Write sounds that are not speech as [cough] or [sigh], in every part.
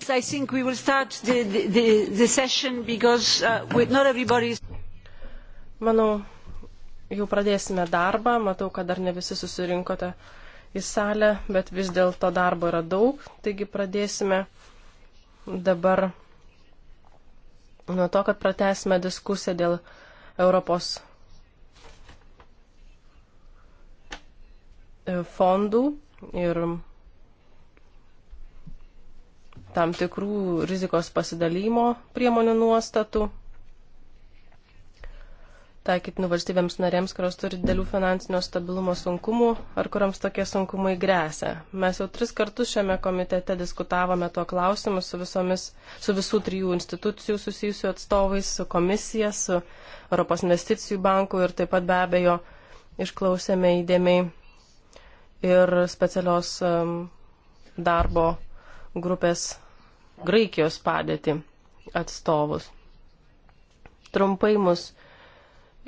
Colleagues, I think we will start the, the, the session because uh, with not everybody is... Manau, jau pradėsime darbą. Matau, kad dar ne visi susirinkote į salę, bet vis dėlto darbo yra daug. Taigi pradėsime dabar nuo to, kad pratesime diskusiją dėl Europos e, fondų ir tam tikrų rizikos pasidalymo priemonių nuostatų, taikytinų valstybėms narėms, kurios turi dėlių finansinio stabilumo sunkumų ar kuriams tokie sunkumai grėsia. Mes jau tris kartus šiame komitete diskutavome tuo klausimu su, visomis, su visų trijų institucijų susijusių atstovais, su komisija, su Europos investicijų banku ir taip pat be abejo išklausėme įdėmiai ir specialios um, darbo grupės Graikijos padėtį atstovus. Trumpai mus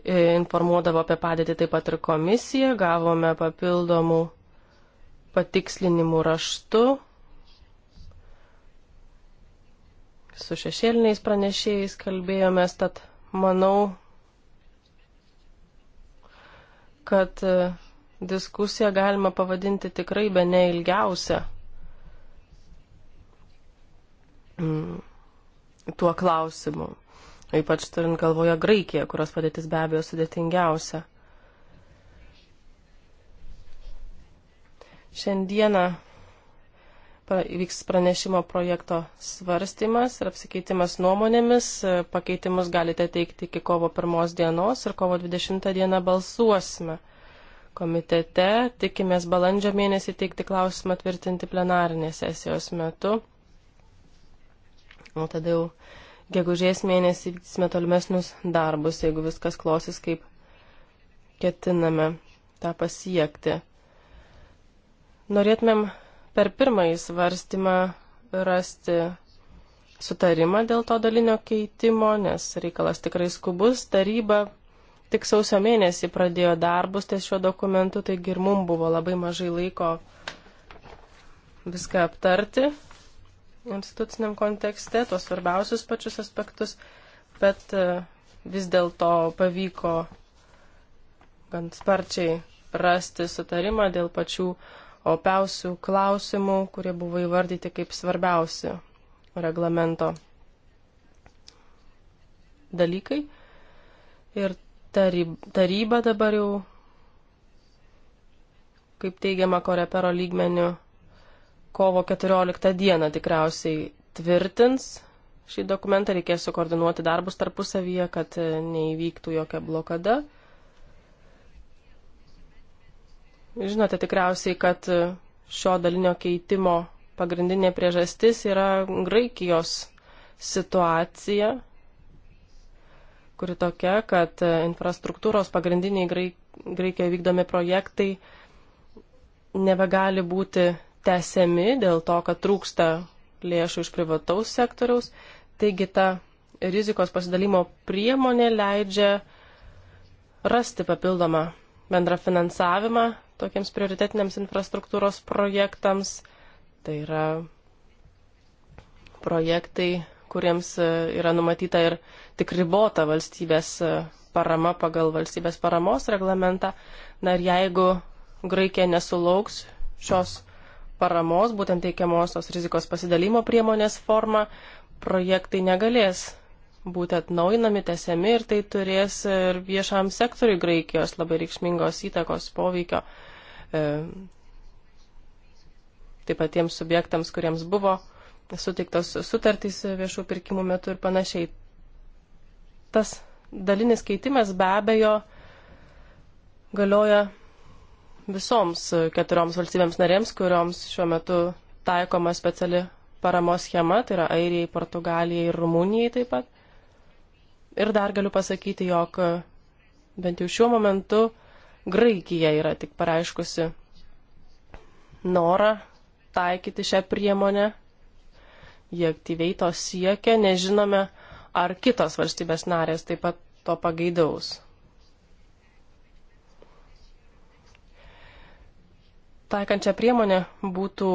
e, informuodavo apie padėtį taip pat ir komisija, gavome papildomų patikslinimų raštu su šešėliniais pranešėjais kalbėjomės, tad manau, kad e, diskusiją galima pavadinti tikrai be neilgiausią Mm, tuo klausimu. Ypač turint galvoje Graikiją, kurios padėtis be abejo sudėtingiausia. Šiandieną vyks pranešimo projekto svarstymas ir apsikeitimas nuomonėmis. Pakeitimus galite teikti iki kovo pirmos dienos ir kovo 20 dieną balsuosime. Komitete tikimės balandžio mėnesį teikti klausimą tvirtinti plenarinės sesijos metu. O tada jau gegužės mėnesį vykdysime tolimesnius darbus, jeigu viskas klosis, kaip ketiname tą pasiekti. Norėtumėm per pirmąjį svarstymą rasti sutarimą dėl to dalinio keitimo, nes reikalas tikrai skubus. Taryba tik sausio mėnesį pradėjo darbus ties šiuo dokumentu, taigi ir mums buvo labai mažai laiko viską aptarti instituciniam kontekste, tuos svarbiausius pačius aspektus, bet e, vis dėlto pavyko gan sparčiai rasti sutarimą dėl pačių opiausių klausimų, kurie buvo įvardyti kaip svarbiausi reglamento dalykai. Ir taryba dabar jau, kaip teigiama, korepero lygmenių kovo 14 dieną tikriausiai tvirtins šį dokumentą, reikės sukoordinuoti darbus tarpusavyje, kad e, neįvyktų jokia blokada. Žinote tikriausiai, kad e, šio dalinio keitimo pagrindinė priežastis yra Graikijos situacija, kuri tokia, kad e, infrastruktūros pagrindiniai Graikijoje vykdomi projektai nebegali būti tesiami dėl to, kad trūksta lėšų iš privataus sektoriaus. Taigi ta rizikos pasidalimo priemonė leidžia rasti papildomą bendrą finansavimą tokiems prioritetiniams infrastruktūros projektams. Tai yra projektai, kuriems e, yra numatyta ir tik ribota valstybės e, parama pagal valstybės paramos reglamentą. Na ir jeigu Graikija nesulauks šios paramos, būtent teikiamosios rizikos pasidalymo priemonės forma, projektai negalės būti atnaujinami, tesiami ir tai turės ir viešam sektoriui Graikijos labai reikšmingos įtakos poveikio. E, taip pat tiems subjektams, kuriems buvo suteiktos sutartys viešų pirkimų metu ir panašiai. Tas dalinis keitimas be abejo galioja visoms keturioms valstybėms narėms, kurioms šiuo metu taikoma speciali paramos schema, tai yra Airijai, Portugalijai ir Rumunijai taip pat. Ir dar galiu pasakyti, jog bent jau šiuo momentu Graikija yra tik pareiškusi norą taikyti šią priemonę. Jie aktyviai to siekia, nežinome, ar kitos valstybės narės taip pat to pagaidaus. taikančią priemonę būtų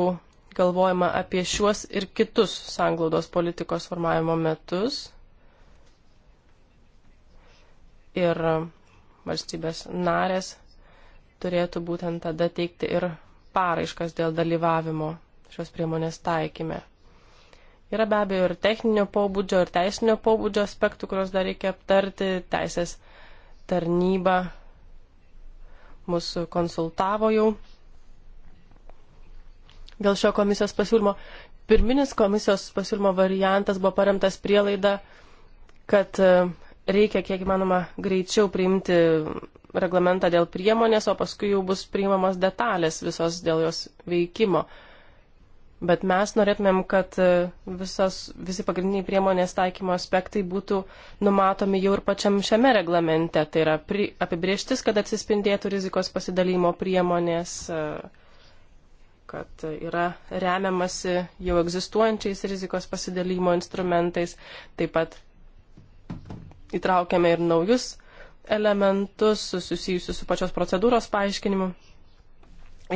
galvojama apie šiuos ir kitus sanglaudos politikos formavimo metus ir valstybės narės turėtų būtent tada teikti ir paraiškas dėl dalyvavimo šios priemonės taikymė. Yra be abejo ir techninio pobūdžio, ir teisinio pobūdžio aspektų, kuriuos dar reikia aptarti. Teisės tarnyba mūsų konsultavo jau dėl šio komisijos pasiūlymo. Pirminis komisijos pasiūlymo variantas buvo paremtas prielaida, kad e, reikia kiek įmanoma greičiau priimti reglamentą dėl priemonės, o paskui jau bus priimamas detalės visos dėl jos veikimo. Bet mes norėtumėm, kad e, visos, visi pagrindiniai priemonės taikymo aspektai būtų numatomi jau ir pačiam šiame reglamente. Tai yra pri, apibrieštis, kad atsispindėtų rizikos pasidalymo priemonės. Uh, kad yra remiamasi jau egzistuojančiais rizikos pasidalymo instrumentais, taip pat įtraukiame ir naujus elementus susijusius su pačios procedūros paaiškinimu.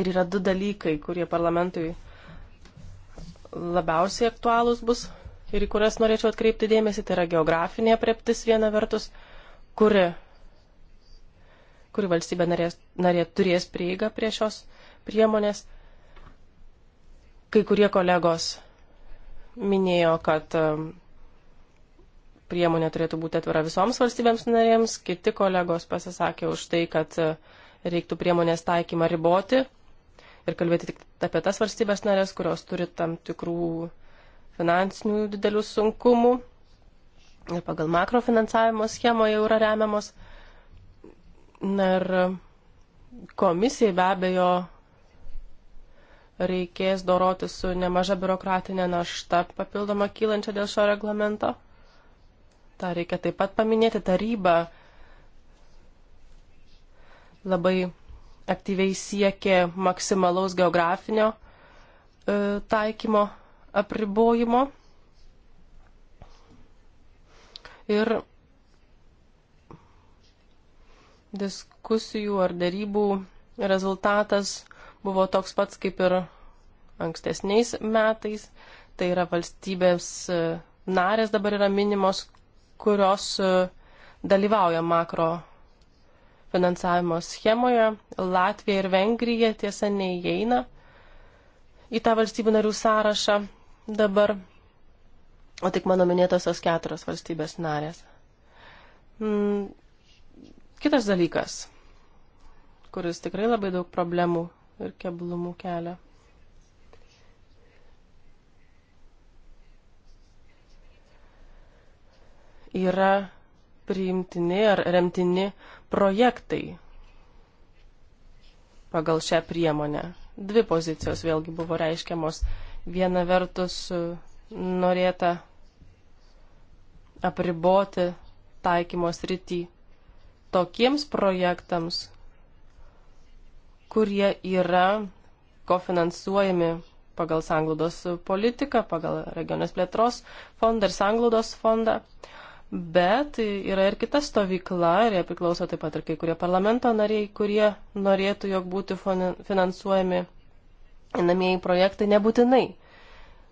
Ir yra du dalykai, kurie parlamentui labiausiai aktualūs bus ir į kurias norėčiau atkreipti dėmesį, tai yra geografinė apreptis viena vertus, kuri, kuri valstybė narės, narė turės prieigą prie šios priemonės Kai kurie kolegos minėjo, kad um, priemonė turėtų būti atvira visoms valstybėms narėms, kiti kolegos pasisakė už tai, kad uh, reiktų priemonės taikymą riboti ir kalbėti tik apie tas valstybės narės, kurios turi tam tikrų finansinių didelių sunkumų ir pagal makrofinansavimo schemą jau yra remiamos. Na ir um, komisijai be abejo reikės doroti su nemaža biurokratinė našta papildoma kylančia dėl šio reglamento. Ta reikia taip pat paminėti tarybą. Labai aktyviai siekė maksimalaus geografinio e, taikymo apribojimo. Ir diskusijų ar darybų rezultatas buvo toks pats kaip ir ankstesniais metais. Tai yra valstybės e, narės dabar yra minimos, kurios e, dalyvauja makro finansavimo schemoje. Latvija ir Vengrija tiesa neįeina į tą valstybių narių sąrašą dabar, o tik mano minėtosios keturios valstybės narės. Mm, kitas dalykas, kuris tikrai labai daug problemų ir keblumų kelia. Yra priimtini ar remtini projektai pagal šią priemonę. Dvi pozicijos vėlgi buvo reiškiamos. Viena vertus norėta apriboti taikymos rytį tokiems projektams, kurie yra kofinansuojami pagal sanglaudos politiką, pagal regionės plėtros fondą ir sanglaudos fondą. Bet yra ir kita stovykla, ir jie priklauso taip pat ir kai kurie parlamento nariai, kurie norėtų, jog būtų finansuojami namieji projektai nebūtinai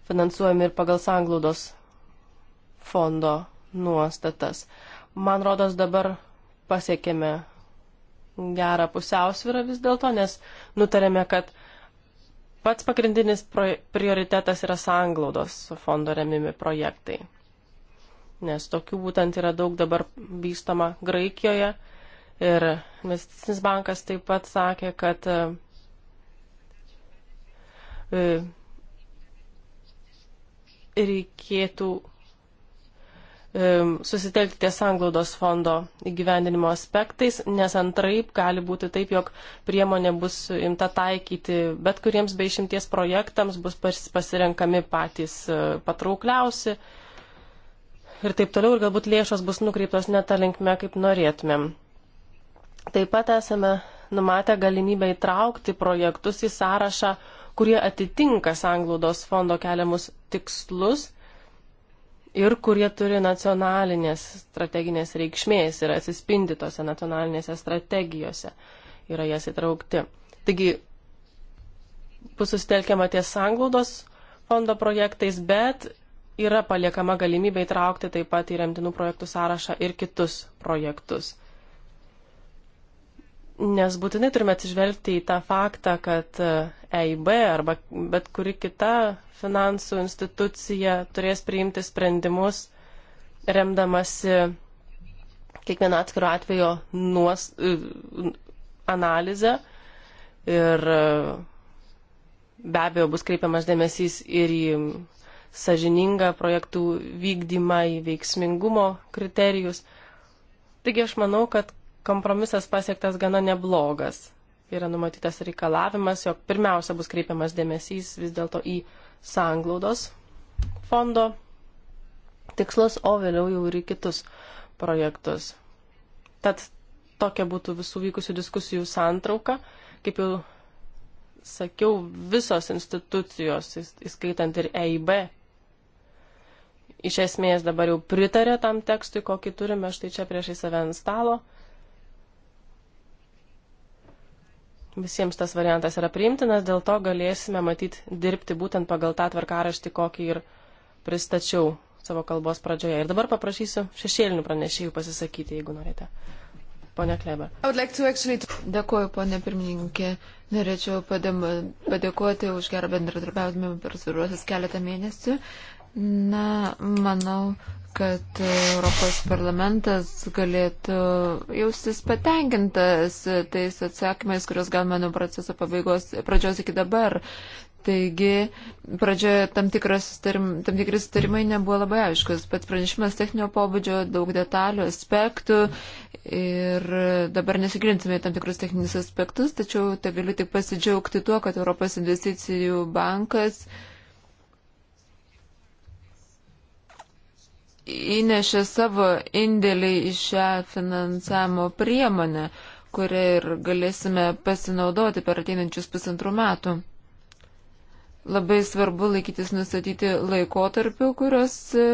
finansuojami ir pagal sanglaudos fondo nuostatas. Man rodos, dabar pasiekėme gerą pusiausvyrą vis dėlto, nes nutarėme, kad pats pagrindinis prioritetas yra sanglaudos fondo remimi projektai. Nes tokių būtent yra daug dabar vystoma Graikijoje. Ir investicinis bankas taip pat sakė, kad e, e, reikėtų susitelkti ties anglaudos fondo įgyvendinimo aspektais, nes antraip gali būti taip, jog priemonė bus imta taikyti bet kuriems be išimties projektams, bus pasirenkami patys e, patraukliausi ir taip toliau, ir galbūt lėšos bus nukreiptos ne tą linkmę, kaip norėtumėm. Taip pat esame numatę galimybę įtraukti projektus į sąrašą, kurie atitinka sanglaudos fondo keliamus tikslus ir kurie turi nacionalinės strateginės reikšmės ir atsispindi tose nacionalinėse strategijose, yra jas įtraukti. Taigi bus susitelkiama ties sanglaudos fondo projektais, bet yra paliekama galimybė įtraukti taip pat į remtinų projektų sąrašą ir kitus projektus. Nes būtinai turime atsižvelgti į tą faktą, kad EIB e arba bet kuri kita finansų institucija turės priimti sprendimus remdamasi kiekvieno atskiro atvejo nuos, e, analizę ir e, be abejo bus kreipiamas dėmesys ir į sažiningą projektų vykdymą, į veiksmingumo kriterijus. Taigi aš manau, kad kompromisas pasiektas gana neblogas. Yra numatytas reikalavimas, jog pirmiausia bus kreipiamas dėmesys vis dėlto į sanglaudos fondo tikslus, o vėliau jau ir į kitus projektus. Tad tokia būtų visų vykusių diskusijų santrauka. Kaip jau sakiau, visos institucijos, įskaitant ir EIB, iš esmės dabar jau pritarė tam tekstui, kokį turime štai čia priešai save ant stalo. Visiems tas variantas yra priimtinas, dėl to galėsime matyti dirbti būtent pagal tą tvarkaraštį, kokį ir pristačiau savo kalbos pradžioje. Ir dabar paprašysiu šešėlinių pranešėjų pasisakyti, jeigu norite. Pone Kleber. Like actually... Dėkuoju, ponė pirmininkė. Norėčiau padėm, padėkoti už gerą bendradarbiavimą per suruosius keletą mėnesių. Na, manau, kad Europos parlamentas galėtų jaustis patenkintas tais atsakymais, kuriuos gavome nuo proceso pabaigos, pradžios iki dabar. Taigi, pradžioje tam, tarim, tam tikri sutarimai nebuvo labai aiškus. Pats pranešimas techninio pobūdžio, daug detalių, aspektų ir dabar nesigrinsime į tam tikrus techninius aspektus, tačiau tai galiu tik pasidžiaugti tuo, kad Europos investicijų bankas uh, įnešė savo indėlį į šią finansavimo priemonę, kurią ir galėsime pasinaudoti per ateinančius pusantrų metų. Labai svarbu laikytis nustatyti laikotarpių, kurios, e,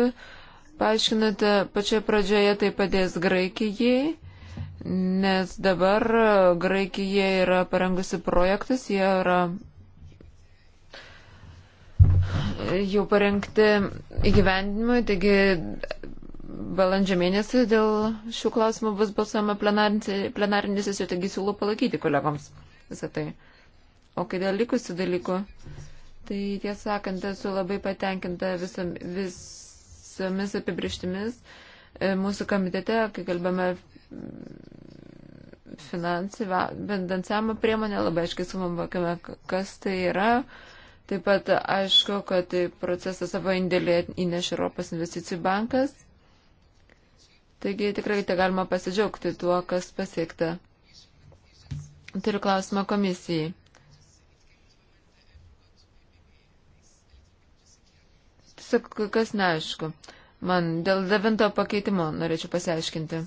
paaiškinate, pačioje pradžioje tai padės Graikijai, nes dabar Graikija yra parengusi projektus, jie yra jau parengti įgyvendinimui, taigi balandžio mėnesį dėl šių klausimų bus balsuojama plenarinė sesija, taigi siūlau palaikyti kolegoms visą tai. O kai dėl likusių dalykų, tai tiesą sakant, esu labai patenkinta visam, visomis apibrieštimis e, mūsų komitete, kai kalbame finansinį bendansiamą priemonę, labai aiškiai sumamokime, kas tai yra, Taip pat aišku, kad procesą savo indėlį įneš Europos investicijų bankas. Taigi tikrai tai galima pasidžiaugti tuo, kas pasiekta. Turiu klausimą komisijai. Tiesiog kas neaišku. Man dėl devinto pakeitimo norėčiau pasiaiškinti.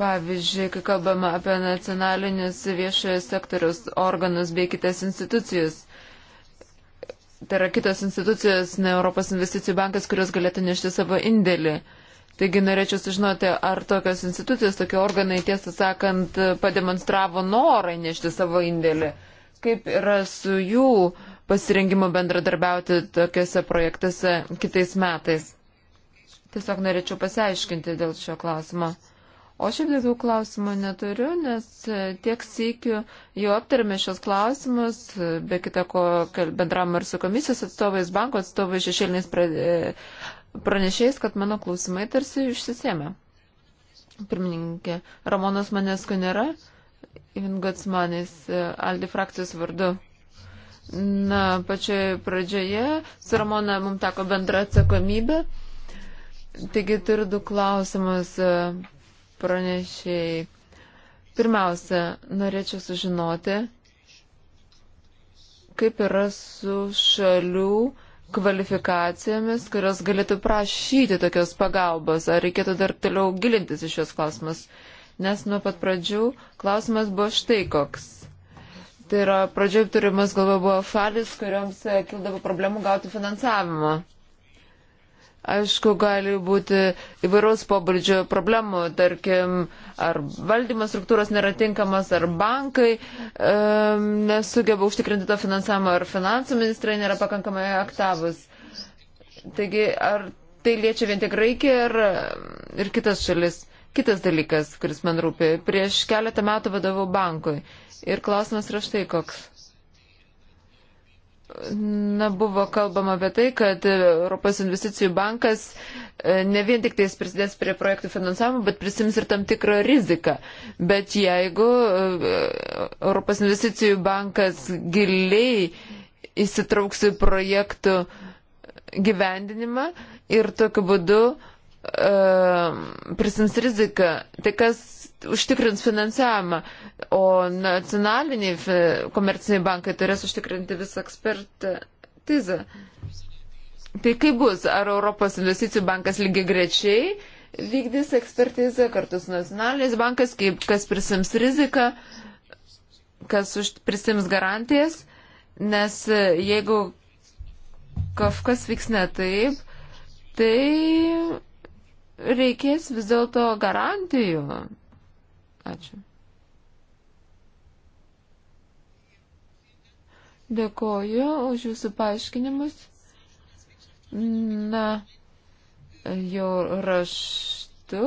Pavyzdžiui, kai kalbama apie nacionalinius viešojo sektoriaus organus bei kitas institucijus, tai yra kitos institucijos, ne Europos investicijų bankas, kurios galėtų nešti savo indėlį. Taigi norėčiau sužinoti, ar tokios institucijos, tokie organai, tiesą sakant, pademonstravo norą nešti savo indėlį. Kaip yra su jų pasirengimu bendradarbiauti tokiuose projektuose kitais metais? Tiesiog norėčiau pasiaiškinti dėl šio klausimo. O šiaip tai daugiau klausimų neturiu, nes e, tiek sėkiu jau aptarėme šios klausimus, e, be kita ko bendram ir su komisijos atstovais, banko atstovais, šešėliniais e, pranešėjais, kad mano klausimai tarsi išsisėmė. Pirmininkė, Ramonas Manesko nėra, Ingots Manis, Aldi frakcijos vardu. Na, pačioje pradžioje su Ramona mums teko bendra atsakomybė. Taigi turiu du klausimus pranešėjai. Pirmiausia, norėčiau sužinoti, kaip yra su šalių kvalifikacijomis, kurios galėtų prašyti tokios pagalbos, ar reikėtų dar toliau gilintis į šios klausimus. Nes nuo pat pradžių klausimas buvo štai koks. Tai yra, pradžioje turimas galva buvo šalis, kuriuoms eh, kildavo problemų gauti finansavimą. Aišku, gali būti įvairaus pobūdžio problemų, tarkim, ar valdymas struktūros nėra tinkamas, ar bankai e, nesugeba užtikrinti to finansavimo, ar finansų ministrai nėra pakankamai aktavus. Taigi, ar tai liečia vien tik Graikiją ir, ir kitas šalis? Kitas dalykas, kuris man rūpi. Prieš keletą metų vadovau bankui. Ir klausimas yra štai koks Na, buvo kalbama apie tai, kad Europos investicijų bankas e, ne vien tik tais prisidės prie projektų finansavimo, bet prisims ir tam tikrą riziką. Bet jeigu e, Europos investicijų bankas giliai įsitrauks į projektų gyvendinimą ir tokiu būdu uh, E, prisims riziką, tai kas užtikrins finansavimą, o nacionaliniai komerciniai bankai turės užtikrinti visą ekspertizą. Tai kaip bus? Ar Europos investicijų bankas lygiai grečiai vykdys ekspertizę kartu su nacionaliniais bankas, kaip kas prisims riziką, kas už, prisims garantijas, nes jeigu kažkas vyks ne taip, tai reikės vis dėlto garantijų. Ačiū. Dėkoju už jūsų paaiškinimus. Na, jau raštu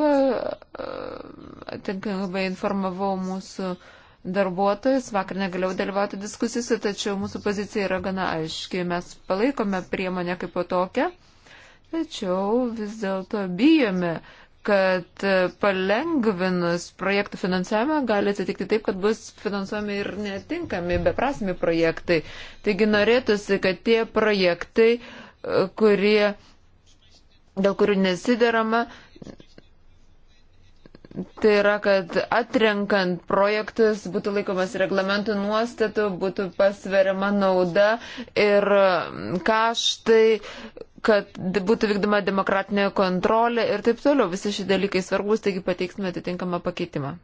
atinkamai e, informavau mūsų darbuotojus. Vakar negalėjau dalyvauti diskusijose, tačiau mūsų pozicija yra gana aiški. Mes palaikome priemonę kaip po tokią. Tačiau vis dėlto bijome, kad palengvinus projektų finansavimą gali atsitikti taip, kad bus finansuojami ir netinkami, beprasmi projektai. Taigi norėtųsi, kad tie projektai, kurie, dėl kurių nesiderama, Tai yra, kad atrenkant projektus būtų laikomas reglamentų nuostatų, būtų pasveriama nauda ir kaštai, kad būtų vykdoma demokratinė kontrolė ir taip toliau. Visi šie dalykai svarbus, taigi pateiksime atitinkamą pakeitimą.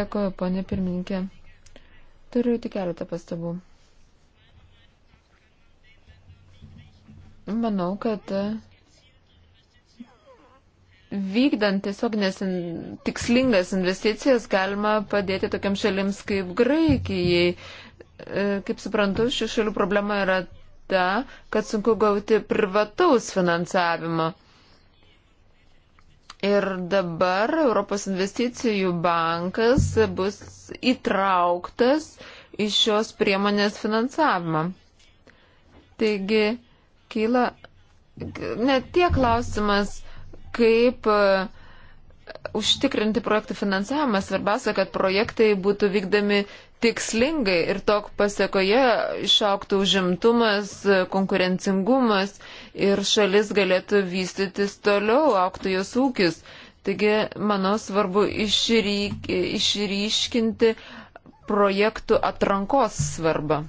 Dėkuoju, ponė pirmininkė. Turiu tik keletą pastabų. Manau, kad e, vykdant tiesioginės in, tikslingas investicijas galima padėti tokiam šalims kaip Graikijai. E, kaip suprantu, šių šalių problema yra ta, kad sunku gauti privataus finansavimo. Ir dabar Europos investicijų bankas bus įtrauktas į šios priemonės finansavimą. Taigi, kyla net tie klausimas, kaip e, užtikrinti projektų finansavimą. Svarbiausia, kad projektai būtų vykdami tikslingai ir tok pasiekoje išauktų užimtumas, konkurencingumas ir šalis galėtų vystytis toliau, auktų jos ūkis. Taigi, manau, svarbu išryk, išryškinti projektų atrankos svarbą.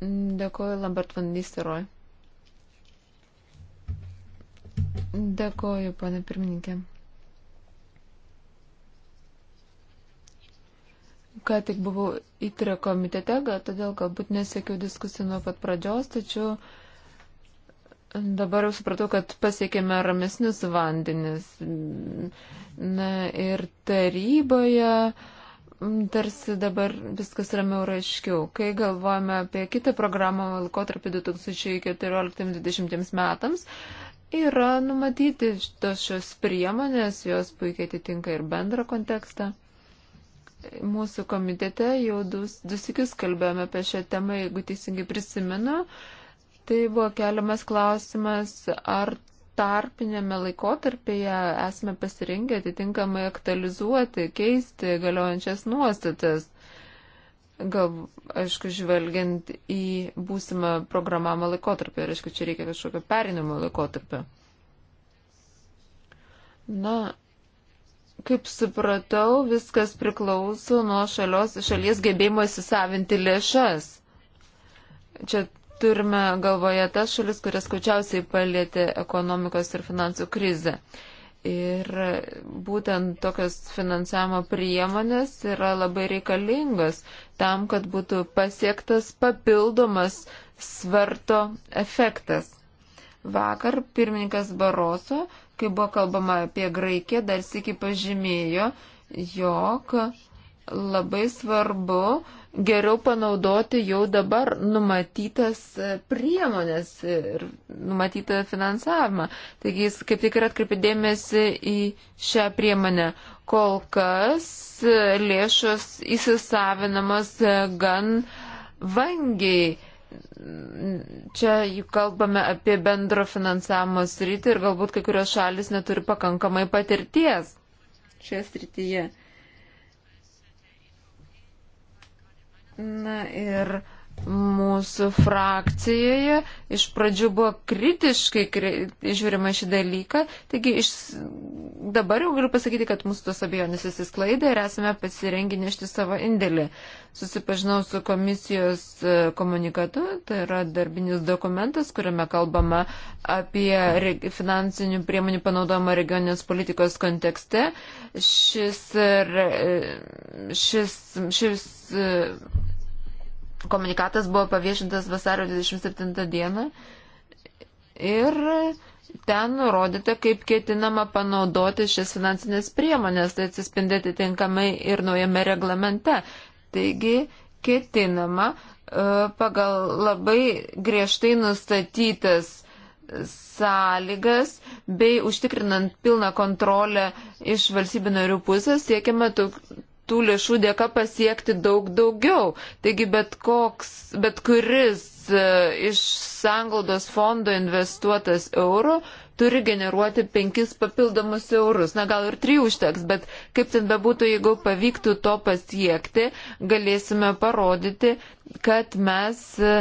Dėkoju Lambert van Nisteroj. Dėkoju, pane pirmininkė. Ką tik buvau įtrio komitete, gal, todėl galbūt nesiekiau diskusijų nuo pat pradžios, tačiau dabar jau supratau, kad pasiekėme ramesnius vandenis. Na ir taryboje Tarsi dabar viskas ramiau raiškiau. Kai galvojame apie kitą programą laikotarpį 2014-2020 metams, yra numatyti tos šios priemonės, jos puikiai atitinka ir bendrą kontekstą. Mūsų komitete jau du, du sikius kalbėjome apie šią temą, jeigu teisingai prisimenu. Tai buvo keliamas klausimas, ar tarpinėme laikotarpėje esame pasirengę atitinkamai aktualizuoti, keisti galiojančias nuostatas. Gal, aišku, žvelgiant į būsimą programavimo laikotarpį, ir aišku, čia reikia kažkokio perinimo laikotarpio. Na, kaip supratau, viskas priklauso nuo šalios, šalies gebėjimo įsisavinti lėšas. Čia turime galvoje tas šalis, kurias skaučiausiai palėtė ekonomikos ir finansų krizę. Ir būtent tokios finansavimo priemonės yra labai reikalingos tam, kad būtų pasiektas papildomas svarto efektas. Vakar pirmininkas Baroso, kai buvo kalbama apie Graikiją, dar sėki pažymėjo, jog labai svarbu geriau panaudoti jau dabar numatytas e, priemonės ir numatytą finansavimą. Taigi jis kaip tik ir atkreipė dėmesį į šią priemonę. Kol kas e, lėšos įsisavinamas e, gan vangiai. Čia juk kalbame apie bendro finansavimo sritį ir galbūt kai kurios šalis neturi pakankamai patirties šioje srityje. Na ir mūsų frakcijoje iš pradžių buvo kritiškai kri žiūrima šį dalyką, taigi iš, dabar jau galiu pasakyti, kad mūsų tos abejonės įsisklaidė ir esame pasirengę nešti savo indėlį. Susipažinau su komisijos e, komunikatu, tai yra darbinis dokumentas, kuriame kalbama apie finansinių priemonių panaudojimą regioninės politikos kontekste. Šis, šis, šis komunikatas buvo paviešintas vasario 27 dieną ir ten nurodyta, kaip ketinama panaudoti šias finansinės priemonės, tai atsispindėti tinkamai ir naujame reglamente. Taigi ketinama e, pagal labai griežtai nustatytas sąlygas bei užtikrinant pilną kontrolę iš valstybių narių pusės siekiama tų lėšų dėka pasiekti daug daugiau. Taigi bet, koks, bet kuris e, iš sanglaudos fondo investuotas eurų turi generuoti penkis papildomus eurus. Na gal ir trijų užteks, bet kaip ten bebūtų, jeigu pavyktų to pasiekti, galėsime parodyti, kad mes e,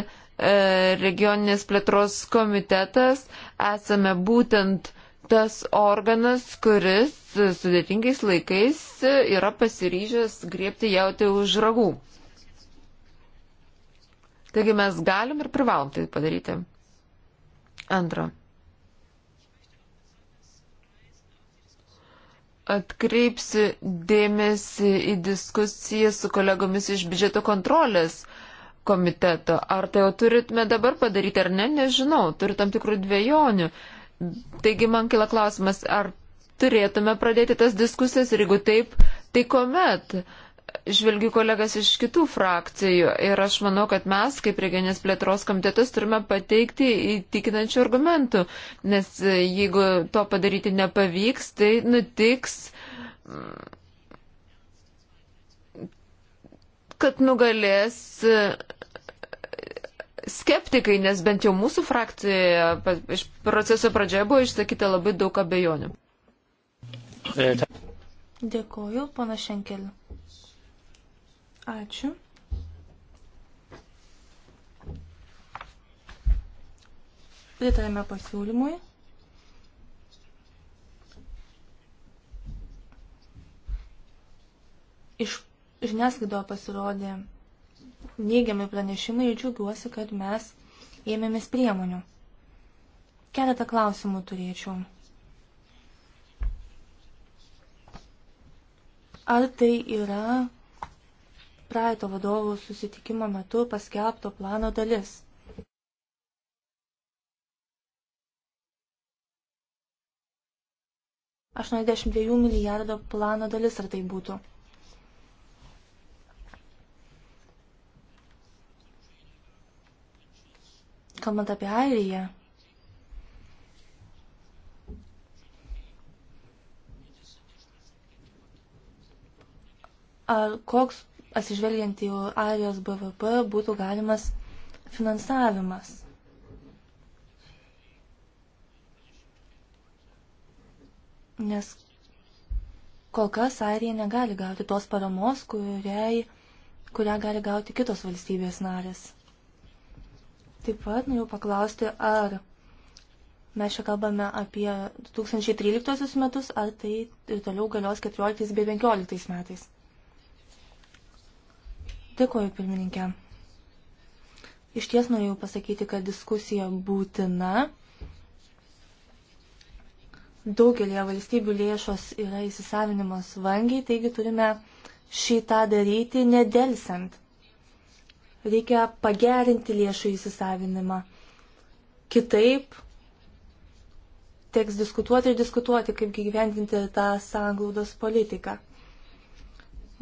regioninės plėtros komitetas esame būtent uh, tas organas, kuris sudėtingais laikais yra pasiryžęs griebti jauti už ragų. Taigi mes galim ir privalom tai padaryti. Antra. Atkreipsiu dėmesį į diskusiją su kolegomis iš biudžeto kontrolės komiteto. Ar tai jau turėtume dabar padaryti ar ne, nežinau. Turiu tam tikrų dviejonių. Uh, Taigi man kila klausimas, ar turėtume pradėti tas diskusijas ir jeigu taip, tai kuomet? Žvelgiu kolegas iš kitų frakcijų ir aš manau, kad mes, kaip regionės plėtros komitetas, turime pateikti įtikinančių argumentų, nes jeigu to padaryti nepavyks, tai nutiks, kad nugalės skeptikai, nes bent jau mūsų frakcijoje iš proceso pradžioje buvo išsakyta labai daug abejonių. Dėkoju, pana Šenkeliu. Ačiū. Pritarėme pasiūlymui. Iš žiniasklaidoje pasirodė neigiami pranešimai ir džiaugiuosi, kad mes ėmėmės priemonių. Keletą klausimų turėčiau. Ar tai yra praeito vadovų susitikimo metu paskelbto plano dalis? - 82 milijardo plano dalis, ar tai būtų. kalbant apie Airiją, ar koks atsižvelgiant į Airijos BVP būtų galimas finansavimas. Nes kol kas Airija negali gauti tos paramos, kuriai, kurią gali gauti kitos valstybės narės. Taip pat norėjau paklausti, ar mes čia kalbame apie 2013 metus, ar tai ir toliau galios 14 bei 15 metais. Dėkuoju, pirmininkė. Iš ties norėjau pasakyti, kad diskusija būtina. Daugelie valstybių lėšos yra įsisavinimos vangiai, taigi turime šitą daryti nedelsiant reikia pagerinti lėšų įsisavinimą. Kitaip teks diskutuoti ir diskutuoti, kaip gyvendinti tą sąnglaudos politiką.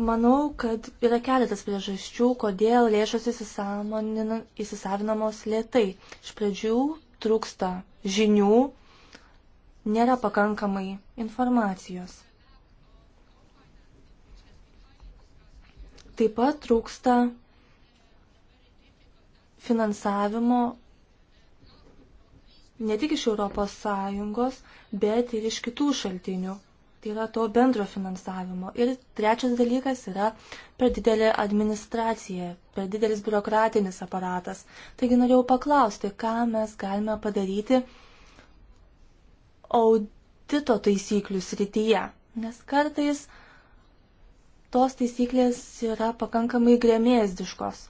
Manau, kad yra keletas priežasčių, kodėl lėšos įsisavinamos lietai. Iš pradžių trūksta žinių, nėra pakankamai informacijos. Taip pat trūksta finansavimo ne tik iš ES, bet ir iš kitų šaltinių. Tai yra to bendro finansavimo. Ir trečias dalykas yra per didelė administracija, per didelis biurokratinis aparatas. Taigi norėjau paklausti, ką mes galime padaryti audito taisyklių srityje. Nes kartais tos taisyklės yra pakankamai grėmėsdiškos.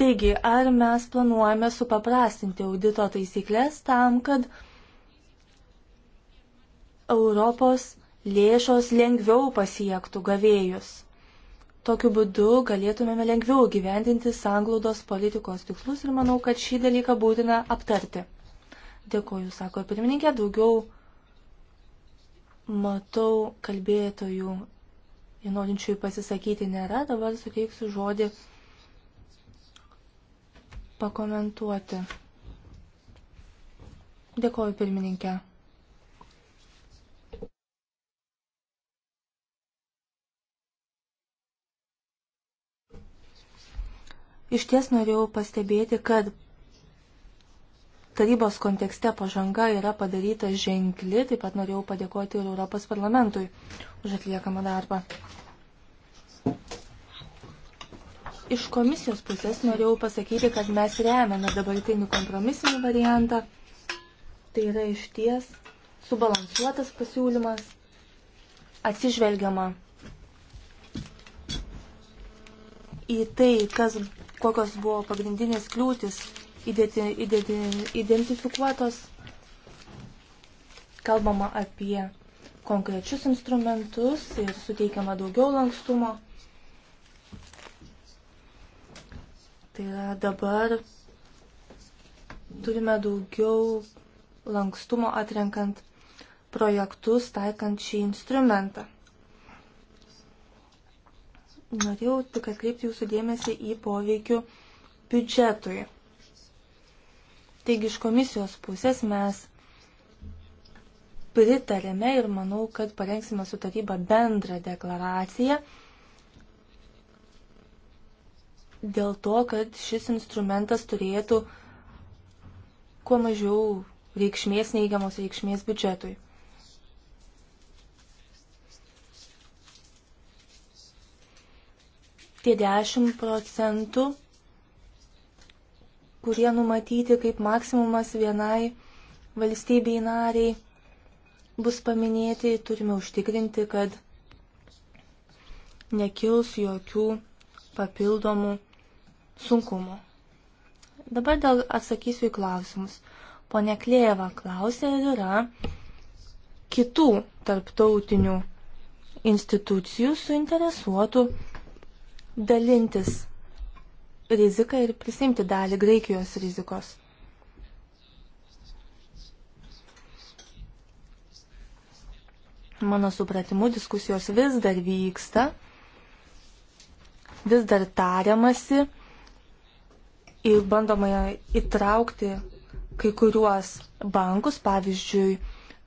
Taigi, ar mes planuojame supaprastinti audito taisyklės tam, kad Europos lėšos lengviau pasiektų gavėjus? Tokiu būdu galėtumėme lengviau gyvendinti sanglaudos politikos tikslus ir manau, kad šį dalyką būtina aptarti. Dėkuoju, sako pirmininkė, daugiau matau kalbėtojų, norinčiųjų pasisakyti nėra, dabar suteiksiu žodį pakomentuoti. Dėkoju, pirmininkė. Iš ties norėjau pastebėti, kad tarybos kontekste pažanga yra padaryta ženkli, taip pat norėjau padėkoti ir Europos parlamentui už atliekamą darbą. Iš komisijos pusės norėjau pasakyti, kad mes remiame dabartinį kompromisinį variantą. Tai yra išties subalansuotas pasiūlymas, atsižvelgiama į tai, kas, kokios buvo pagrindinės kliūtis idėti, idėti, identifikuotos. Kalbama apie konkrečius instrumentus ir suteikiama daugiau lankstumo. Tai yra dabar turime daugiau lankstumo atrenkant projektus, taikant šį instrumentą. Norėjau tik atkreipti jūsų dėmesį į poveikių biudžetui. Taigi iš komisijos pusės mes pritarėme ir manau, kad parengsime su taryba bendrą deklaraciją dėl to, kad šis instrumentas turėtų kuo mažiau reikšmės, neįgiamos reikšmės biudžetui. Tie 10 procentų, kurie numatyti kaip maksimumas vienai valstybei nariai, bus paminėti, turime užtikrinti, kad nekils jokių papildomų sunkumų. Dabar dėl atsakysiu į klausimus. Pone Klėva klausė, ar yra kitų tarptautinių institucijų suinteresuotų dalintis riziką ir prisimti dalį Graikijos rizikos. Mano supratimu, diskusijos vis dar vyksta, vis dar tariamasi bandoma įtraukti kai kuriuos bankus, pavyzdžiui,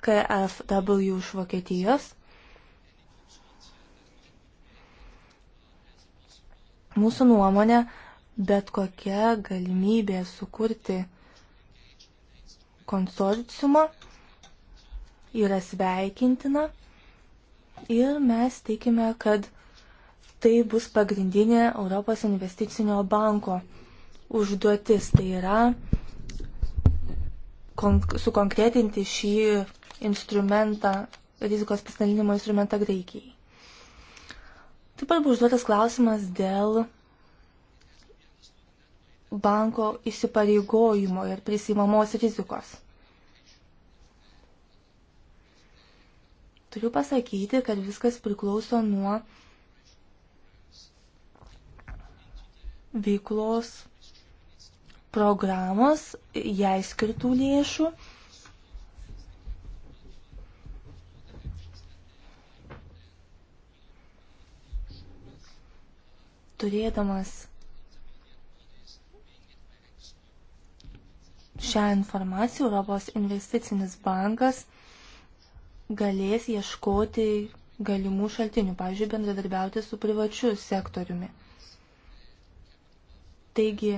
KFW iš Vokietijos. Mūsų nuomonė, bet kokia galimybė sukurti konsorciumą yra sveikintina ir mes tikime, kad tai bus pagrindinė Europos investicinio banko užduotis, tai yra sukonkretinti šį instrumentą, rizikos pasidalinimo instrumentą Graikijai. Taip pat buvo užduotas klausimas dėl banko įsipareigojimo ir prisimamos rizikos. Turiu pasakyti, kad viskas priklauso nuo veiklos programos, jai skirtų lėšų. Turėdamas šią informaciją, Europos investicinis bankas galės ieškoti galimų šaltinių, pavyzdžiui, bendradarbiauti su privačiu sektoriumi. Taigi,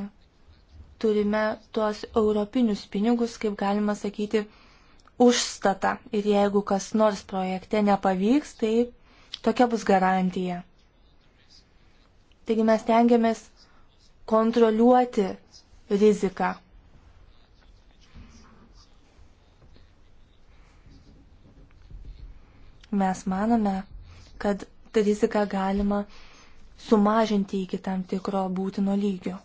turime tuos europinius pinigus, kaip galima sakyti, užstatą. Ir jeigu kas nors projekte nepavyks, tai tokia bus garantija. Taigi mes tengiamės kontroliuoti riziką. Mes manome, kad riziką galima sumažinti iki tam tikro būtino lygio.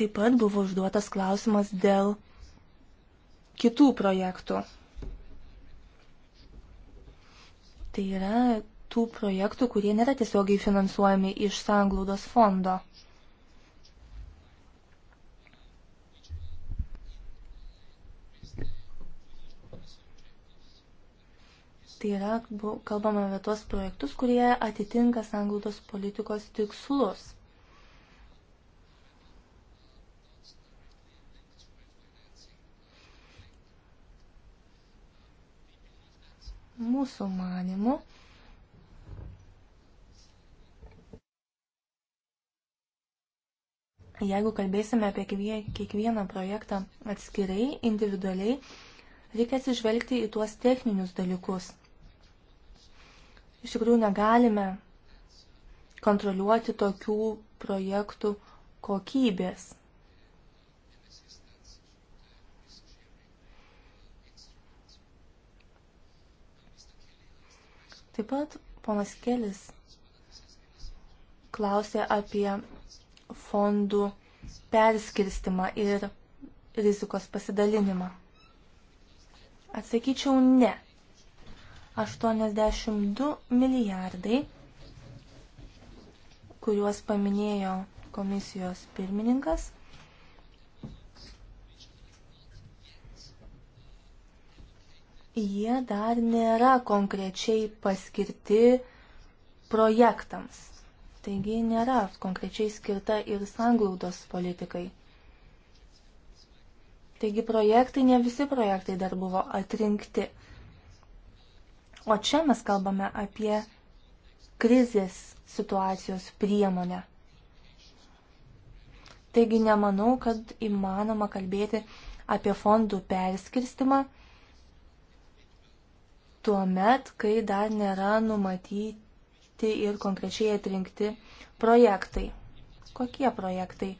Taip pat buvo užduotas klausimas dėl kitų projektų. Tai yra tų projektų, kurie nėra tiesiogiai finansuojami iš sanglaudos fondo. Tai yra, kalbame apie tuos projektus, kurie atitinka sanglaudos politikos tikslus. Mūsų manimu, jeigu kalbėsime apie kiekvieną projektą atskirai, individualiai, reikia atsižvelgti į tuos techninius dalykus. Iš tikrųjų negalime kontroliuoti tokių projektų kokybės. Taip pat ponas Kelis klausė apie fondų perskirstimą ir rizikos pasidalinimą. Atsakyčiau ne. 82 milijardai, kuriuos paminėjo komisijos pirmininkas – jie dar nėra konkrečiai paskirti projektams. Taigi nėra konkrečiai skirta ir sanglaudos politikai. Taigi projektai, ne visi projektai dar buvo atrinkti. O čia mes kalbame apie krizės situacijos priemonę. Taigi nemanau, kad įmanoma kalbėti apie fondų perskirstimą tuo met, kai dar nėra numatyti ir konkrečiai atrinkti projektai. Kokie projektai?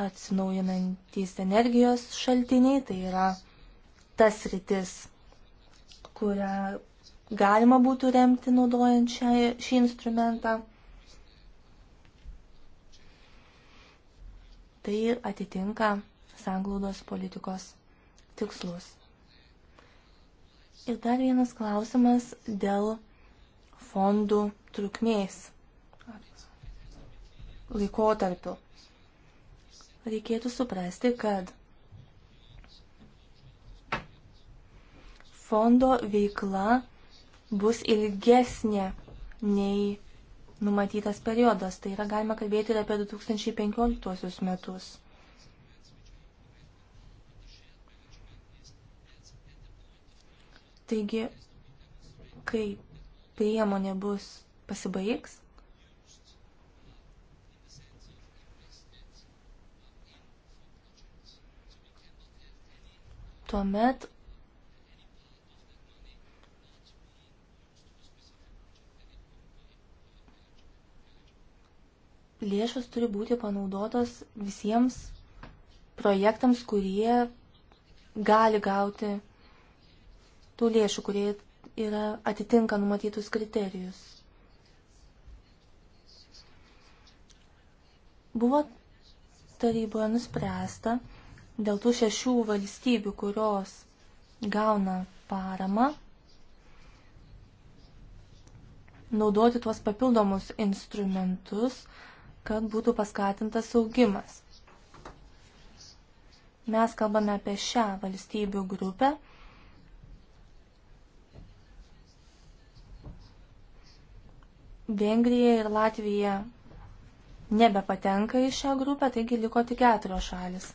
Atsinaujinantys energijos šaltiniai, tai yra tas rytis, kurią galima būtų remti naudojant šią, šį instrumentą. Tai atitinka sanglaudos politikos tikslus. Ir dar vienas klausimas dėl fondų trukmės laikotarpių. Reikėtų suprasti, kad fondo veikla bus ilgesnė nei numatytas periodas. Tai yra galima kalbėti ir apie 2015 metus. Taigi, kai priemonė bus pasibaigs, tuomet lėšos turi būti panaudotos visiems projektams, kurie gali gauti tų lėšų, kurie yra atitinka numatytus kriterijus. Buvo taryboje nuspręsta dėl tų šešių valstybių, kurios gauna paramą, naudoti tuos papildomus instrumentus, kad būtų paskatintas augimas. Mes kalbame apie šią valstybių grupę Vengrija ir Latvija nebepatenka į šią grupę, taigi liko tik keturios šalis.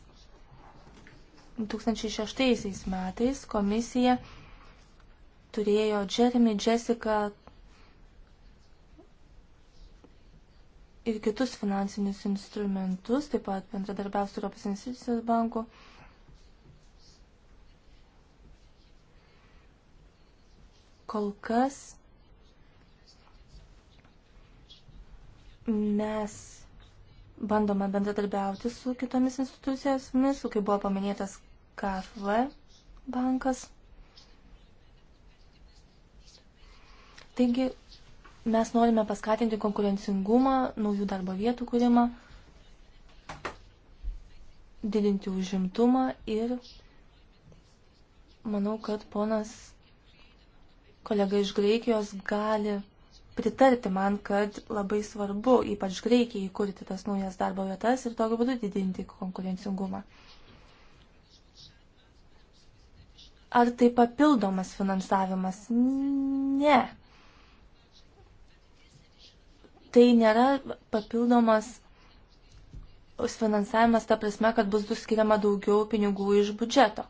2006 metais komisija turėjo Jeremy, Jessica ir kitus finansinius instrumentus, taip pat bendradarbiaus Europos institucijos bankų. Kol kas Mes bandome bendradarbiauti su kitomis institucijomis, kaip buvo paminėtas KFV bankas. Taigi mes norime paskatinti konkurencingumą, naujų darbo vietų kūrimą, didinti užimtumą ir manau, kad ponas kolega iš Graikijos gali pritarti man, kad labai svarbu, ypač Graikijai, įkurti tas naujas darbo vietas ir tokiu būdu didinti konkurencingumą. Ar tai papildomas finansavimas? Ne. Tai nėra papildomas finansavimas ta prasme, kad bus skiriama daugiau pinigų iš biudžeto.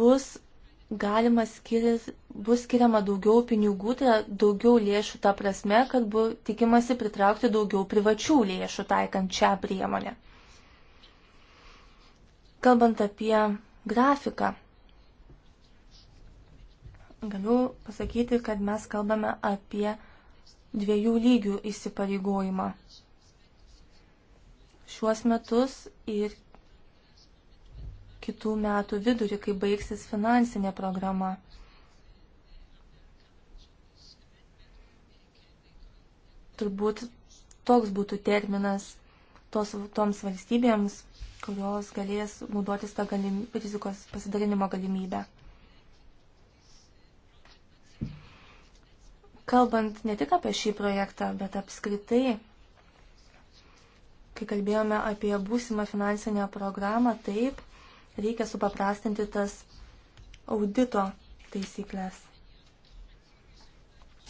Bus galima skiris, bus skiriama daugiau pinigų, tai yra daugiau lėšų tą prasme, kad bus tikimasi pritraukti daugiau privačių lėšų taikant šią priemonę. Kalbant apie grafiką, galiu pasakyti, kad mes kalbame apie dviejų lygių įsipareigojimą. Šiuos metus ir kitų metų vidurį, kai baigsis finansinė programa. Turbūt toks būtų terminas tos, toms valstybėms, kurios galės naudotis tą galim, rizikos pasidalinimo galimybę. kalbant ne tik apie šį projektą, bet apskritai, kai kalbėjome apie būsimą finansinę programą, taip, reikia supaprastinti tas audito taisyklės.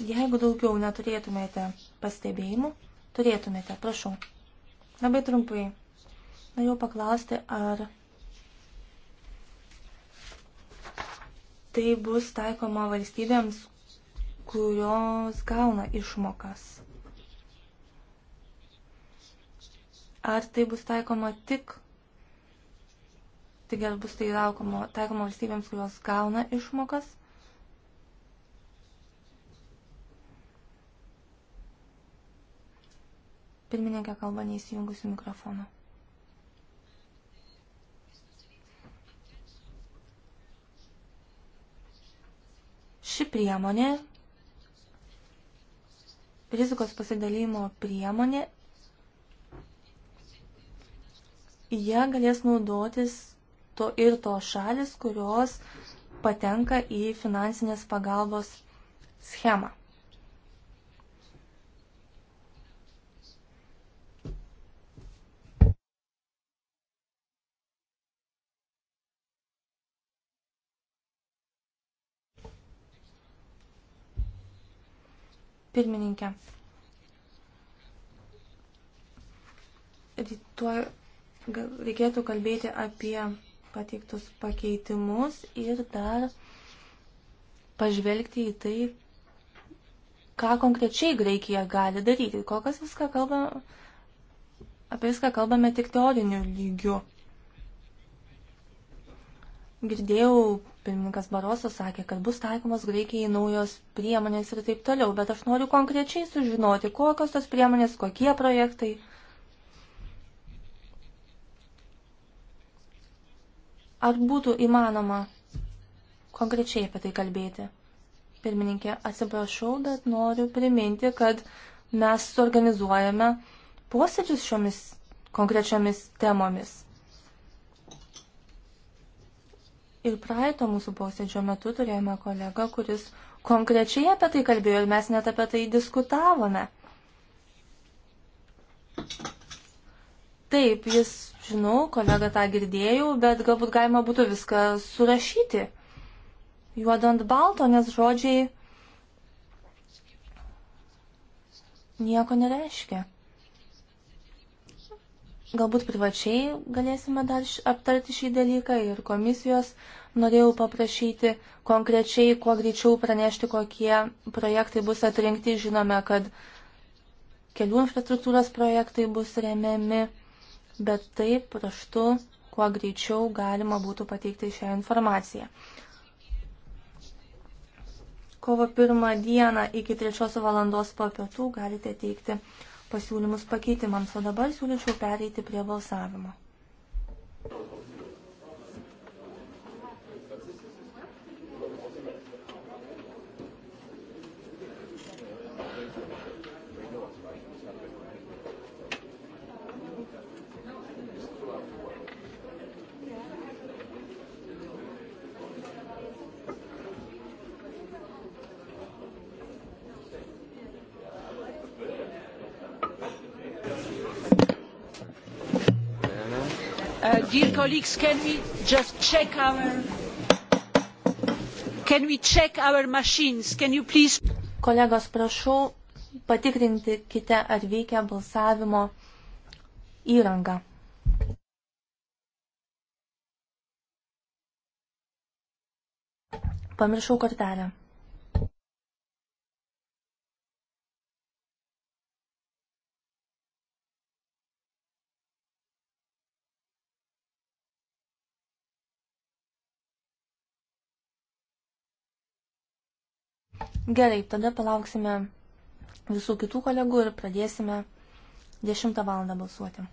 Jeigu daugiau neturėtumėte pastebėjimų, turėtumėte, prašau. Labai trumpai. Norėjau paklausti, ar tai bus taikoma valstybėms, kurios gauna išmokas. Ar tai bus taikoma tik Taigi ar bus tai taikoma, taikoma valstybėms, kurios gauna išmokas? Pirmininkė kalba neįsijungusi mikrofoną. Ši priemonė, rizikos pasidalymo priemonė, jie galės naudotis to ir tos šalis, kurios patenka į finansinės pagalbos schemą. Pirmininkė. Rytoj reikėtų kalbėti apie pateiktus pakeitimus ir dar pažvelgti į tai, ką konkrečiai Graikija gali daryti. Kol kas viską kalbame, apie viską kalbame tik teoriniu lygiu. Girdėjau, pirmininkas Barosas sakė, kad bus taikomos Graikijai naujos priemonės ir taip toliau, bet aš noriu konkrečiai sužinoti, kokios tos priemonės, kokie projektai. Ar būtų įmanoma konkrečiai apie tai kalbėti? Pirmininkė, atsiprašau, bet noriu priminti, kad mes suorganizuojame posėdžius šiomis konkrečiomis temomis. Ir praeito mūsų posėdžio metu turėjome kolegą, kuris konkrečiai apie tai kalbėjo ir mes net apie tai diskutavome. Taip, jis, žinau, kolega tą girdėjau, bet galbūt galima būtų viską surašyti. Juodant balto, nes žodžiai nieko nereiškia. Galbūt privačiai galėsime dar aptarti šį dalyką ir komisijos norėjau paprašyti konkrečiai, kuo greičiau pranešti, kokie projektai bus atrinkti. Žinome, kad kelių infrastruktūros projektai bus remiami bet taip raštu kuo greičiau galima būtų pateikti šią informaciją. Kovo pirmą dieną iki trečios valandos po pietų galite teikti pasiūlymus pakeitimams, o dabar siūlyčiau pereiti prie balsavimo. Dear colleagues, can we just check our Can we check our machines? Can you please Kolegos, prašau patikrinti kite atvykę balsavimo įrangą. Pamiršau kortelę. Gerai, tada palauksime visų kitų kolegų ir pradėsime 10 val. balsuoti.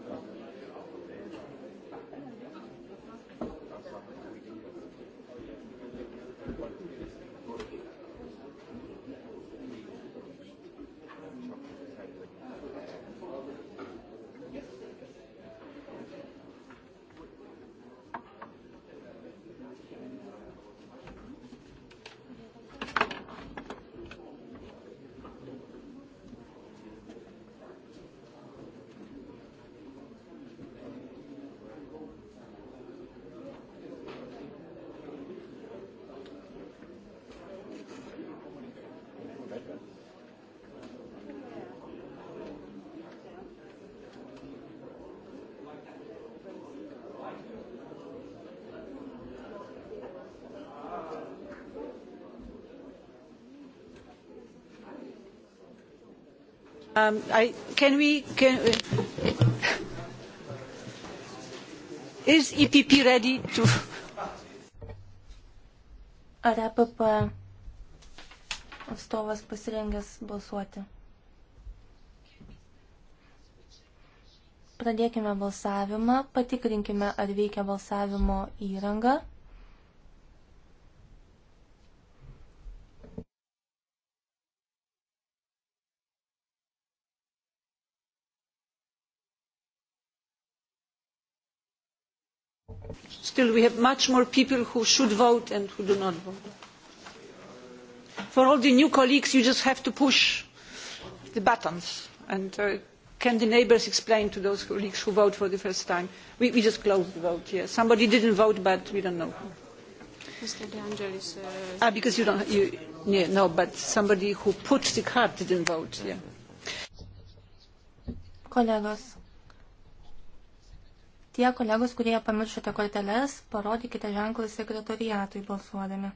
Um, I, can we, can, is EPP ready to? Ar EPP atstovas pasirengęs balsuoti? Pradėkime balsavimą, patikrinkime, ar veikia balsavimo įranga. still we have much more people who should vote and who do not vote. For all the new colleagues, you just have to push the buttons. And uh, can the neighbours explain to those colleagues who vote for the first time? We, we just closed the vote, yes. Yeah. Somebody didn't vote, but we don't know. Mr. De Angelis. Uh, ah, because you don't. You, yeah, no, but somebody who put the card didn't vote, yeah. Kolegos, Tie kolegos, kurie pamiršote korteles, parodykite ženklą sekretoriatui balsuodami.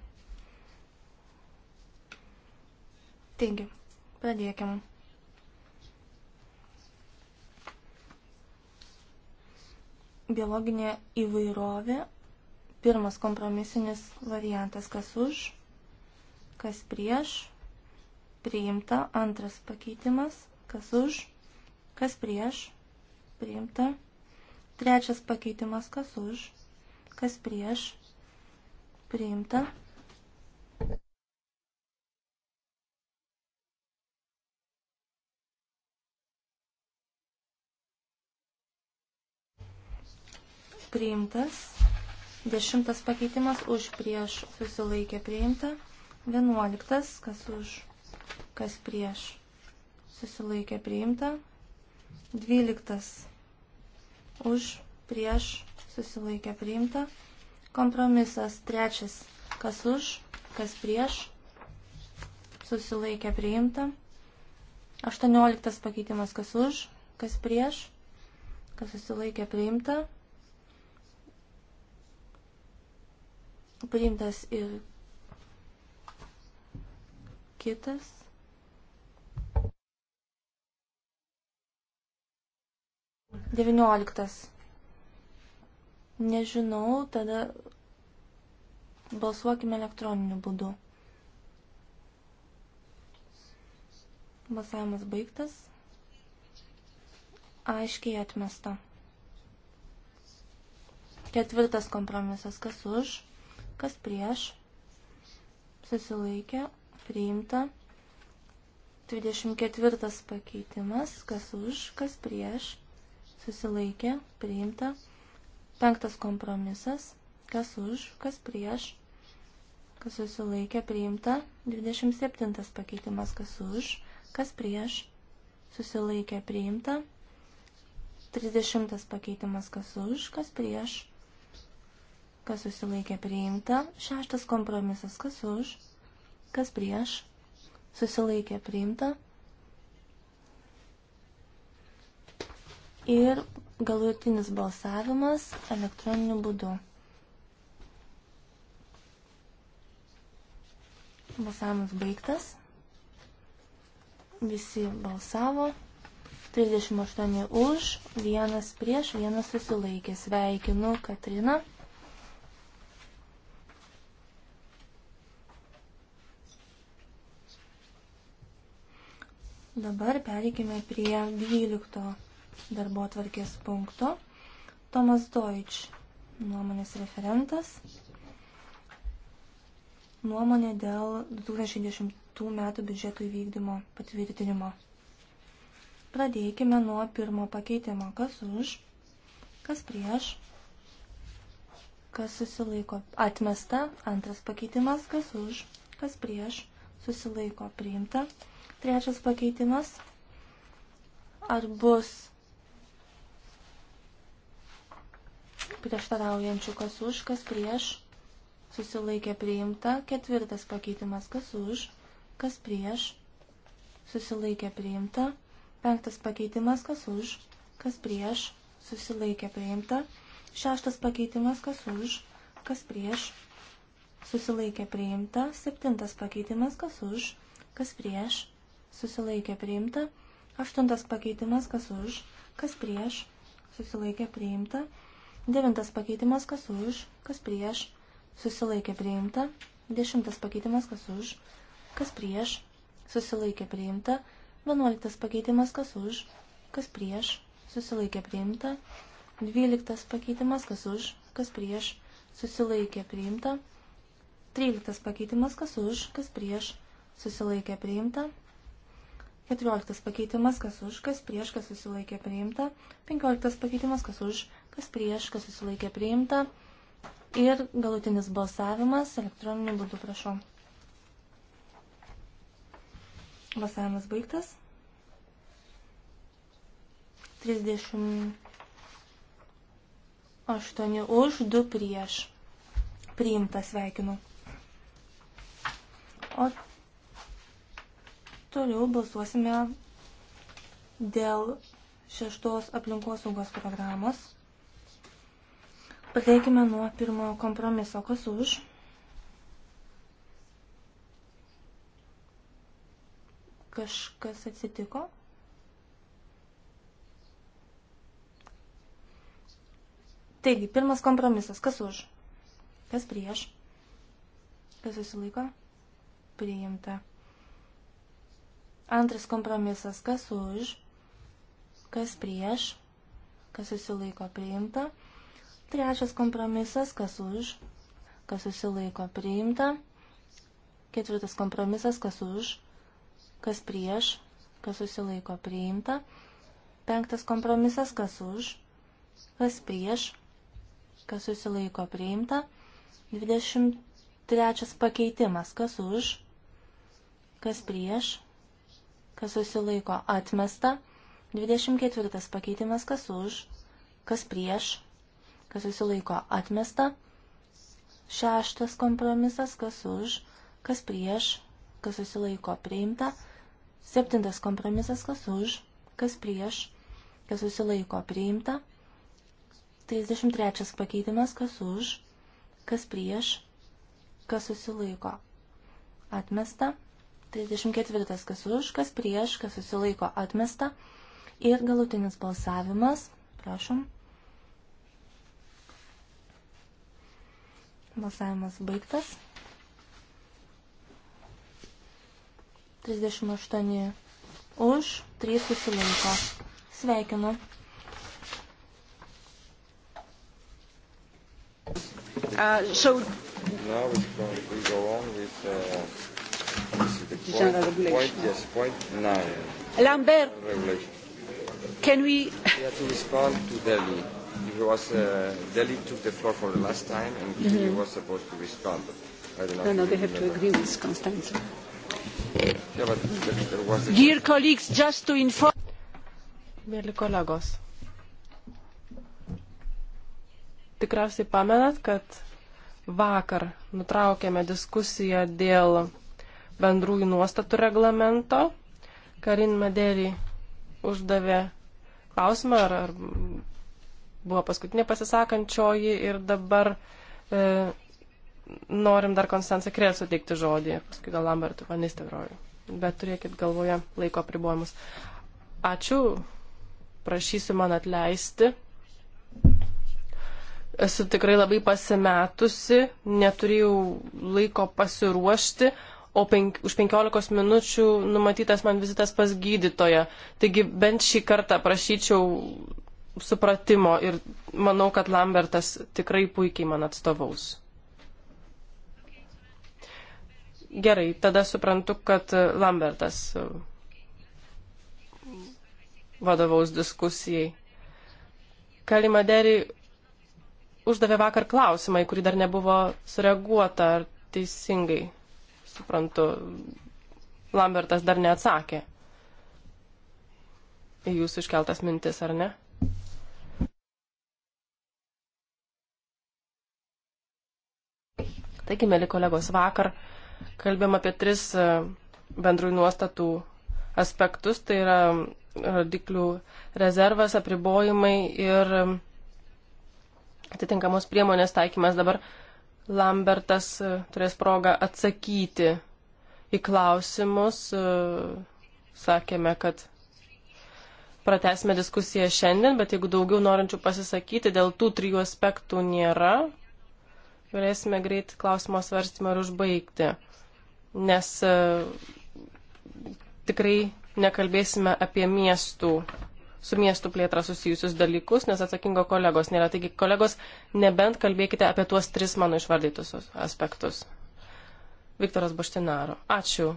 Taigi, pradėkime. biologinė įvairovė, pirmas kompromisinis variantas, kas už, kas prieš, priimta, antras pakeitimas, kas už, kas prieš, priimta, Trečias pakeitimas, kas už, kas prieš, priimta. Priimtas. Dešimtas pakeitimas už prieš susilaikė priimta. Vienuoliktas, kas už, kas prieš susilaikė priimta. Dvyliktas už, prieš, susilaikė priimta. Kompromisas trečias, kas už, kas prieš, susilaikė priimta. 18 pakeitimas, kas už, kas prieš, kas susilaikė priimta. Priimtas ir kitas. 19. Nežinau, tada balsuokime elektroniniu būdu. Balsavimas baigtas. Aiškiai atmesta. Ketvirtas kompromisas. Kas už, kas prieš. Susilaikė, priimta. 24 pakeitimas. Kas už, kas prieš susilaikė, priimta. Penktas kompromisas, kas už, kas prieš, kas susilaikė, priimta. 27 pakeitimas, kas už, kas prieš, susilaikė, priimta. 30 pakeitimas, kas už, kas prieš, kas susilaikė, priimta. Šeštas kompromisas, kas už, kas prieš, susilaikė, priimta. ir galutinis balsavimas elektroniniu būdu. Balsavimas baigtas. Visi balsavo. 38 už, vienas prieš, vienas susilaikė. Sveikinu, Katrina. Dabar pereikime prie 12 darbo atvarkės punkto. Tomas Deutsch, nuomonės referentas. Nuomonė dėl 2010 metų biudžeto įvykdymo patvirtinimo. Pradėkime nuo pirmo pakeitimo. Kas už, kas prieš, kas susilaiko. Atmesta. Antras pakeitimas. Kas už, kas prieš, susilaiko. Priimta. Trečias pakeitimas. Ar bus prieštaraujančių, kas už, kas prieš, susilaikė priimta, ketvirtas pakeitimas, kas už, kas prieš, susilaikė priimta, penktas pakeitimas, kas už, kas prieš, susilaikė priimta, šeštas pakeitimas, kas už, kas prieš, susilaikė priimta, septintas pakeitimas, kas už, kas prieš, susilaikė priimta, aštuntas pakeitimas, kas už, kas prieš, susilaikė priimta, Devintas pakeitimas, kas už, kas prieš, susilaikė priimta. Dešimtas pakeitimas, kas už, kas prieš, susilaikė priimta. Vienuoliktas pakeitimas, kas už, kas prieš, susilaikė priimta. Dvyliktas pakeitimas, kas už, kas prieš, susilaikė priimta. Tryliktas pakeitimas, kas už, kas prieš, susilaikė priimta. 14 pakeitimas, kas už, kas prieš, kas susilaikė priimta. 15 pakeitimas, kas už, kas prieš, kas susilaikė priimta. Ir galutinis balsavimas elektroniniu būdu, prašau. Balsavimas baigtas. 38 už, 2 prieš. Priimta, sveikinu. O toliau balsuosime dėl šeštos aplinkosaugos programos. Pradėkime nuo pirmojo kompromiso. Kas už? Kažkas atsitiko? Taigi, pirmas kompromisas. Kas už? Kas prieš? Kas susilaiko? Priimta. Antras kompromisas. Kas už? Kas prieš? Kas susilaiko? Priimta. Priimta. Trečias kompromisas, kas už, kas susilaiko priimta. Ketvirtas kompromisas, kas už, kas prieš, kas susilaiko priimta. Penktas kompromisas, kas už, kas prieš, kas susilaiko priimta. 23 pakeitimas, kas už, kas prieš, kas susilaiko atmesta. 24 pakeitimas, kas už, kas prieš, kas susilaiko atmesta. Šeštas kompromisas, kas už, kas prieš, kas susilaiko priimta. Septintas kompromisas, kas už, kas prieš, kas susilaiko priimta. 33 pakeitimas, kas už, kas prieš, kas susilaiko atmesta. 34 kas už, kas prieš, kas susilaiko atmesta. Ir galutinis balsavimas, prašom. Balsavimas baigtas. 38 už, 3 susilaiko. Sveikinu. Uh, so now we go on with uh, point, point, yes, point nine. Lambert, regulation. can we? We have to respond to Delhi. It was uh, Delhi took the floor for the last time, and mm -hmm. he mm-hmm. was supposed to respond. But I don't know. No, no, they have remember. to agree with Constanza. Yeah, but there, there was. Dear colleagues, just to inform. Mėly kolegos, tikriausiai pamenat, kad vakar nutraukėme diskusiją dėl bendrųjų nuostatų reglamento. Karin Maderį uždavė klausimą ar, ar buvo paskutinė pasisakančioji ir dabar e, norim dar Konstancijai Krėl suteikti žodį, paskui gal Lambertų Vanisterojų. Bet turėkit galvoje laiko apribojimus. Ačiū, prašysiu man atleisti. Esu tikrai labai pasimetusi, neturėjau laiko pasiruošti, o penk, už 15 minučių numatytas man vizitas pas gydytoją. Taigi bent šį kartą prašyčiau supratimo ir manau, kad Lambertas tikrai puikiai man atstovaus. Gerai, tada suprantu, kad Lambertas uh, vadovaus diskusijai. Kalimaderi uždavė vakar klausimą, į kurį dar nebuvo sureaguota, ar teisingai suprantu. Lambertas dar neatsakė į jūsų iškeltas mintis, ar ne? Taigi, mėly kolegos, vakar kalbėjom apie tris e, bendrųjų nuostatų aspektus, tai yra e, rodiklių rezervas, apribojimai ir e, atitinkamos priemonės taikymas. Dabar Lambertas turės progą atsakyti į klausimus. Sakėme, kad pratesime diskusiją šiandien, bet jeigu daugiau norinčių pasisakyti, dėl tų trijų aspektų nėra, galėsime greit klausimo svarstymą ir užbaigti, nes e, tikrai nekalbėsime apie miestų, su miestų plėtra susijusius dalykus, nes atsakingo kolegos nėra. Taigi, kolegos, nebent kalbėkite apie tuos tris mano išvardytus aspektus. Viktoras Baštinaro. Ačiū.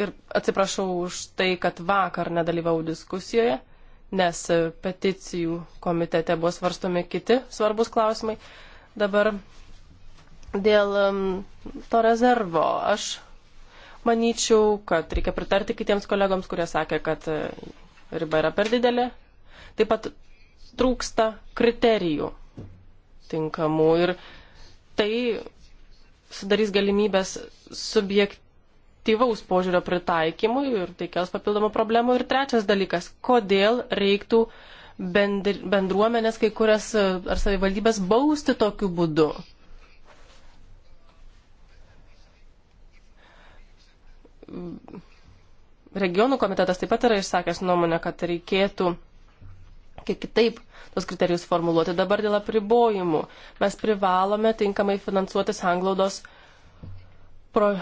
Ir atsiprašau už tai, kad vakar nedalyvau diskusijoje nes e, peticijų komitete buvo svarstomi kiti svarbus klausimai. Dabar dėl to rezervo aš manyčiau, kad reikia pritarti kitiems kolegoms, kurie sakė, kad e, riba yra per didelė. Taip pat trūksta kriterijų tinkamų ir tai sudarys galimybės subjekt selektyvaus požiūrio pritaikymui ir tai kels papildomų problemų. Ir trečias dalykas, kodėl reiktų bendruomenės kai kurias e, ar savivaldybės bausti tokiu būdu. Regionų komitetas taip pat yra išsakęs nuomonę, kad reikėtų kiek kitaip tos kriterijus formuluoti. Dabar dėl apribojimų. Mes privalome tinkamai finansuoti sanglaudos pro,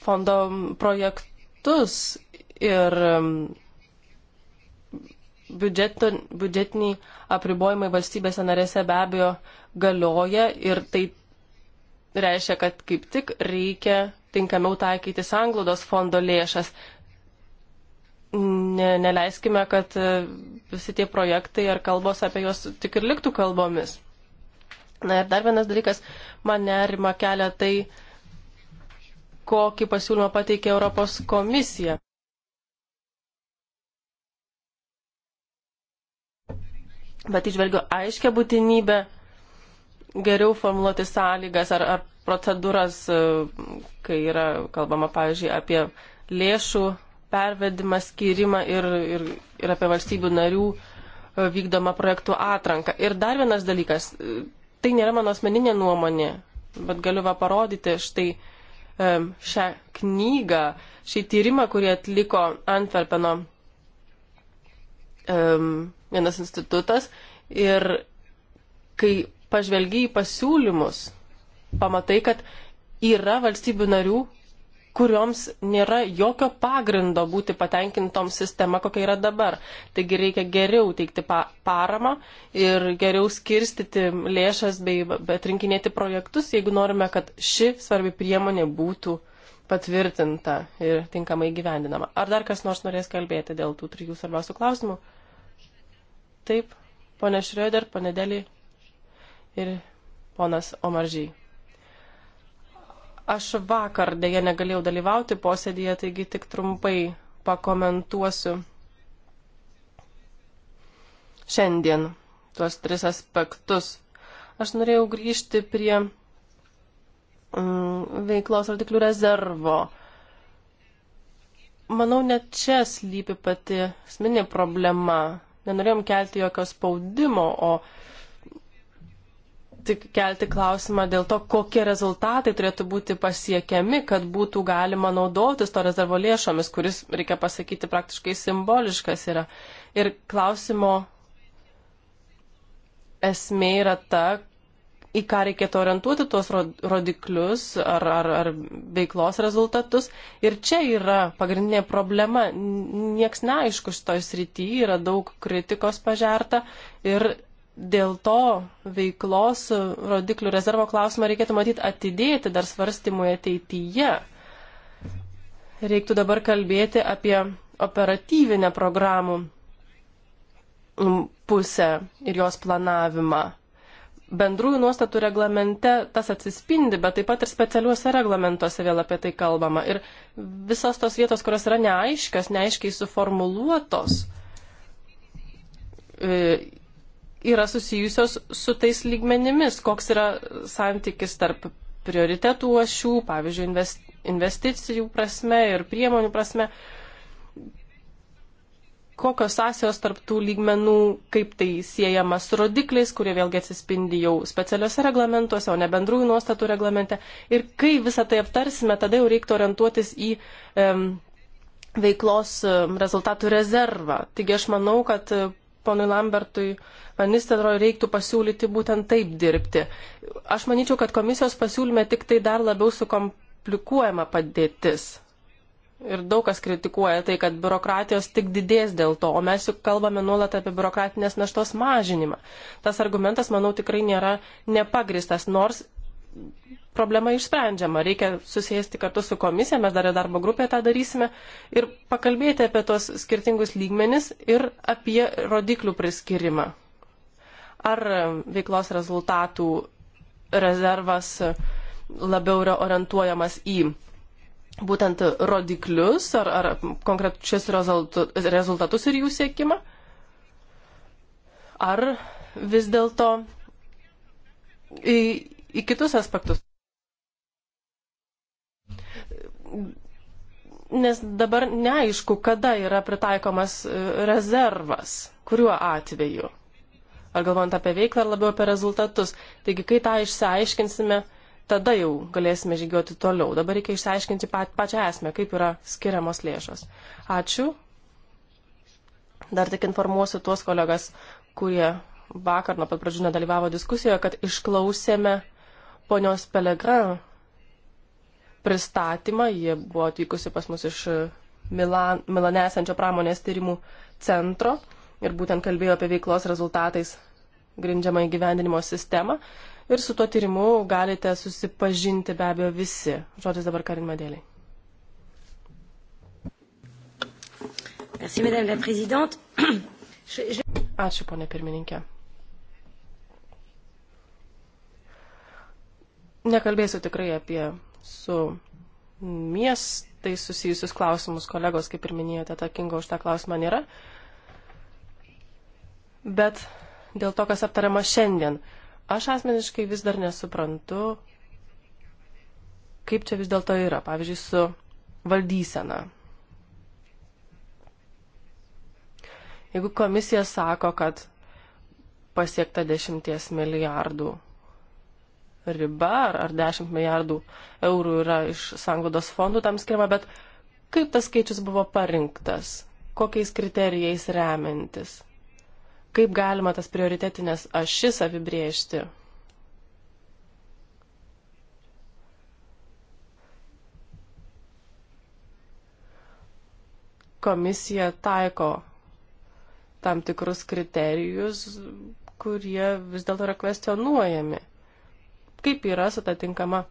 fondo projektus ir um, biudžeto, biudžetiniai apribojimai valstybėse narėse be abejo galioja ir tai reiškia, kad kaip tik reikia tinkamiau taikyti sanglaudos fondo lėšas. Ne, neleiskime, kad uh, visi tie projektai ar kalbos apie juos tik ir liktų kalbomis. Na ir dar vienas dalykas, man nerima kelia tai, kokį pasiūlymą pateikė Europos komisija. Bet išvelgiu aiškę būtinybę geriau formuluoti sąlygas ar, ar procedūras, e, kai yra kalbama, pavyzdžiui, apie lėšų pervedimą, skirimą ir, ir, ir apie valstybių narių e, vykdomą projektų atranką. Ir dar vienas dalykas, e, tai nėra mano asmeninė nuomonė, bet galiu va parodyti štai Um, šią knygą, šį tyrimą, kurį atliko Antverpeno um, vienas institutas. Ir kai pažvelgiai į pasiūlymus, pamatai, kad yra valstybių narių, kurioms nėra jokio pagrindo būti patenkintom sistema, kokia yra dabar. Taigi reikia geriau teikti pa paramą ir geriau skirstyti lėšas bei atrinkinėti projektus, jeigu norime, kad ši svarbi priemonė būtų patvirtinta ir tinkamai gyvendinama. Ar dar kas nors norės kalbėti dėl tų trijų svarbiausių klausimų? Taip, ponė Šrioder, ponė Deli ir ponas Omaržiai. Aš vakar dėja negalėjau dalyvauti posėdėje, taigi tik trumpai pakomentuosiu šiandien tuos tris aspektus. Aš norėjau grįžti prie mm, veiklos rodiklių rezervo. Manau, net čia slypi pati esminė problema. Nenorėjom kelti jokio spaudimo, o tik kelti klausimą dėl to, kokie rezultatai turėtų būti pasiekiami, kad būtų galima naudotis to rezervo lėšomis, kuris, reikia pasakyti, praktiškai simboliškas yra. Ir klausimo esmė yra ta, į ką reikėtų orientuoti tuos rodiklius ar, ar, ar veiklos rezultatus. Ir čia yra pagrindinė problema. Niekas neaišku šitoj srity, yra daug kritikos pažerta ir dėl to veiklos rodiklių rezervo klausimą reikėtų matyti atidėti dar svarstymui ateityje. Reiktų dabar kalbėti apie operatyvinę programų mm, pusę ir jos planavimą. Bendrųjų nuostatų reglamente tas atsispindi, bet taip pat ir specialiuose reglamentuose vėl apie tai kalbama. Ir visos tos vietos, kurios yra neaiškios, neaiškiai suformuluotos, e, yra susijusios su tais lygmenimis, koks yra santykis tarp prioritetų ašių, pavyzdžiui, investicijų prasme ir priemonių prasme, kokios sąsijos tarp tų lygmenų, kaip tai siejama su rodikliais, kurie vėlgi atsispindi jau specialiuose reglamentuose, o ne bendrųjų nuostatų reglamente. Ir kai visą tai aptarsime, tada jau reiktų orientuotis į um, veiklos rezultatų rezervą. Taigi aš manau, kad ponui Lambertui Vanistelroj reiktų pasiūlyti būtent taip dirbti. Aš manyčiau, kad komisijos pasiūlyme tik tai dar labiau sukomplikuojama padėtis. Ir daug kas kritikuoja tai, kad biurokratijos tik didės dėl to, o mes juk kalbame nuolat apie biurokratinės naštos mažinimą. Tas argumentas, manau, tikrai nėra nepagristas, nors problema išsprendžiama. Reikia susėsti kartu su komisija, mes dar ir darbo grupėje tą darysime, ir pakalbėti apie tos skirtingus lygmenis ir apie rodiklių priskirimą. Ar veiklos rezultatų rezervas labiau yra orientuojamas į būtent rodiklius ar, ar konkrečius rezultatus ir jų siekimą? Ar vis dėlto į kitus aspektus. Nes dabar neaišku, kada yra pritaikomas e, rezervas, kuriuo atveju. Ar galvojant apie veiklą, ar labiau apie rezultatus. Taigi, kai tą išsiaiškinsime, tada jau galėsime žygiuoti toliau. Dabar reikia išsiaiškinti pačią esmę, kaip yra skiriamos lėšos. Ačiū. Dar tik informuosiu tuos kolegas, kurie vakar nuo pat pradžių nedalyvavo diskusijoje, kad išklausėme ponios Pelegrin pristatymą. Jie buvo atvykusi pas mus iš Milan, Milane esančio pramonės tyrimų centro ir būtent kalbėjo apie veiklos rezultatais grindžiamą įgyvendinimo sistemą. Ir su tuo tyrimu galite susipažinti be abejo visi. Žodis dabar Karin Madėlė. [clears throat] Ačiū, ponė pirmininkė. Nekalbėsiu tikrai apie su miestais susijusius klausimus, kolegos, kaip ir minėjote, takingo už tą klausimą nėra. Bet dėl to, kas aptariama šiandien, aš asmeniškai vis dar nesuprantu, kaip čia vis dėlto yra, pavyzdžiui, su valdysena. Jeigu komisija sako, kad pasiekta 10 milijardų riba, ar, ar 10 milijardų eurų yra iš sangodos fondų tam skirima, bet kaip tas skaičius buvo parinktas, kokiais kriterijais remiantis, kaip galima tas prioritetinės ašis apibriežti. Komisija taiko tam tikrus kriterijus, kurie vis dėlto yra kvestionuojami kaip yra su ta tinkama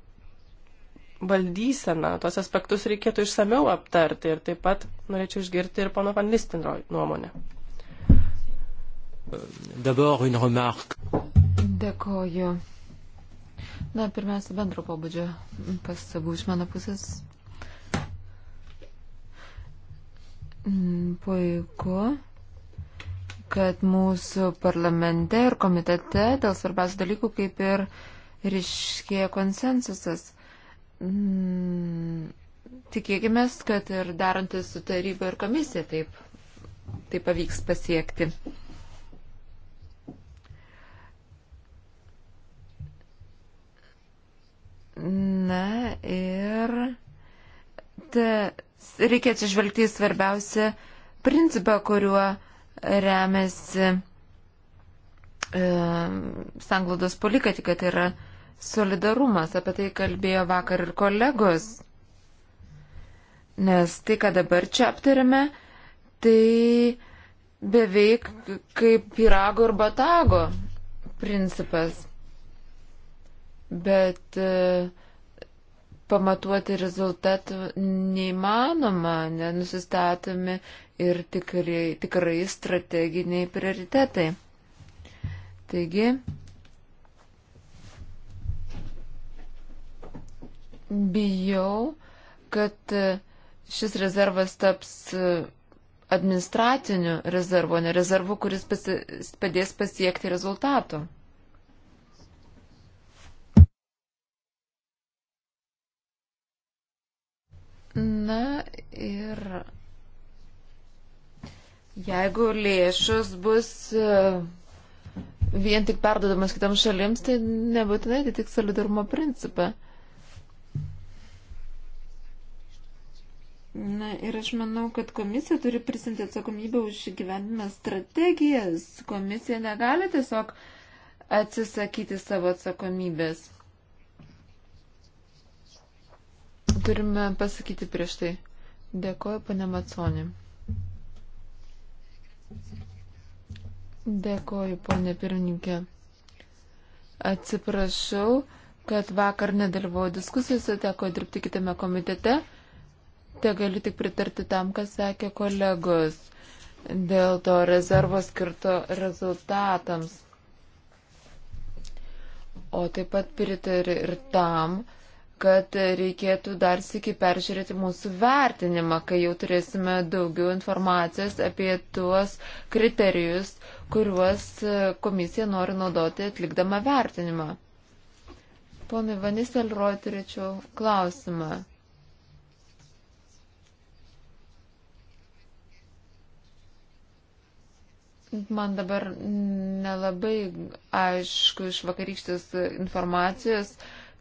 valdysena. Tos aspektus reikėtų išsameu aptarti ir taip pat norėčiau išgirti ir pono Van Listinro nuomonę. D'abord une remarque. Dėkoju. Na, pirmiausia, bendro pobūdžio pastabų iš mano pusės. Mm, puiku, kad mūsų parlamente ir komitete dėl svarbiausių dalykų, kaip ir uh, ryškėja konsensusas. Mm, tikėkime, kad ir darantis su taryba ir komisija taip, taip pavyks pasiekti. Na ir ta, reikia atsižvelgti į svarbiausią principą, kuriuo remiasi e, sanglaudos politika, tai yra e, solidarumas, apie tai kalbėjo vakar ir kolegos. Nes tai, ką dabar čia aptarėme, tai beveik kaip pirago ir batago principas. Bet e, pamatuoti rezultatų neįmanoma, nenusistatomi ir tikrai, tikrai strateginiai prioritetai. Taigi, bijau, kad e, šis rezervas taps e, administraciniu rezervu, o ne rezervu, kuris pasi padės pasiekti rezultatų. Na ir jeigu lėšus bus e, vien tik perdodamas kitam šalims, tai nebūtinai atitiks solidarumo principą. Na ir aš manau, kad komisija turi prisimti atsakomybę už gyvenimą strategijas. Komisija negali tiesiog atsisakyti savo atsakomybės. Turime pasakyti prieš tai. Dėkuoju, pane Matsonė. Dėkuoju, ponė pirmininkė. Atsiprašau, kad vakar nedalyvau diskusijose, teko dirbti kitame komitete. Te galiu tik pritarti tam, kas sakė kolegos dėl to rezervo skirto rezultatams. O taip pat pritariu ir tam, kad reikėtų dar sėki peržiūrėti mūsų vertinimą, kai jau turėsime daugiau informacijos apie tuos kriterijus, kuriuos komisija nori naudoti atlikdama vertinimą. Ponai Vanisel Roy turėčiau klausimą. Man dabar nelabai aišku iš vakarykštės informacijos,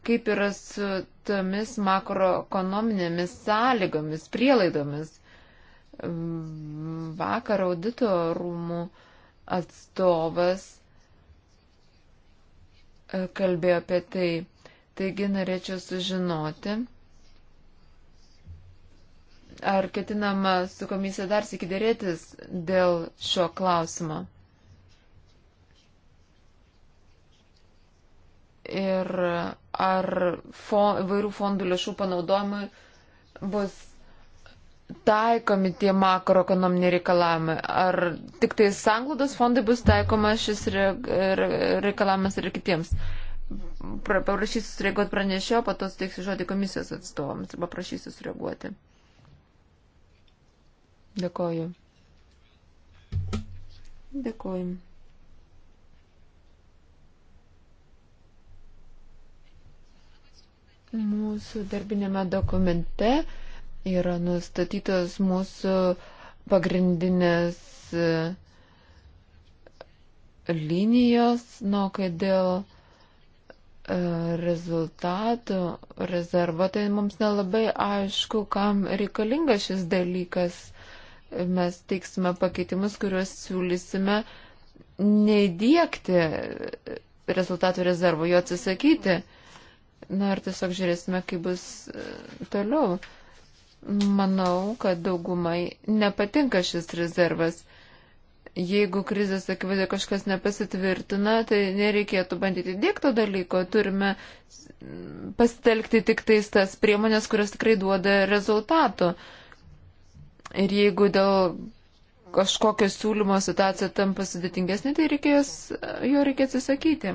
kaip yra su tomis makroekonominėmis sąlygomis, prielaidomis. Vakar audito rūmų atstovas e, kalbėjo apie tai. Taigi norėčiau sužinoti ar ketinama su komisija dar sikidėrėtis dėl šio klausimo? Ir ar fon, vairių fondų lėšų panaudojimui bus taikomi tie makroekonominiai reikalavimai? Ar tik tai sanglaudos fondai bus taikoma šis re, re, reikalavimas ir kitiems? Pra, paprašysiu sureaguoti pranešio, patos teiksiu žodį komisijos atstovams ir paprašysiu sureaguoti. Dėkoju. Dėkoju. Mūsų darbinėme dokumente yra nustatytos mūsų pagrindinės e, linijos, nuo kai dėl e, rezultatų rezervo, tai mums nelabai aišku, kam reikalingas šis dalykas mes teiksime pakeitimus, kuriuos siūlysime neįdėkti rezultatų rezervo, jo atsisakyti. Na ir tiesiog žiūrėsime, kaip bus e, toliau. Manau, kad daugumai nepatinka šis rezervas. Jeigu krizės akivaizdu kažkas nepasitvirtina, tai nereikėtų bandyti dėkto dalyko. Turime pasitelkti tik tais tas priemonės, kurios tikrai duoda rezultatų. Uh, Ir jeigu dėl kažkokio siūlymo situacija tampa sudėtingesnė, tai reikės, jo reikės atsisakyti.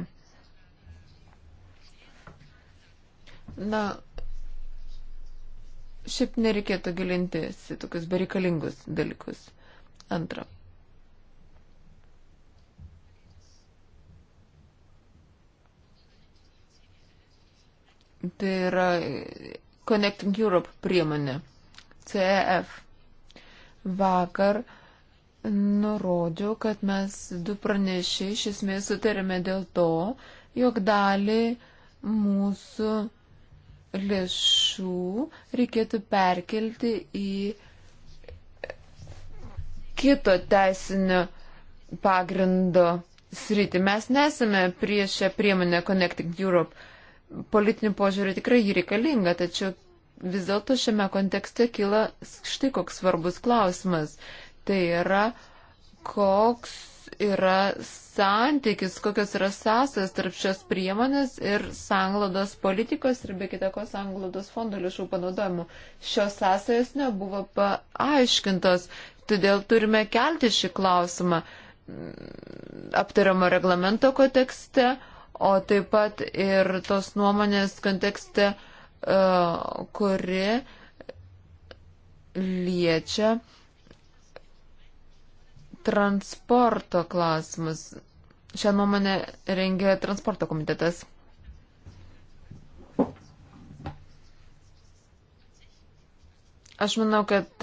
Na, šiaip nereikėtų gilintis į tokius bereikalingus dalykus. Antra. Tai yra Connecting Europe priemonė. CEF vakar nurodžiau, kad mes du pranešiai iš esmės sutarėme dėl to, jog dalį mūsų lėšų reikėtų perkelti į kito teisinio pagrindo sritį. Mes nesame prieš šią priemonę Connecting Europe. Politinių požiūrių tikrai jį reikalinga, tačiau vis dėlto šiame kontekste kyla štai koks svarbus klausimas. Tai yra, koks yra santykis, kokios yra sąsas tarp šios priemonės ir sanglados politikos ir be kitako sanglados fondo lėšų panaudojimų. Šios sąsajos nebuvo paaiškintos, todėl turime kelti šį klausimą mm, aptariamo reglamento kontekste, o taip pat ir tos nuomonės kontekste, uh, E, kuri liečia transporto klausimus. Šią nuomonę rengia transporto komitetas. Aš manau, kad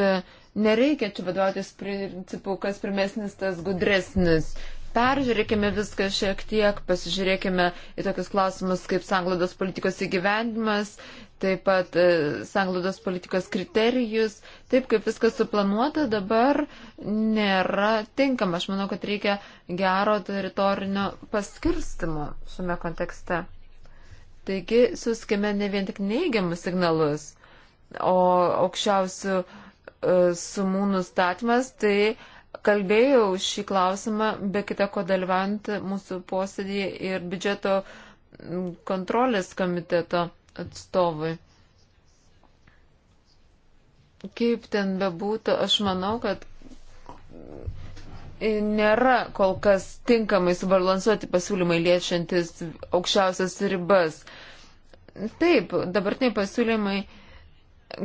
nereikia čia vadovautis principu, kas pirmesnis, tas gudresnis. Peržiūrėkime viską šiek tiek, pasižiūrėkime į tokius klausimus kaip sanglados politikos įgyvendimas, taip pat e, sanglaudos politikos kriterijus, taip kaip viskas suplanuota dabar nėra tinkama. Aš manau, kad reikia gero teritorinio paskirstimo šiame kontekste. Taigi siūskime ne vien tik neigiamus signalus, o aukščiausių e, sumų nustatymas, tai kalbėjau šį klausimą, be kita ko dalyvant mūsų posėdėje ir biudžeto kontrolės komiteto atstovui. Kaip ten bebūtų, aš manau, kad nėra kol kas tinkamai subalansuoti pasiūlymai liečiantis aukščiausias ribas. Taip, dabartiniai pasiūlymai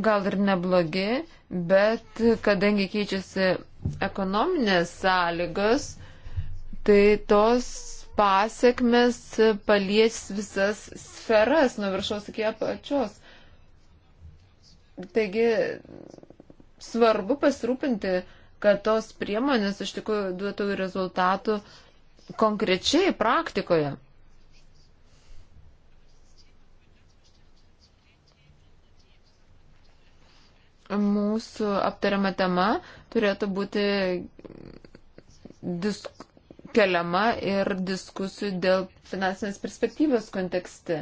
gal ir neblogi, bet kadangi keičiasi ekonominės sąlygos, tai tos pasiekmes palies visas sferas nuo viršaus iki apačios. Taigi svarbu pasirūpinti, kad tos priemonės iš tikrųjų duotų rezultatų konkrečiai praktikoje. Mūsų aptariama tema turėtų būti disk keliama ir diskusijų dėl finansinės perspektyvos kontekste.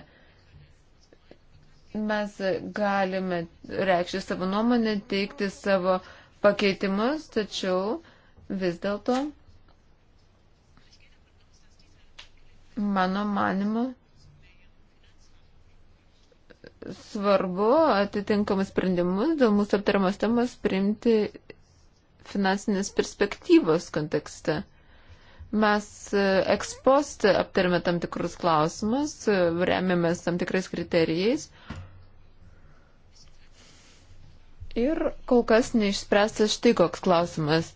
Mes galime reikšti savo nuomonę, teikti savo pakeitimus, tačiau vis dėlto mano manimo svarbu atitinkamus sprendimus dėl mūsų aptariamos temos priimti finansinės perspektyvos kontekste. Mes ekspost aptarėme tam tikrus klausimus, e, remiamės tam tikrais kriterijais. Ir kol kas neišspręstas štai koks klausimas.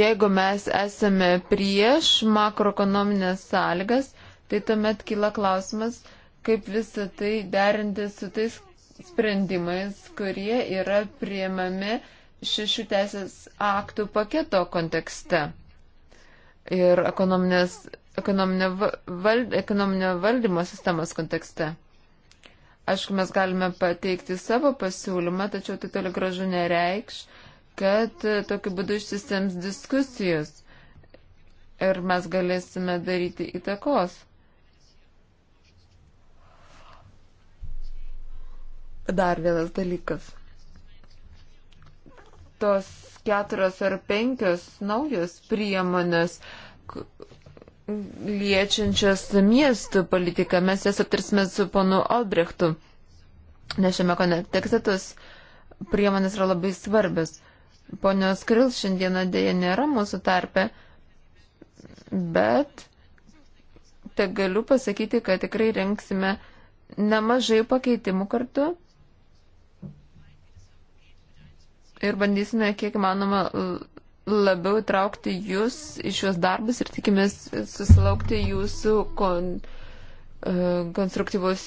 Jeigu mes esame prieš makroekonominės sąlygas, tai tuomet kyla klausimas, kaip visą tai derinti su tais sprendimais, kurie yra priemami šešių teisės aktų paketo kontekste ir ekonominio, val, ekonominio valdymo sistemos kontekste. Aišku, mes galime pateikti savo pasiūlymą, tačiau tai toli gražu nereikš, kad tokiu būdu išsistems diskusijos ir mes galėsime daryti įtakos. Dar vienas dalykas tos keturios ar penkios naujos priemonės liečiančios miestų politiką. Mes jas aptarsime su ponu Albrechtu, nes šiame kontekste tos priemonės yra labai svarbios. Ponios Kril šiandieną dėja nėra mūsų tarpe, bet te galiu pasakyti, kad tikrai renksime nemažai pakeitimų kartu ir bandysime kiek įmanoma labiau traukti jūs į šios darbus ir tikimės susilaukti jūsų kon, e, konstruktyvus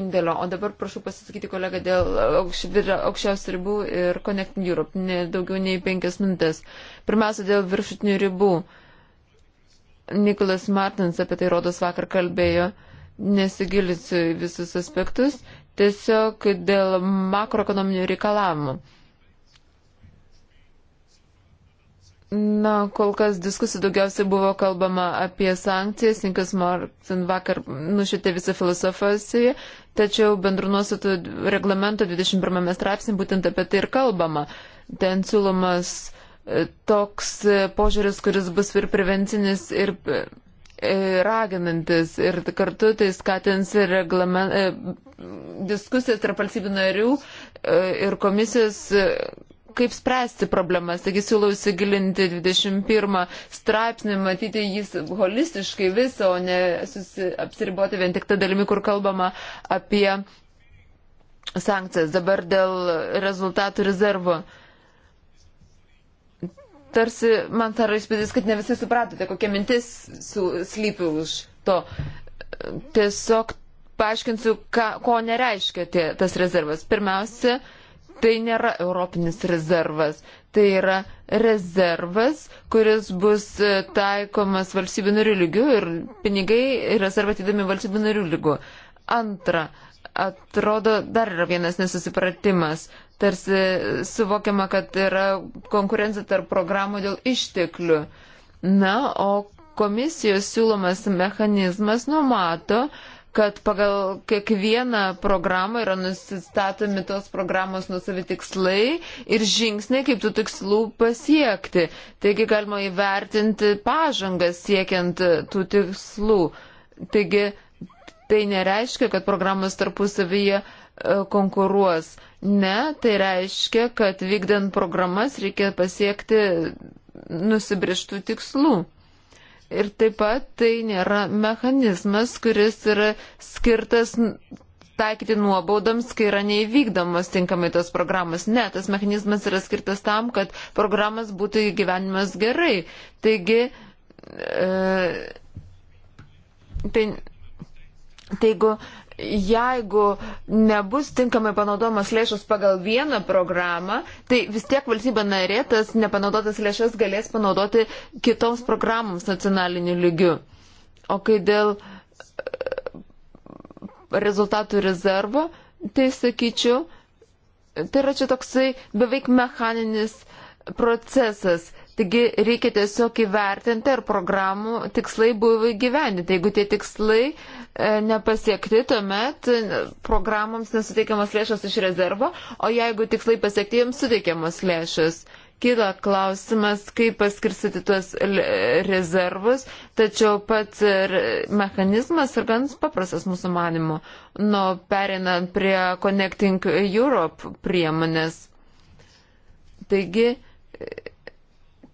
indėlio. O dabar prašau pasisakyti kolegą dėl aukščiausių ribų ir Connect Europe, ne daugiau nei penkias minutės. Pirmiausia, dėl viršutinių ribų. Nikolas Martins apie tai rodos vakar kalbėjo, nesigilinsiu į visus aspektus tiesiog dėl makroekonominių reikalavimų. Na, kol kas diskusijų daugiausiai buvo kalbama apie sankcijas, Inkas Martin vakar nušitė visą filosofiją, tačiau bendru nuostatų reglamento 21 straipsnį būtent apie tai ir kalbama. Ten siūlomas e, toks e, požiūris, kuris bus ir prevencinis, ir e, E, raginantis ir kartu tai skatins reglament, e, diskusijas tarp valstybių narių e, ir komisijos, kaip spręsti problemas. Taigi siūlau įsigilinti 21 straipsnį, matyti jis holistiškai visą, o ne susi, apsiriboti vien tik tą dalimi, kur kalbama apie sankcijas. Dabar dėl rezultatų rezervo. Uh, tarsi man taro įspūdis, kad ne visi supratote, kokia mintis su, slypi už to. Tiesiog paaiškinsiu, ką, ko nereiškia tie, tas rezervas. Pirmiausia, tai nėra europinis rezervas. Tai yra rezervas, kuris bus e, taikomas valstybių narių lygių ir pinigai rezervą atidami valstybių narių lygių. Antra, atrodo, dar yra vienas nesusipratimas tarsi suvokiama, kad yra konkurencija tarp programų dėl išteklių. Na, o komisijos siūlomas mechanizmas numato, kad pagal kiekvieną programą yra nusistatomi tos programos nusavi tikslai ir žingsniai, kaip tų tikslų pasiekti. Taigi galima įvertinti pažangą siekiant tų tikslų. Taigi tai nereiškia, kad programos tarpusavyje e, konkuruos. Ne, tai reiškia, kad vykdant programas reikia pasiekti nusibrieštų tikslų. Ir taip pat tai nėra mechanizmas, kuris yra skirtas taikyti nuobaudams, kai yra neįvykdomas tinkamai tos programos. Ne, tas mechanizmas yra skirtas tam, kad programas būtų įgyvenimas gerai. Taigi, e, tai, tai jeigu jeigu nebus tinkamai panaudojamas lėšas pagal vieną programą, tai vis tiek valstybė narė tas nepanaudotas lėšas galės panaudoti kitoms programoms nacionaliniu lygiu. O kai dėl e, rezultatų rezervo, tai sakyčiau, tai yra čia toksai beveik mechaninis procesas. Taigi reikia tiesiog įvertinti, ar programų tikslai buvo įgyvendinti. Jeigu tie tikslai e, nepasiekti, tuomet e, programoms nesuteikiamas lėšas iš rezervo, o jeigu tikslai pasiekti, jiems suteikiamas lėšas. Kyla klausimas, kaip paskirstyti tuos rezervus, tačiau pats mechanizmas ir gan paprastas mūsų manimo. Nuo perinant prie Connecting Europe priemonės. Taigi,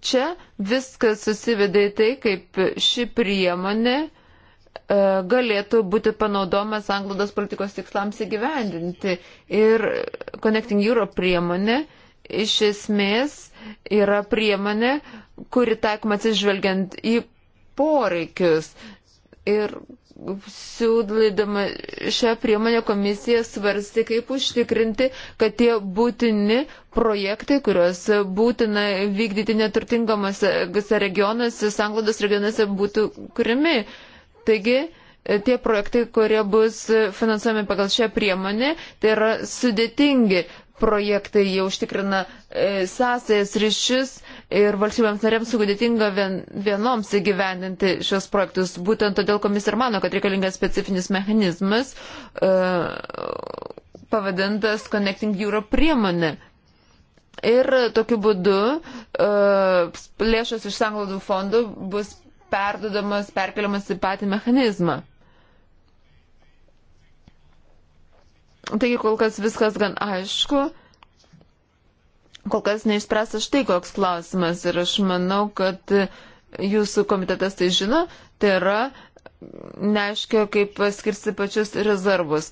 Čia viskas susivedė į tai, kaip ši priemonė e, galėtų būti panaudomas anglodos politikos tikslams įgyvendinti. Ir Connecting Europe priemonė iš esmės yra priemonė, kuri taikoma atsižvelgiant į poreikius. Ir siūlydama šią priemonę komisija svarstė, kaip užtikrinti, kad tie būtini projektai, kuriuos būtina vykdyti neturtingamose regionuose, sanglodos regionuose būtų kurimi. Taigi, tie projektai, kurie bus finansuojami pagal šią priemonę, tai yra sudėtingi projektai jau užtikrina e, sąsajas ryšius ir valstybėms narėms sudėtinga vien, vienoms įgyvendinti šios projektus. Būtent todėl komisija ir mano, kad reikalingas specifinis mechanizmas e, pavadintas Connecting Europe priemonė. Ir tokiu būdu e, lėšas iš sanglaudų fondų bus perdodamas, perkeliamas į patį mechanizmą. Taigi kol kas viskas gan aišku. Kol kas neišspręsta štai koks klausimas ir aš manau, kad jūsų komitetas tai žino, tai yra neaiškia, kaip paskirsti pačius rezervus.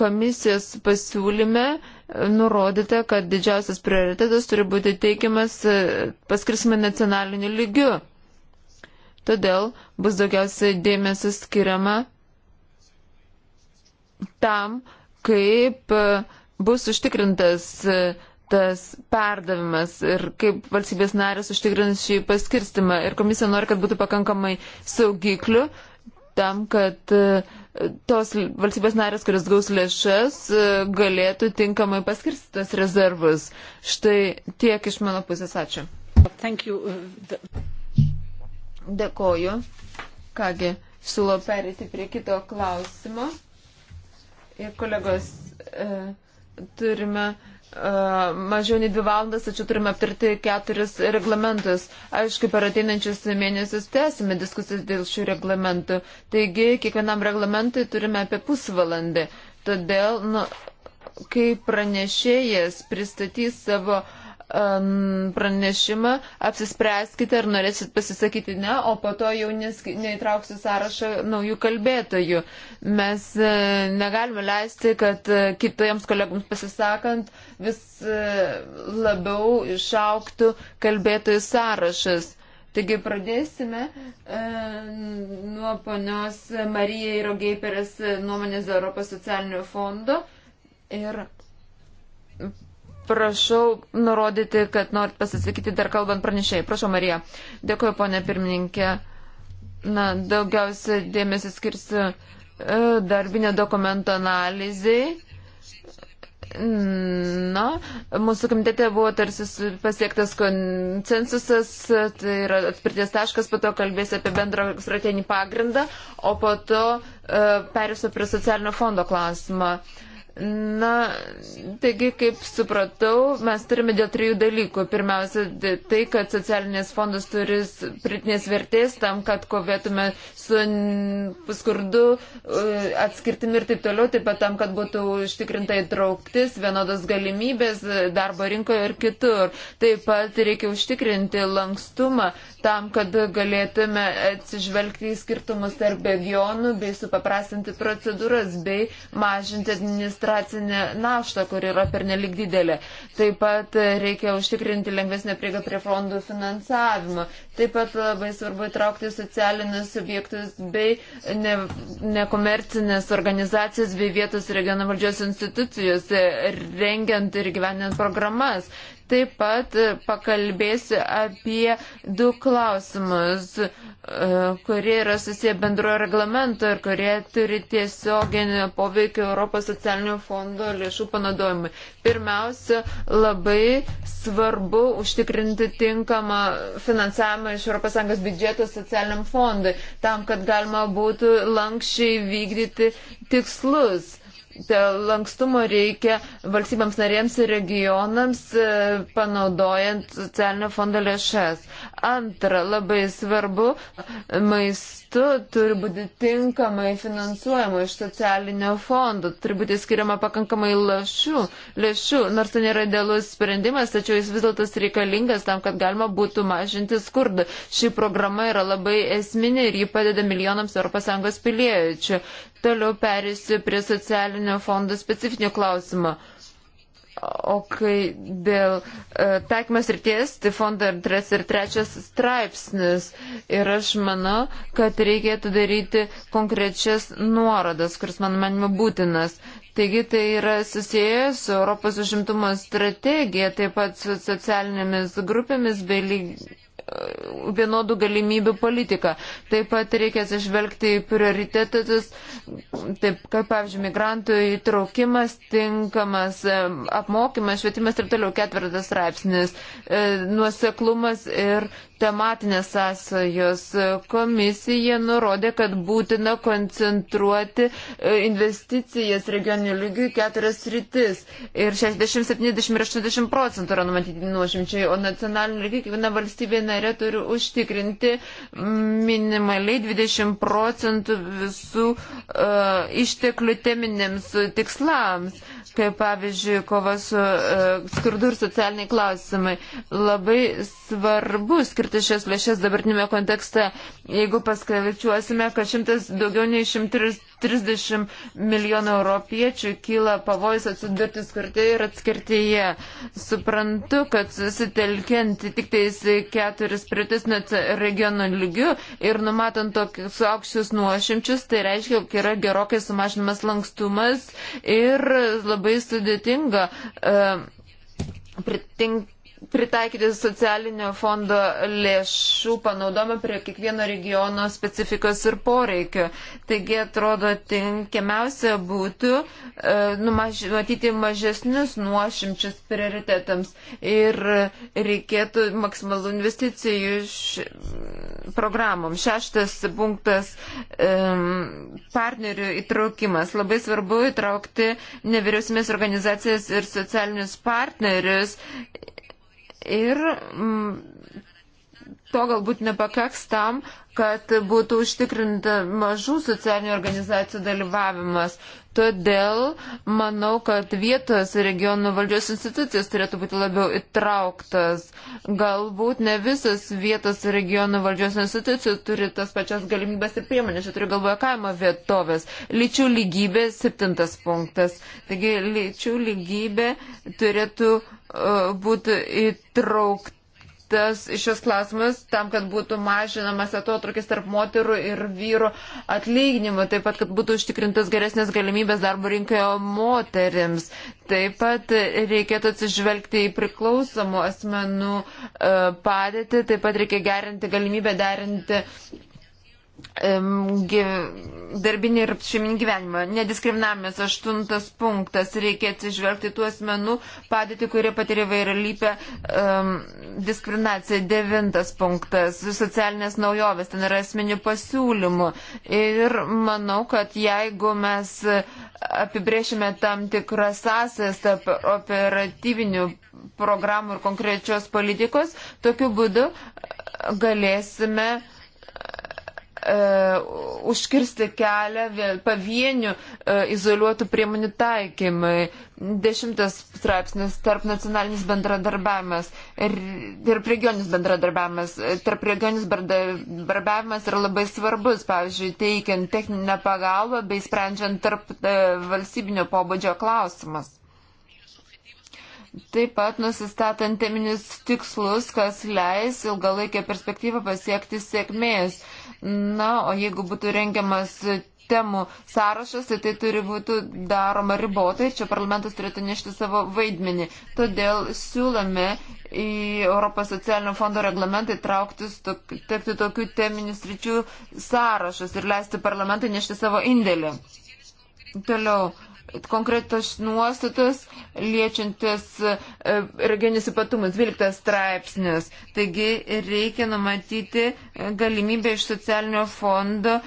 Komisijos pasiūlyme nurodyta, kad didžiausias prioritetas turi būti teikiamas e, paskirsime nacionaliniu lygiu. Todėl bus daugiausiai dėmesio skiriama tam, kaip e, bus užtikrintas e, tas perdavimas ir kaip valstybės narės užtikrins šį paskirstimą. Ir komisija nori, kad būtų pakankamai saugiklių tam, kad e, tos valstybės narės, kuris gaus lėšas, galėtų tinkamai paskirsti tas rezervus. Štai tiek iš mano pusės. Ačiū. Dėkoju. Kągi, siūlau perėti prie kito klausimo. Kolegos, e, turime e, mažiau nei dvi valandas, tačiau turime aptarti keturis reglamentus. Aišku, per ateinančius mėnesius tęsime diskusijas dėl šių reglamentų. Taigi, kiekvienam reglamentui turime apie pusvalandį. Todėl, nu, kai pranešėjas pristatys savo uh, pranešimą, apsispręskite, ar norėsit pasisakyti ne, o po to jau neįtrauksiu sąrašą naujų kalbėtojų. Mes e, negalime leisti, kad e, kitiems kolegams pasisakant vis e, labiau išauktų kalbėtojų sąrašas. Taigi pradėsime e, nuo ponios Marijai Rogeiperės nuomonės Europos socialinio fondo ir Prašau nurodyti, kad norit pasisakyti dar kalbant pranešėjai. Prašau, Marija. Dėkuoju, ponė pirmininkė. Na, daugiausia dėmesį skirsiu e, darbinio dokumento analizai. Na, mūsų komitete buvo tarsi pasiektas konsensusas, tai yra atspirties taškas, po to kalbės apie bendrą strateginį pagrindą, o po to e, perėsiu prie socialinio fondo klausimą. E, Na, taigi, kaip supratau, mes turime dėl trijų dalykų. Pirmiausia, tai, kad socialinės fondas turi pritinės vertės tam, kad kovėtume su skurdu, atskirtimi ir taip toliau, taip pat tam, kad būtų užtikrinta įtrauktis, vienodas galimybės e, darbo rinkoje ir kitur. Taip pat reikia užtikrinti lankstumą tam, kad galėtume atsižvelgti į skirtumus tarp regionų bei supaprastinti procedūras bei mažinti administracinę naštą, kur yra pernelik didelė. Taip pat reikia užtikrinti lengvesnę prieigą prie fondų finansavimo. Taip pat labai svarbu įtraukti socialinius subjektus bei ne, nekomercinės organizacijas bei vietos regiono valdžios institucijos, rengiant ir gyvenant programas. Taip pat e, pakalbėsiu apie du klausimus, e, kurie yra susiję bendrojo reglamento ir kurie turi tiesioginį poveikį Europos socialinio fondo lėšų panaudojimui. Pirmiausia, labai svarbu užtikrinti tinkamą finansavimą iš ES biudžeto socialiniam fondui, tam, kad galima būtų lankščiai vykdyti tikslus dėl lankstumo reikia valstybėms narėms ir regionams e, panaudojant socialinio fondo lėšas. Antra, labai svarbu maisto mastu turi būti tinkamai finansuojama iš socialinio fondo, turi būti skiriama pakankamai lašių, lėšų, nors tai nėra idealus sprendimas, tačiau jis vis dėlto reikalingas tam, kad galima būtų mažinti skurdą. Ši programa yra labai esminė ir ji padeda milijonams ES piliečių. Toliau perėsiu prie socialinio fondo specifinio klausimo. O kai dėl e, taikymas ryties, tai fondo antras ir trečias straipsnis. Ir aš manau, kad reikėtų daryti konkrečias nuorodas, kuris man manimo būtinas. Taigi tai yra susijęs su Europos užimtumo strategija, taip pat su socialinėmis grupėmis bei lyg vienodų galimybių politiką. Taip pat reikia atsižvelgti į prioritetus, taip kaip, pavyzdžiui, migrantų įtraukimas, tinkamas e, apmokymas, švietimas ir toliau ketvirtas straipsnis, e, nuoseklumas ir tematinės sąsajos. Komisija nurodė, kad būtina koncentruoti e, investicijas regioninių lygių į keturias rytis. Ir 60, 70 ir 80 procentų yra numatyti nuošimčiai, o nacionalinių lygių kiekviena valstybė narė turi užtikrinti minimaliai 20 procentų visų uh, išteklių teminėms tikslams kaip pavyzdžiui kova su uh, skurdu ir socialiniai klausimai. Labai svarbu skirti skirti šias lėšas dabartinėme kontekste. Jeigu paskaičiuosime, kad šimtas, daugiau nei 130 milijonų europiečių kyla pavojus atsidurti skurti ir atskirtyje. Suprantu, kad susitelkiant tik tais keturis pritis net regionų lygių ir numatant tokius aukščius nuošimčius, tai reiškia, kad yra gerokai sumažinamas lankstumas ir labai sudėtinga. Uh, pritink, pritaikyti socialinio fondo lėšų panaudojimą prie kiekvieno regiono specifikos ir poreikio. Taigi atrodo tinkiamiausia būtų e, numaž, matyti mažesnius nuošimčius prioritetams ir reikėtų maksimalų investicijų š, programom. Šeštas punktas e, partnerių įtraukimas. Labai svarbu įtraukti nevyriausybės organizacijas ir socialinius partnerius ir mm, to galbūt nepakaks tam, kad būtų užtikrinta mažų socialinių organizacijų dalyvavimas. Todėl manau, kad vietos regionų valdžios institucijos turėtų būti labiau įtrauktas. Galbūt ne visas vietos regionų valdžios institucijų turi tas pačias galimybės ir priemonės. Čia turiu galvoje kaimo vietovės. Lyčių lygybė septintas punktas. Taigi lyčių lygybė turėtų būtų įtrauktas šios klausimas tam, kad būtų mažinamas atotrukis tarp moterų ir vyrų atlyginimų, taip pat, kad būtų užtikrintas geresnės galimybės darbo rinkoje moterims. Taip pat reikėtų atsižvelgti į priklausomų asmenų e, padėtį, taip pat reikia gerinti galimybę derinti darbinį ir šeiminį gyvenimą. Nediskriminavimas aštuntas punktas. Reikia atsižvelgti tų asmenų padėtį, kurie patiria vairalypę um, diskriminaciją. Devintas punktas. Socialinės naujovės. Ten yra asmenių pasiūlymų. Ir manau, kad jeigu mes apibrėšime tam tikras sąsės tarp operatyvinių programų ir konkrečios politikos, tokiu būdu galėsime uh, E, užkirsti kelią pavienių e, izoliuotų priemonių taikymai. Dešimtas straipsnis tarp nacionalinis bendradarbiavimas ir, ir regioninis bendradarbiavimas. E, tarp regioninis bendradarbiavimas yra labai svarbus, pavyzdžiui, teikiant techninę pagalbą bei sprendžiant tarp valstybinio pobūdžio klausimas. Taip pat nusistatant teminius tikslus, kas leis ilgalaikę perspektyvą pasiekti sėkmės. Uh, Na, o jeigu būtų rengiamas temų sąrašas, tai tai turi būti daroma ribotai, čia parlamentas turėtų nešti savo vaidmenį. Todėl siūlome į Europos socialinio fondo reglamentą įtraukti tekti tokių teminių sričių sąrašus ir leisti parlamentui nešti savo indėlį. Toliau, konkretos nuostatos liečiantis e, regionius ypatumus, 12 straipsnius. Taigi reikia numatyti e, galimybę iš socialinio fondo e,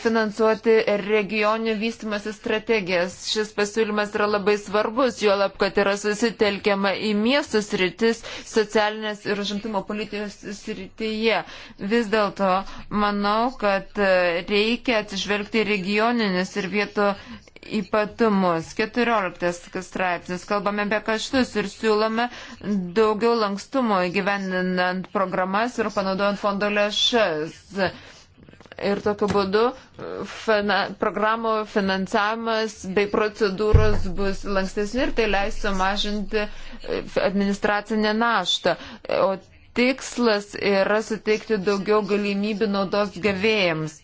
finansuoti regionių vystimasi strategijas. Šis pasiūlymas yra labai svarbus, juolab, kad yra susitelkiama į miestus rytis socialinės ir žimtumo politikos srityje. Vis dėlto manau, kad reikia atsižvelgti regioninis ir vieto ypatumus. 14 straipsnis. Kalbame apie kaštus ir siūlome daugiau lankstumo įgyvendinant programas ir panaudojant fondo lėšas. Ir tokiu būdu uh, fina, programų finansavimas bei procedūros bus lankstesni ir tai leis sumažinti uh, administracinę naštą. O tikslas yra suteikti daugiau galimybių naudos gavėjams.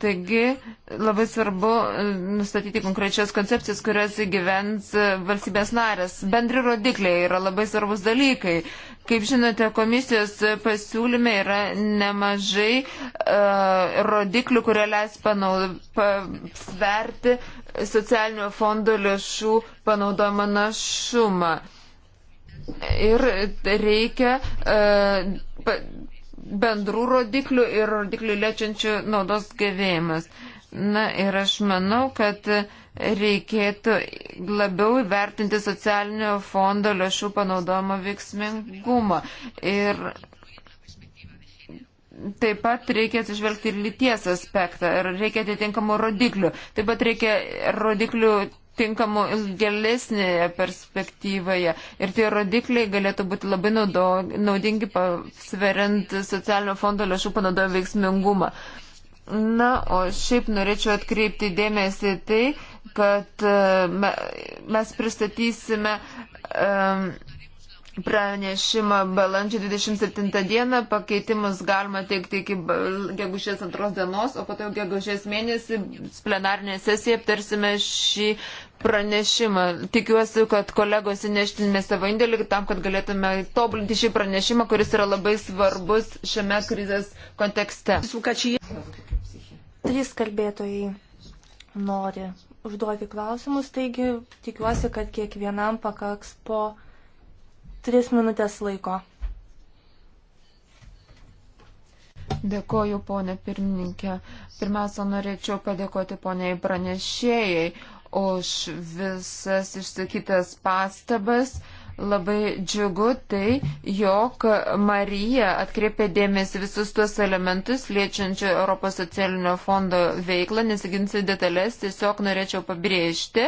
Taigi labai svarbu e, nustatyti konkrečias koncepcijas, kurias įgyvens e, valstybės narės. Bendri rodikliai yra labai svarbus dalykai. Kaip žinote, komisijos pasiūlyme yra nemažai uh, rodiklių, kurie leis pasverti socialinio fondo lėšų panaudojimą našumą. Ir reikia uh, pa, bendrų rodiklių ir rodiklių liečiančių naudos gavėjimas. Na ir aš manau, kad reikėtų labiau vertinti socialinio fondo lėšų panaudojimo veiksmingumą. Ir taip pat reikia atsižvelgti ir lyties aspektą, ir reikia atitinkamų rodiklių. Taip pat reikia rodiklių tinkamų ilgelesnėje perspektyvoje. Ir tie rodikliai galėtų būti labai naudo, naudingi pasveriant socialinio fondo lėšų panaudojo veiksmingumą. Na, o šiaip norėčiau atkreipti dėmesį tai, kad e, mes pristatysime um, pranešimą balandžio 27 dieną, pakeitimus galima teikti iki gegužės antros dienos, o po to gegužės mėnesį plenarinė sesija aptarsime šį pranešimą. Tikiuosi, kad kolegos įneštinė savo indėlį tam, kad galėtume tobulinti šį pranešimą, kuris yra labai svarbus šiame krizės kontekste. Trys kalbėtojai nori užduoti klausimus, taigi tikiuosi, kad kiekvienam pakaks po tris minutės laiko. Dėkoju, ponė pirmininkė. Pirmiausia, norėčiau padėkoti poniai pranešėjai už visas išsakytas pastabas. Labai džiugu tai, jog Marija atkreipė dėmesį visus tuos elementus liečiančių Europos socialinio fondo veiklą, nesiginsiu detalės, tiesiog norėčiau pabrėžti,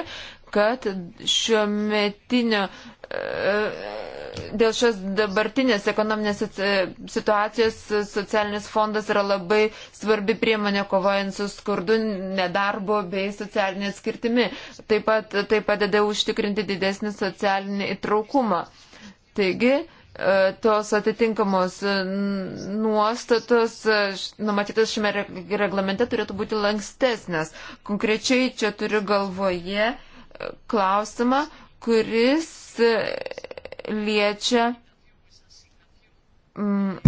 kad šiuo metinio e, dėl šios dabartinės ekonominės e, situacijos socialinis fondas yra labai svarbi priemonė kovojant su skurdu, nedarbo bei socialinė skirtimi. Taip pat tai padeda užtikrinti didesnį socialinį įtraukumą. Taigi, e, tos atitinkamos nuostatos e, numatytas šiame reglamente turėtų būti lankstesnės. Konkrečiai čia turiu galvoje klausimą, kuris liečia mm,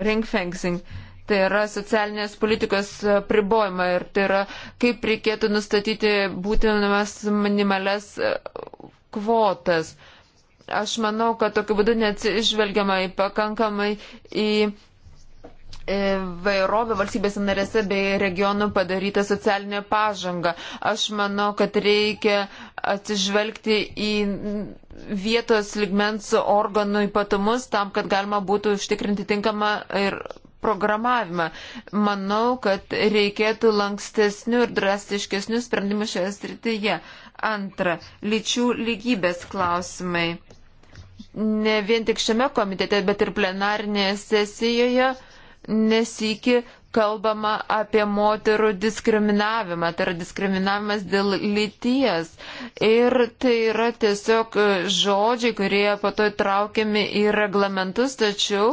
ringfencing. Tai yra socialinės politikos pribojimą ir tai yra, kaip reikėtų nustatyti būtinamas minimales e, kvotas. Aš manau, kad tokiu būdu neatsižvelgiama į pakankamai į vairovė valstybėse narėse bei regionų padaryta socialinė pažanga. Aš manau, kad reikia atsižvelgti į vietos ligmens organų ypatumus tam, kad galima būtų užtikrinti tinkamą ir programavimą. Manau, kad reikėtų lankstesnių ir drastiškesnių sprendimų šioje srityje. Antra, lyčių lygybės klausimai. Ne vien tik šiame komitete, bet ir plenarinėje sesijoje uh, nesiki kalbama apie moterų diskriminavimą, tai yra diskriminavimas dėl lyties. Ir tai yra tiesiog žodžiai, kurie po to įtraukiami į reglamentus, tačiau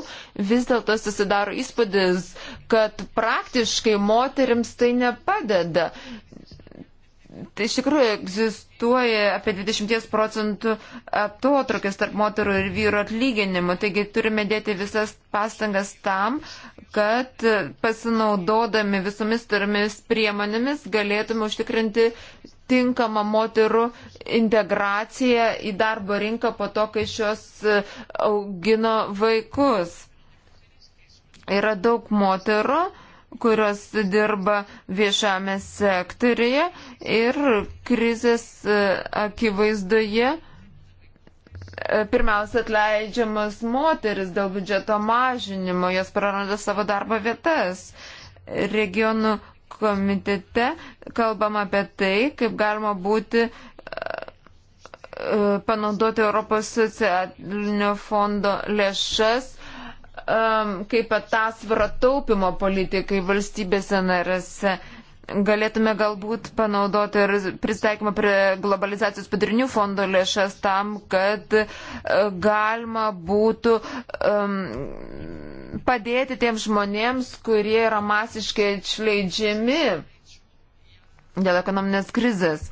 vis dėlto susidaro įspūdis, kad praktiškai moteriams tai nepadeda. Tai iš tikrųjų egzistuoja apie 20 procentų atotrukis tarp moterų ir vyrų atlyginimų, taigi turime dėti visas pastangas tam, kad pasinaudodami visomis turimis priemonėmis galėtume užtikrinti tinkamą moterų integraciją į darbo rinką po to, kai šios augino vaikus. Yra daug moterų, kurios dirba viešame sektorėje ir krizės e, akivaizdoje e, pirmiausia atleidžiamas moteris dėl biudžeto mažinimo, jos praranda savo darbo vietas. Regionų komitete kalbam apie tai, kaip galima būti e, panaudoti Europos socialinio fondo lėšas Um, kaip atasvara taupimo politikai valstybėse narėse. Galėtume galbūt panaudoti ir pristaikymą prie globalizacijos padarinių fondo lėšas tam, kad e, galima būtų um, padėti tiems žmonėms, kurie yra masiškai atšleidžiami dėl ekonominės krizės.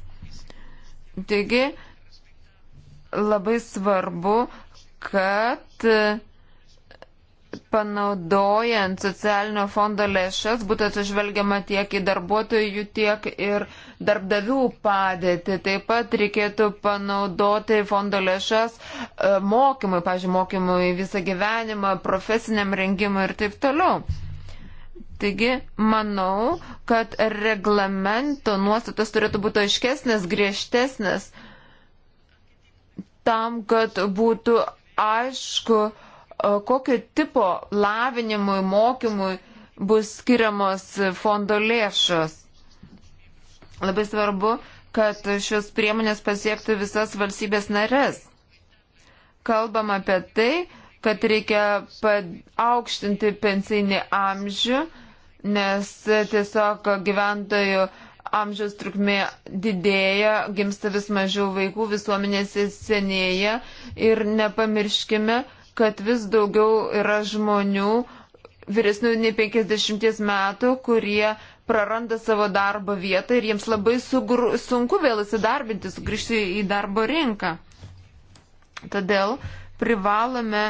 Taigi, labai svarbu, kad uh, panaudojant socialinio fondo lėšas būtų atsižvelgiama tiek į darbuotojų, tiek ir darbdavių padėtį. Taip pat reikėtų panaudoti fondo lėšas e, mokymui, pažiūrėjau, mokymui visą gyvenimą, profesiniam rengimui ir taip toliau. Taigi, manau, kad reglamento nuostatas turėtų būti aiškesnės, griežtesnės, tam, kad būtų aišku, kokio tipo lavinimui, mokymui bus skiriamos fondo lėšos. Labai svarbu, kad šios priemonės pasiektų visas valstybės narės. Kalbam apie tai, kad reikia aukštinti pensinį amžių, nes tiesiog gyventojų amžiaus trukmė didėja, gimsta vis mažiau vaikų, visuomenėse senėja ir nepamirškime, kad vis daugiau yra žmonių vyresnių nei 50 metų, kurie praranda savo darbo vietą ir jiems labai sugru, sunku vėl įsidarbinti, sugrįžti į darbo rinką. Todėl privalome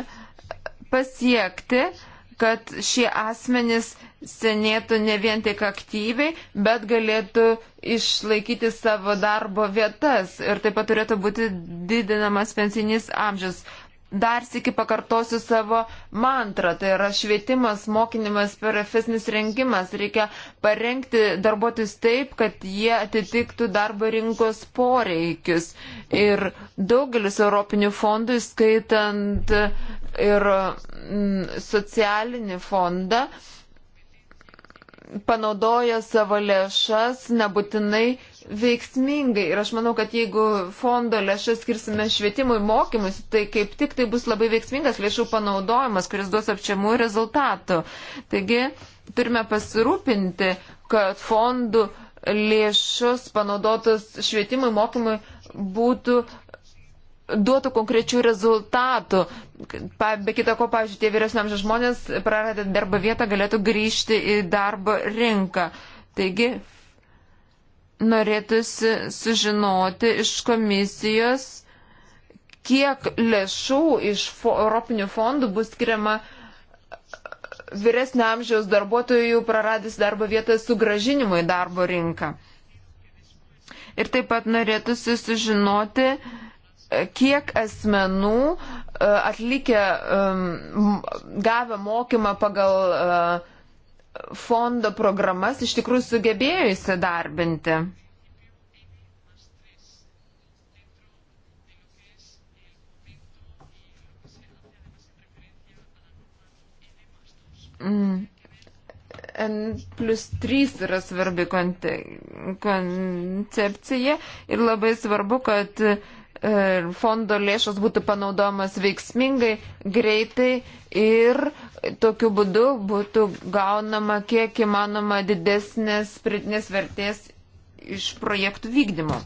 pasiekti, kad šie asmenys senėtų ne vien tik aktyviai, bet galėtų išlaikyti savo darbo vietas ir taip pat turėtų būti didinamas pensinis amžius dar sėki pakartosiu savo mantrą, tai yra švietimas, mokinimas, profesinis rengimas. Reikia parengti darbuotojus taip, kad jie atitiktų darbo rinkos poreikius. Ir daugelis europinių fondų, skaitant ir mm, socialinį fondą, panaudoja savo lėšas nebūtinai veiksmingai. Ir aš manau, kad jeigu fondo lėšas skirsime švietimui mokymus, tai kaip tik tai bus labai veiksmingas lėšų panaudojimas, kuris duos apčiamų rezultatų. Taigi turime pasirūpinti, kad fondų lėšus panaudotas švietimui mokymui būtų duotų konkrečių rezultatų. Pa, be kita ko, pavyzdžiui, tie vyresniamžiai žmonės praradę darbo vietą galėtų grįžti į darbo rinką. Taigi, norėtųsi sužinoti iš komisijos, kiek lėšų iš fo, Europinių fondų bus skiriama vyresnio amžiaus darbuotojų praradęs darbo vietą sugražinimui į darbo rinką. Ir taip pat norėtųsi sužinoti, kiek asmenų e, atlikę, gavę mokymą pagal uh, fondo programas iš tikrųjų sugebėjo įsidarbinti. Mm. N plus 3 yra svarbi konte, koncepcija ir labai svarbu, kad e, fondo lėšos būtų panaudomas veiksmingai, greitai ir Tokiu būdu būtų gaunama kiek įmanoma didesnės pritinės vertės iš projektų vykdymo.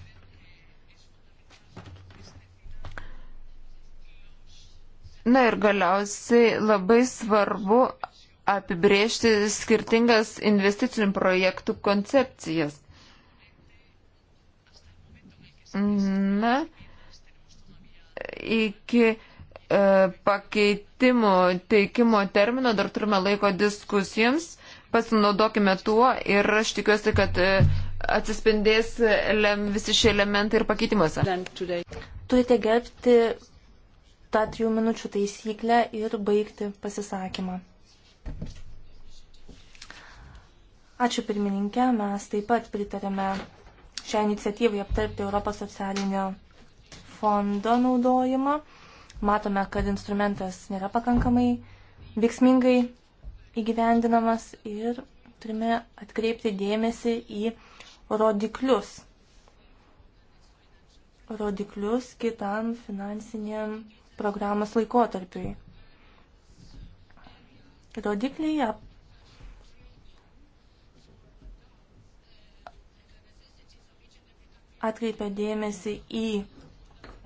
Na ir galiausiai labai svarbu apibriežti skirtingas investicinių projektų koncepcijas. Na, iki E, pakeitimų teikimo termino, dar turime laiko diskusijoms, pasinaudokime tuo ir aš tikiuosi, kad e, atsispindės visi šie elementai ir pakeitimuose. Turite gerbti tą trijų minučių taisyklę ir baigti pasisakymą. Ačiū pirmininkė, mes taip pat pritarėme šią iniciatyvą aptarti Europos socialinio fondo naudojimą matome, kad instrumentas nėra pakankamai veiksmingai įgyvendinamas ir turime atkreipti dėmesį į rodiklius. Rodiklius kitam finansiniam programos laikotarpiui. Rodikliai atkreipia dėmesį į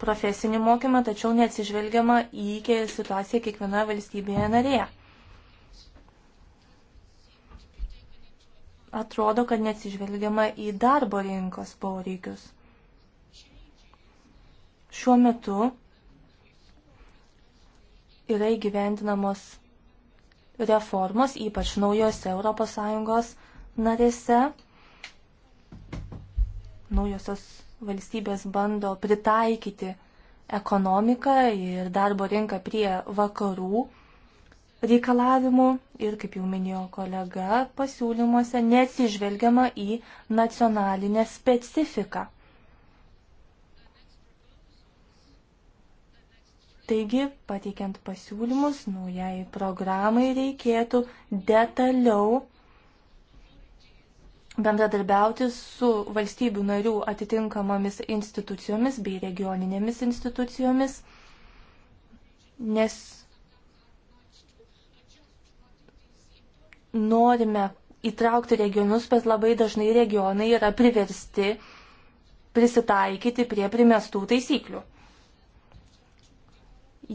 profesinį mokymą, tačiau neatsižvelgiama į situaciją kiekvienoje valstybėje narėje. Atrodo, kad neatsižvelgiama į darbo rinkos poreikius. Šiuo metu yra įgyvendinamos reformos, ypač naujose ES narėse, naujosios valstybės bando pritaikyti ekonomiką ir darbo rinką prie vakarų reikalavimų ir, kaip jau minėjo kolega, pasiūlymuose neatsižvelgiama į nacionalinę specifiką. Taigi, pateikiant pasiūlymus naujai programai reikėtų detaliau bendradarbiauti su valstybių narių atitinkamomis institucijomis bei regioninėmis institucijomis, nes norime įtraukti regionus, bet labai dažnai regionai yra priversti prisitaikyti prie primestų taisyklių.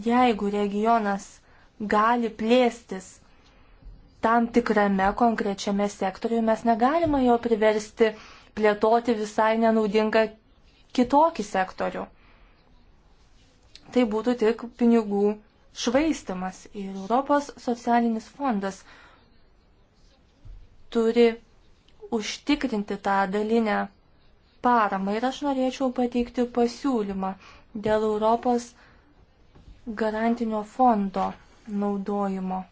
Jeigu regionas gali plėstis tam tikrame konkrečiame sektoriuje mes negalime jo priversti plėtoti visai nenaudingą kitokį sektorių. Tai būtų tik pinigų švaistimas ir Europos socialinis fondas turi užtikrinti tą dalinę paramą ir aš norėčiau pateikti pasiūlymą dėl Europos garantinio fondo naudojimo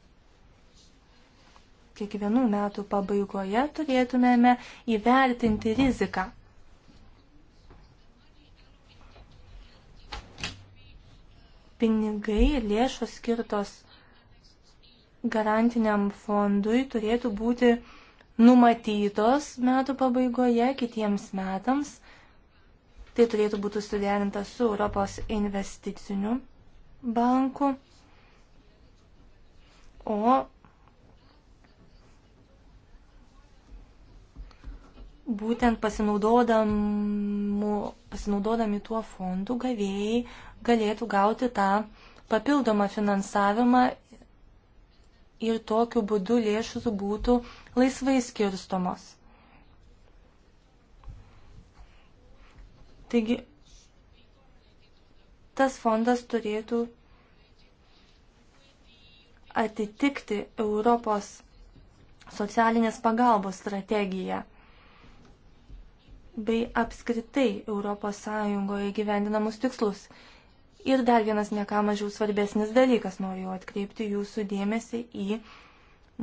kiekvienų metų pabaigoje turėtumėme įvertinti riziką. Pinigai ir lėšos skirtos garantiniam fondui turėtų būti numatytos metų pabaigoje kitiems metams. Tai turėtų būti suderinta su Europos investiciniu banku. O būtent pasinaudodami tuo fondu gavėjai galėtų gauti tą papildomą finansavimą ir tokiu būdu lėšus būtų laisvai skirstomos. Taigi, tas fondas turėtų atitikti Europos socialinės pagalbos strategiją – bei apskritai ES gyvendinamus tikslus. Ir dar vienas neką mažiau svarbesnis dalykas noriu atkreipti jūsų dėmesį į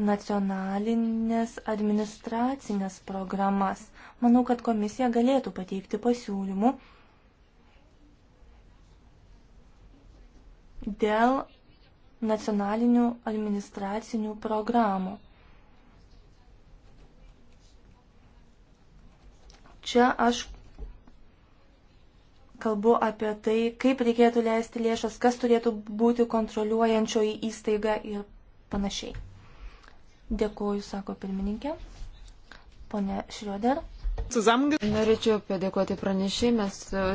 nacionalinės administracinės programas. Manau, kad komisija galėtų pateikti pasiūlymų dėl nacionalinių administracinių programų. Čia aš kalbu apie tai, kaip reikėtų leisti lėšas, kas turėtų būti kontroliuojančioji įstaiga ir panašiai. Dėkuoju, sako pirmininkė. Pone Šrioder. Norėčiau padėkoti pranešiai, mes e,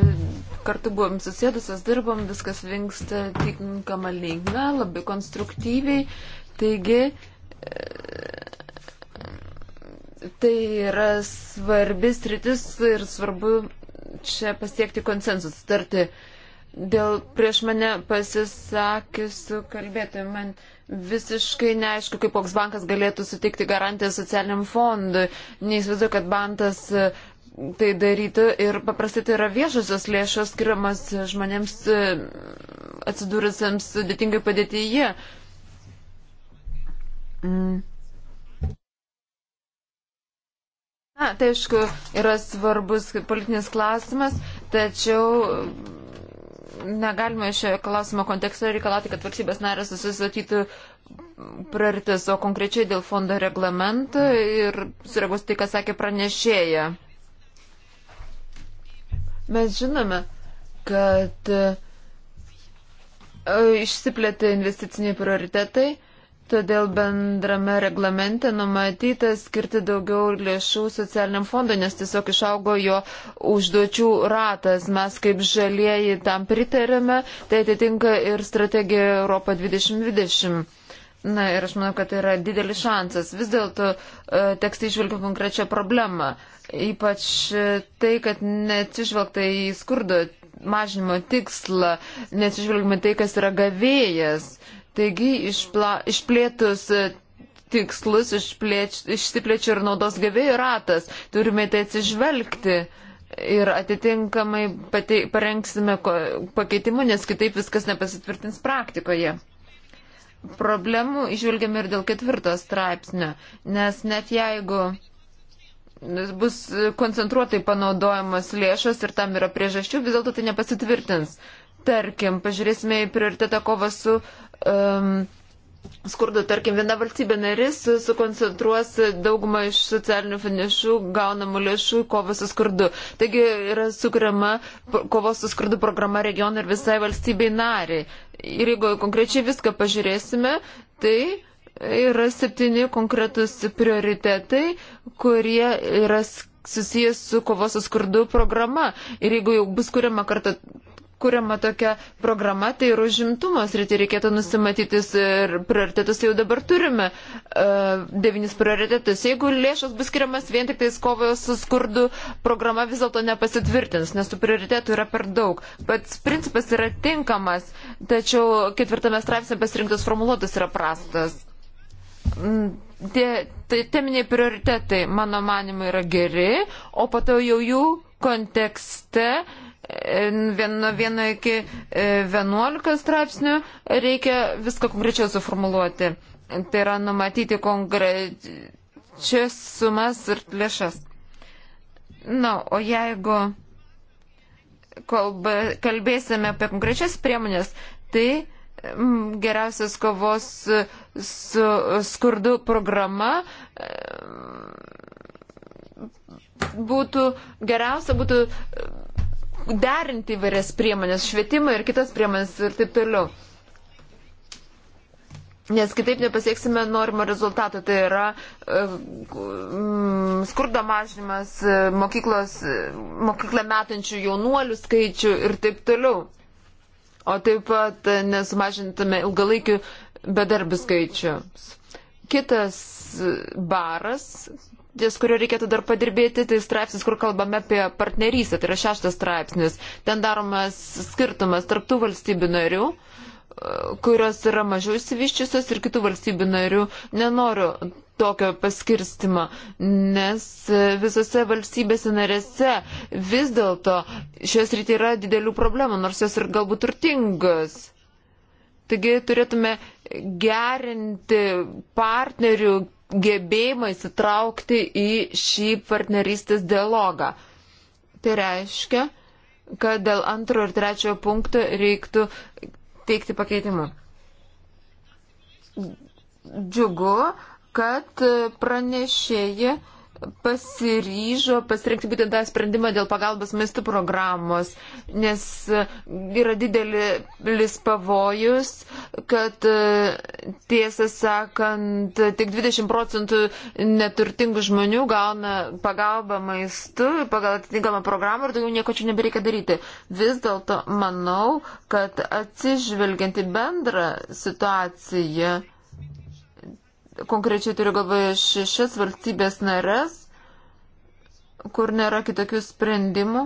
kartu buvom susėdusios, dirbom, viskas vinksta tinkama linkme, labai konstruktyviai. Taigi, e, tai yra svarbis rytis ir svarbu čia pasiekti konsensus, tarti dėl prieš mane pasisakiusių kalbėtojų. Man visiškai neaišku, kaip koks bankas galėtų sutikti garantiją socialiniam fondui. Neįsivaizduoju, kad bankas e, tai darytų ir paprastai tai yra viešosios lėšos skiriamas žmonėms e, atsidūrusiems sudėtingai padėtyje. Mm. Na, tai aišku, yra svarbus politinis klausimas, tačiau negalime šio klausimo kontekste reikalauti, kad valstybės narės susisatytų prioritis, o konkrečiai dėl fondo reglamento ir sureaguos tai, ką sakė pranešėja. Mes žinome, kad e, išsiplėtė investiciniai prioritetai todėl bendrame reglamente numatyta skirti daugiau lėšų socialiniam fondui, nes tiesiog išaugo jo užduočių ratas. Mes kaip žalieji tam pritarėme, tai atitinka ir strategija Europa 2020. Na ir aš manau, kad tai yra didelis šansas. Vis dėlto e, tekstai išvelgia konkrečią problemą. Ypač e, tai, kad neatsižvelgta į skurdo mažinimo tikslą, neatsižvelgime tai, kas yra gavėjas. Taigi išpla, išplėtus e, tikslus, išplėč, išsiplečia ir naudos gavėjų ratas. Turime tai atsižvelgti. Ir atitinkamai patei, parengsime pakeitimų, nes kitaip viskas nepasitvirtins praktikoje problemų išvelgiam ir dėl ketvirto straipsnio, nes net jeigu bus koncentruotai panaudojamos lėšos ir tam yra priežasčių, vis dėlto tai nepasitvirtins. Tarkim, pažiūrėsime į prioritetą kovą su um, skurdu. Tarkim, viena valstybė narys sukoncentruos daugumą iš socialinių finišų gaunamų lėšų į kovą su skurdu. Taigi yra sukuriama kovos su skurdu programa regionui ir visai valstybei nariai. Ir jeigu konkrečiai viską pažiūrėsime, tai yra septyni konkretus prioritetai, kurie yra susijęs su kovos su skurdu programa. Ir jeigu jau bus kuriama kartą kuriama tokia programa, tai ir užimtumos rytį reikėtų nusimatytis ir prioritetus jau dabar turime. Uh, devynis prioritetus. Jeigu lėšos bus skiriamas vien tik tais kovos su skurdu, programa vis dėlto nepasitvirtins, nes tų prioritetų yra per daug. Pats principas yra tinkamas, tačiau ketvirtame straipsnė pasirinktas formuluotas yra prastas. Mm, tie, tai teminiai prioritetai, mano manimu, yra geri, o po to jau jų kontekste vieno, vieno iki 11 e, straipsnių reikia viską konkrečiau suformuluoti. Tai yra numatyti konkrečias sumas ir lėšas. Na, o jeigu kalba, kalbėsime apie konkrečias priemonės, tai geriausias kovos su skurdu programa e, būtų geriausia būtų derinti įvairias priemonės, švietimą ir kitas priemonės ir taip toliau. Nes kitaip nepasieksime norimo rezultato, tai yra e, mm, skurdo mažinimas, e, mokyklos, e, mokyklą metančių jaunuolių skaičių ir taip toliau. O taip pat nesumažintume ilgalaikių bedarbių skaičių. Kitas baras, ties kurio reikėtų dar padirbėti, tai straipsnis, kur kalbame apie partnerystę, tai yra šeštas straipsnis. Ten daromas skirtumas tarptų valstybių narių kurios yra mažiau įsivyščiusios ir kitų valstybių narių nenoriu tokio paskirstimo, nes visose valstybėse narėse vis dėlto šios rytį yra didelių problemų, nors jos ir galbūt turtingos. Taigi turėtume gerinti partnerių gebėjimą įsitraukti į šį partnerystės dialogą. Tai reiškia, kad dėl antro ir trečiojo punkto reiktų teikti pakeitimą. Džiugu, kad pranešėjai pasiryžo pasirinkti būtent tą sprendimą dėl pagalbos maistų programos, nes e, yra didelis pavojus, kad e, tiesą sakant, tik 20 procentų neturtingų žmonių gauna pagalbą maistu pagal atitinkamą programą ir daugiau nieko čia nebereikia daryti. Vis dėlto manau, kad atsižvelgiant į bendrą situaciją, konkrečiai turiu galvoje šešias valstybės nares, kur nėra kitokių sprendimų.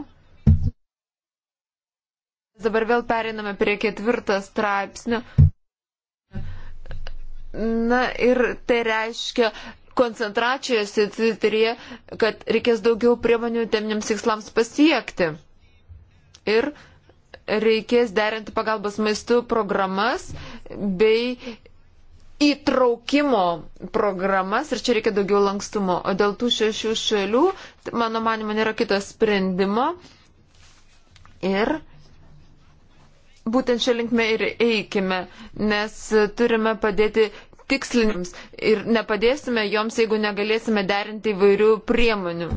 Dabar vėl periname prie ketvirtą straipsnio. Na ir tai reiškia koncentracijos įsitrė, kad reikės daugiau priemonių temniams tikslams pasiekti. Ir reikės derinti pagalbos maistų programas bei įtraukimo programas ir čia reikia daugiau lankstumo. O dėl tų šešių šalių, mano manimo, nėra kito sprendimo. Ir būtent šią linkmę ir eikime, nes turime padėti tikslinėms ir nepadėsime joms, jeigu negalėsime derinti įvairių priemonių.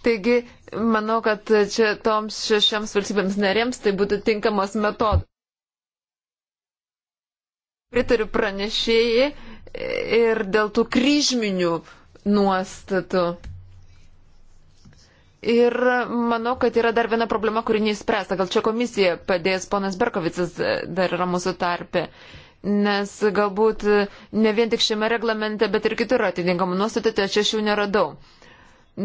Taigi Manau, kad čia toms šešiams valstybėms narėms tai būtų tinkamas metodas. Pritariu pranešėjai ir dėl tų kryžminių nuostatų. Ir manau, kad yra dar viena problema, kuri neįspręsta. Gal čia komisija padės, ponas Berkovicas dar yra mūsų tarpe. Nes galbūt ne vien tik šiame reglamente, bet ir kitur atitinkamų nuostatų, tai aš jų neradau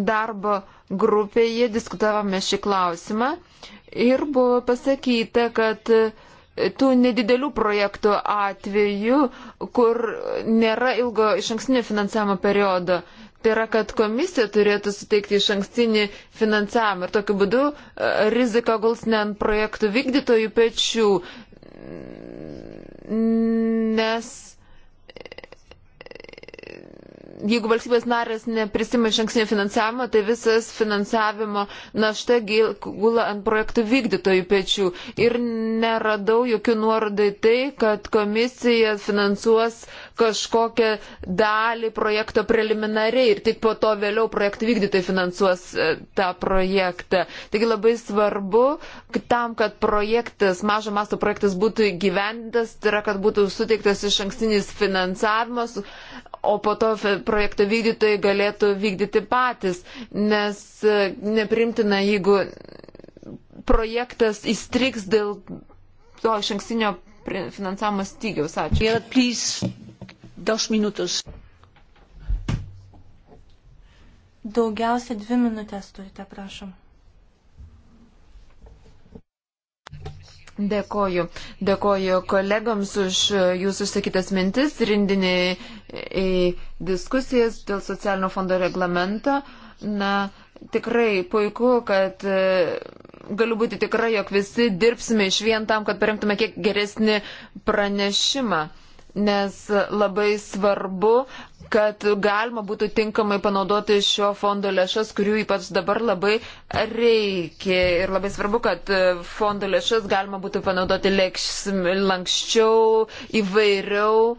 darbo grupėje diskutavome šį klausimą ir buvo pasakyta, kad tų nedidelių projektų atveju, kur nėra ilgo iš ankstinio finansavimo periodo, tai yra, kad komisija turėtų suteikti iš ankstinį finansavimą ir tokiu būdu e, rizika guls ne ant projektų vykdytojų pečių, nes jeigu valstybės narės neprisima žingsnio finansavimo, tai visas finansavimo našta gula ant projektų vykdytojų pečių. Ir neradau jokių nuorodai tai, kad komisija finansuos kažkokią dalį projekto preliminariai ir tik po to vėliau projektų vykdytojai finansuos e, tą projektą. Taigi labai svarbu, kad tam, kad projektas, mažo masto projektas būtų įgyvendintas, tai yra, kad būtų suteiktas iš ankstinis finansavimas, o po to projekto vykdytojai galėtų vykdyti patys, nes e, neprimtina, jeigu projektas įstriks dėl to iš ankstinio finansavimo stygiaus. Ačiū. Mėla, please, dos minutus. Daugiausia dvi minutės turite, prašom. Dėkoju. Dėkoju kolegams už jūsų išsakytas mintis ir indinį į diskusijas dėl socialinio fondo reglamento. Na, tikrai puiku, kad e, galiu būti tikra, jog visi dirbsime iš vien tam, kad parengtume kiek geresnį pranešimą. Nes labai svarbu, kad galima būtų tinkamai panaudoti šio fondo lėšas, kurių ypač dabar labai reikia. Ir labai svarbu, kad fondo lėšas galima būtų panaudoti lėkš, lankščiau, įvairiau.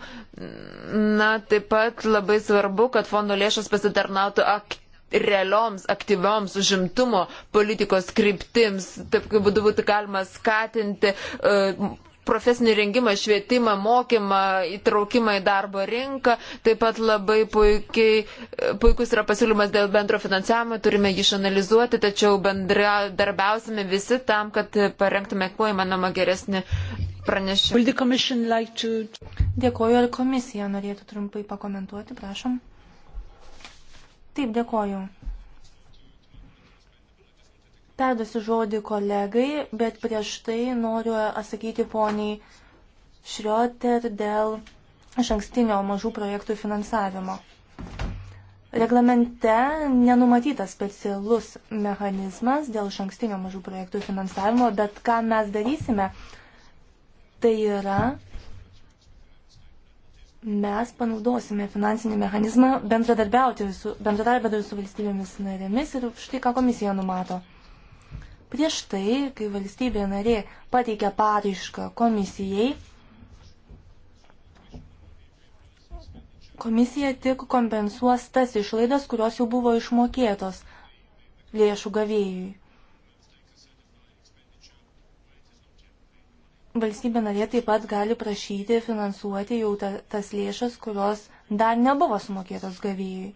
Na, taip pat labai svarbu, kad fondo lėšas pasitarnautų aktyviai realioms, aktyvioms užimtumo politikos kryptims, taip kaip būtų galima skatinti uh, profesinį rengimą, švietimą, mokymą, įtraukimą į darbo rinką. Taip pat labai puikiai, puikus yra pasiūlymas dėl bendro finansavimo, turime jį išanalizuoti, tačiau bendradarbiausime visi tam, kad parengtume kuo įmanoma geresnį pranešimą. Like to... Dėkoju, ar komisija norėtų trumpai pakomentuoti, prašom. Taip, dėkoju. Perduosiu žodį kolegai, bet prieš tai noriu atsakyti poniai Šrioter dėl iš ankstinio mažų projektų finansavimo. Reglamente nenumatytas specialus mechanizmas dėl iš ankstinio mažų projektų finansavimo, bet ką mes darysime, tai yra mes panaudosime finansinį mechanizmą bendradarbiauti su, bendradarbiauti su valstybėmis narėmis ir štai ką komisija numato. Prieš tai, kai valstybė narė pateikia paraišką komisijai, komisija tik kompensuos tas išlaidas, kurios jau buvo išmokėtos lėšų gavėjui. Valstybė narė taip pat gali prašyti finansuoti jau ta, tas lėšas, kurios dar nebuvo sumokėtos gavėjui.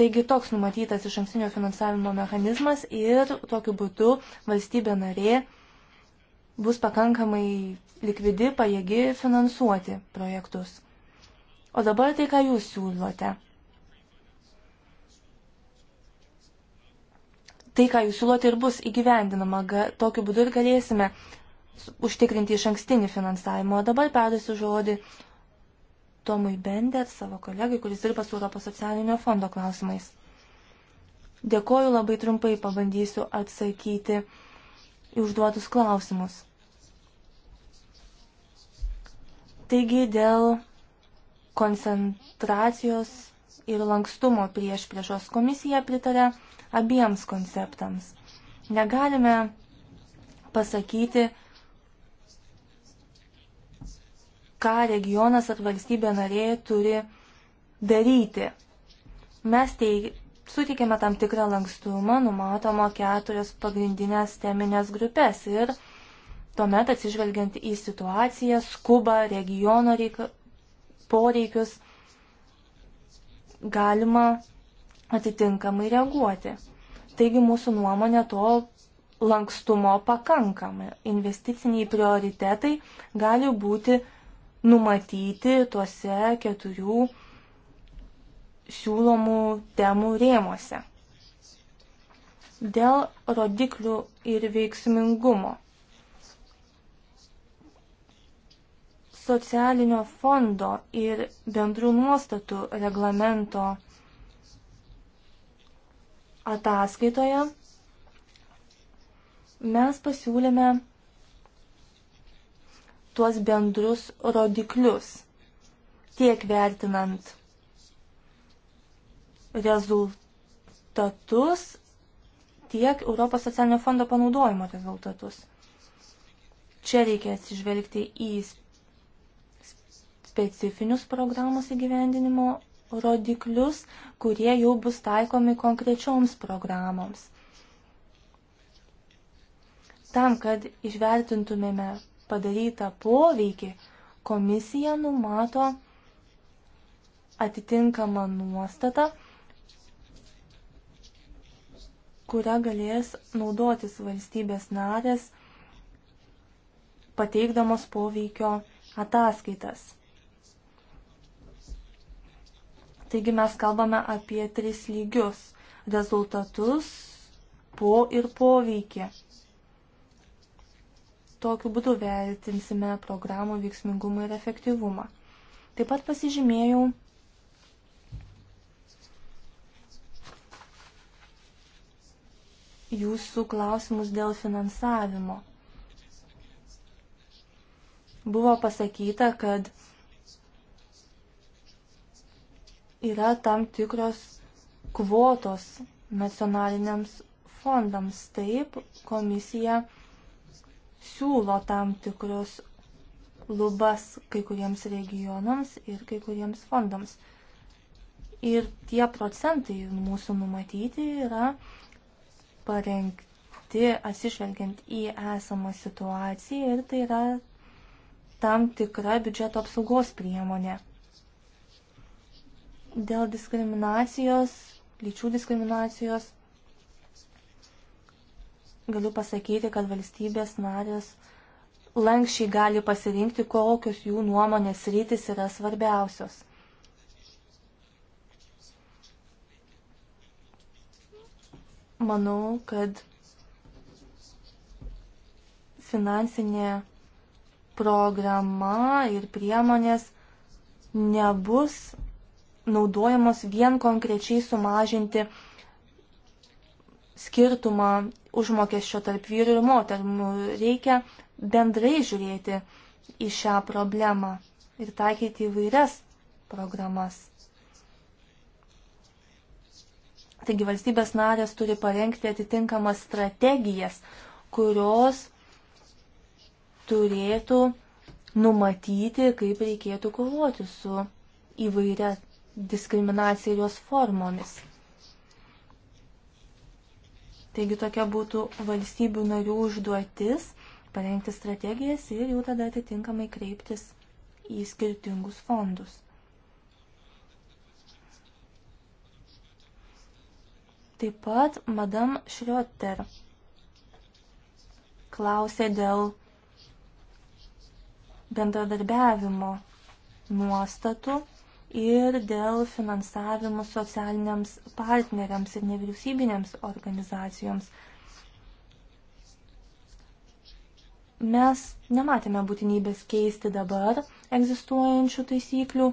Taigi toks numatytas iš ankstinio finansavimo mechanizmas ir tokiu būdu valstybė narė bus pakankamai likvidi, pajėgi finansuoti projektus. O dabar tai, ką jūs siūlote. Tai, ką jūs siūlote, ir bus įgyvendinama. Tokiu būdu ir galėsime užtikrinti iš ankstinį finansavimą. O dabar perduosiu žodį Tomui Bender, savo kolegai, kuris dirba su Europos socialinio fondo klausimais. Dėkoju labai trumpai, pabandysiu atsakyti į užduotus klausimus. Taigi dėl koncentracijos ir lankstumo prieš priešos komisija pritarė abiems konceptams. Negalime pasakyti, ką regionas ar valstybė narė turi daryti. Mes teig, sutikėme tam tikrą lankstumą, numatomo keturias pagrindinės teminės grupės ir tuomet atsižvelgiant į situaciją, skubą, regiono reika, poreikius, galima atitinkamai reaguoti. Taigi mūsų nuomonė to lankstumo pakankamai. Investiciniai prioritetai gali būti numatyti tuose keturių siūlomų temų rėmuose. Dėl rodiklių ir veiksmingumo. Socialinio fondo ir bendrų nuostatų reglamento ataskaitoje mes pasiūlėme tuos bendrus rodiklius, tiek vertinant rezultatus, tiek Europos socialinio fondo panaudojimo rezultatus. Čia reikia atsižvelgti į specifinius programos įgyvendinimo rodiklius, kurie jau bus taikomi konkrečioms programoms. Tam, kad išvertintumėme padarytą poveikį, komisija numato atitinkamą nuostatą, kurią galės naudotis valstybės narės, pateikdamos poveikio ataskaitas. Taigi mes kalbame apie tris lygius - rezultatus, po ir poveikį. Tokiu būdu vertinsime programų veiksmingumą ir efektyvumą. Taip pat pasižymėjau jūsų klausimus dėl finansavimo. Buvo pasakyta, kad yra tam tikros kvotos nacionaliniams fondams. Taip, komisija siūlo tam tikrus lubas kai kuriems regionams ir kai kuriems fondams. Ir tie procentai mūsų numatyti yra parengti atsižvelgiant į esamą situaciją ir tai yra tam tikra biudžeto apsaugos priemonė. Dėl diskriminacijos, lyčių diskriminacijos galiu pasakyti, kad valstybės narės lankščiai gali pasirinkti, kokios jų nuomonės rytis yra svarbiausios. Manau, kad finansinė programa ir priemonės nebus naudojamos vien konkrečiai sumažinti skirtumą užmokesčio tarp vyrų ir moterų. Reikia bendrai žiūrėti į šią problemą ir taikyti įvairias programas. Taigi valstybės narės turi parengti atitinkamas strategijas, kurios turėtų numatyti, kaip reikėtų kovoti su įvairia diskriminacija ir jos formomis. Taigi tokia būtų valstybių narių užduotis parengti strategijas ir jau tada atitinkamai kreiptis į skirtingus fondus. Taip pat Madame Schroeter klausė dėl bendradarbiavimo nuostatų ir dėl finansavimo socialiniams partneriams ir nevyriausybinėms organizacijoms. Mes nematėme būtinybės keisti dabar egzistuojančių taisyklių.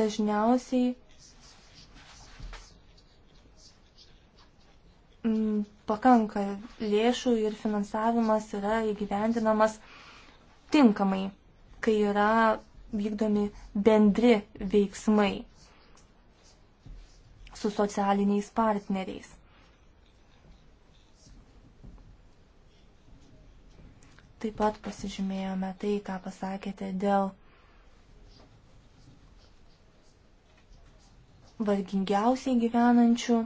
Dažniausiai m, mm, pakanka lėšų ir finansavimas yra įgyvendinamas tinkamai kai yra vykdomi bendri veiksmai su socialiniais partneriais. Taip pat pasižymėjome tai, ką pasakėte dėl vargingiausiai gyvenančių.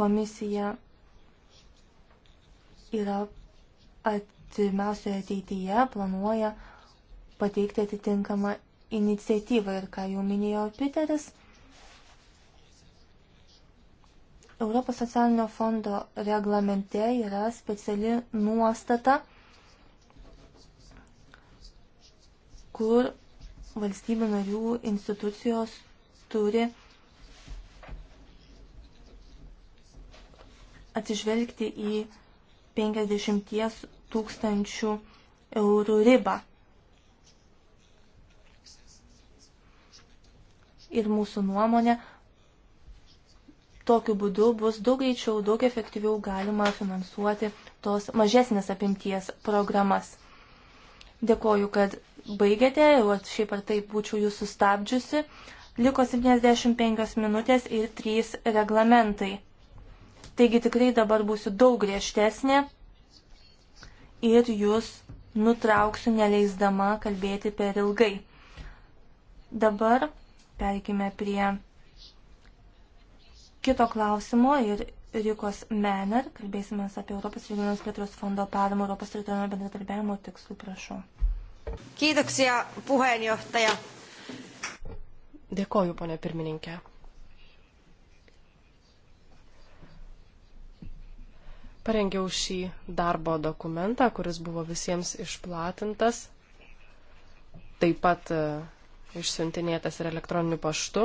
Komisija yra atimiausioje ateityje planuoja pateikti atitinkamą iniciatyvą ir ką jau minėjo Piteris. Europos socialinio fondo reglamente yra speciali nuostata, kur valstybių narių institucijos turi atsižvelgti į 50 tūkstančių eurų ribą. Ir mūsų nuomonė, tokiu būdu bus daug greičiau, daug efektyviau galima finansuoti tos mažesnės apimties programas. Dėkoju, kad baigėte, o šiaip ar taip būčiau jūs sustabdžiusi. Liko 75 minutės ir 3 reglamentai. Taigi tikrai dabar būsiu daug griežtesnė ir jūs nutrauksiu, neleisdama kalbėti per ilgai. Dabar perkime prie kito klausimo ir Rikos Mener. Kalbėsime apie Europos regionos plėtros fondo paramą Europos regioninio bendradarbiavimo tikslui, prašau. Kiitoksia, puheenjohtaja. Dėkoju, ponė pirmininkė. Parengiau šį darbo dokumentą, kuris buvo visiems išplatintas, taip pat e, išsiuntinėtas ir elektroniniu paštu.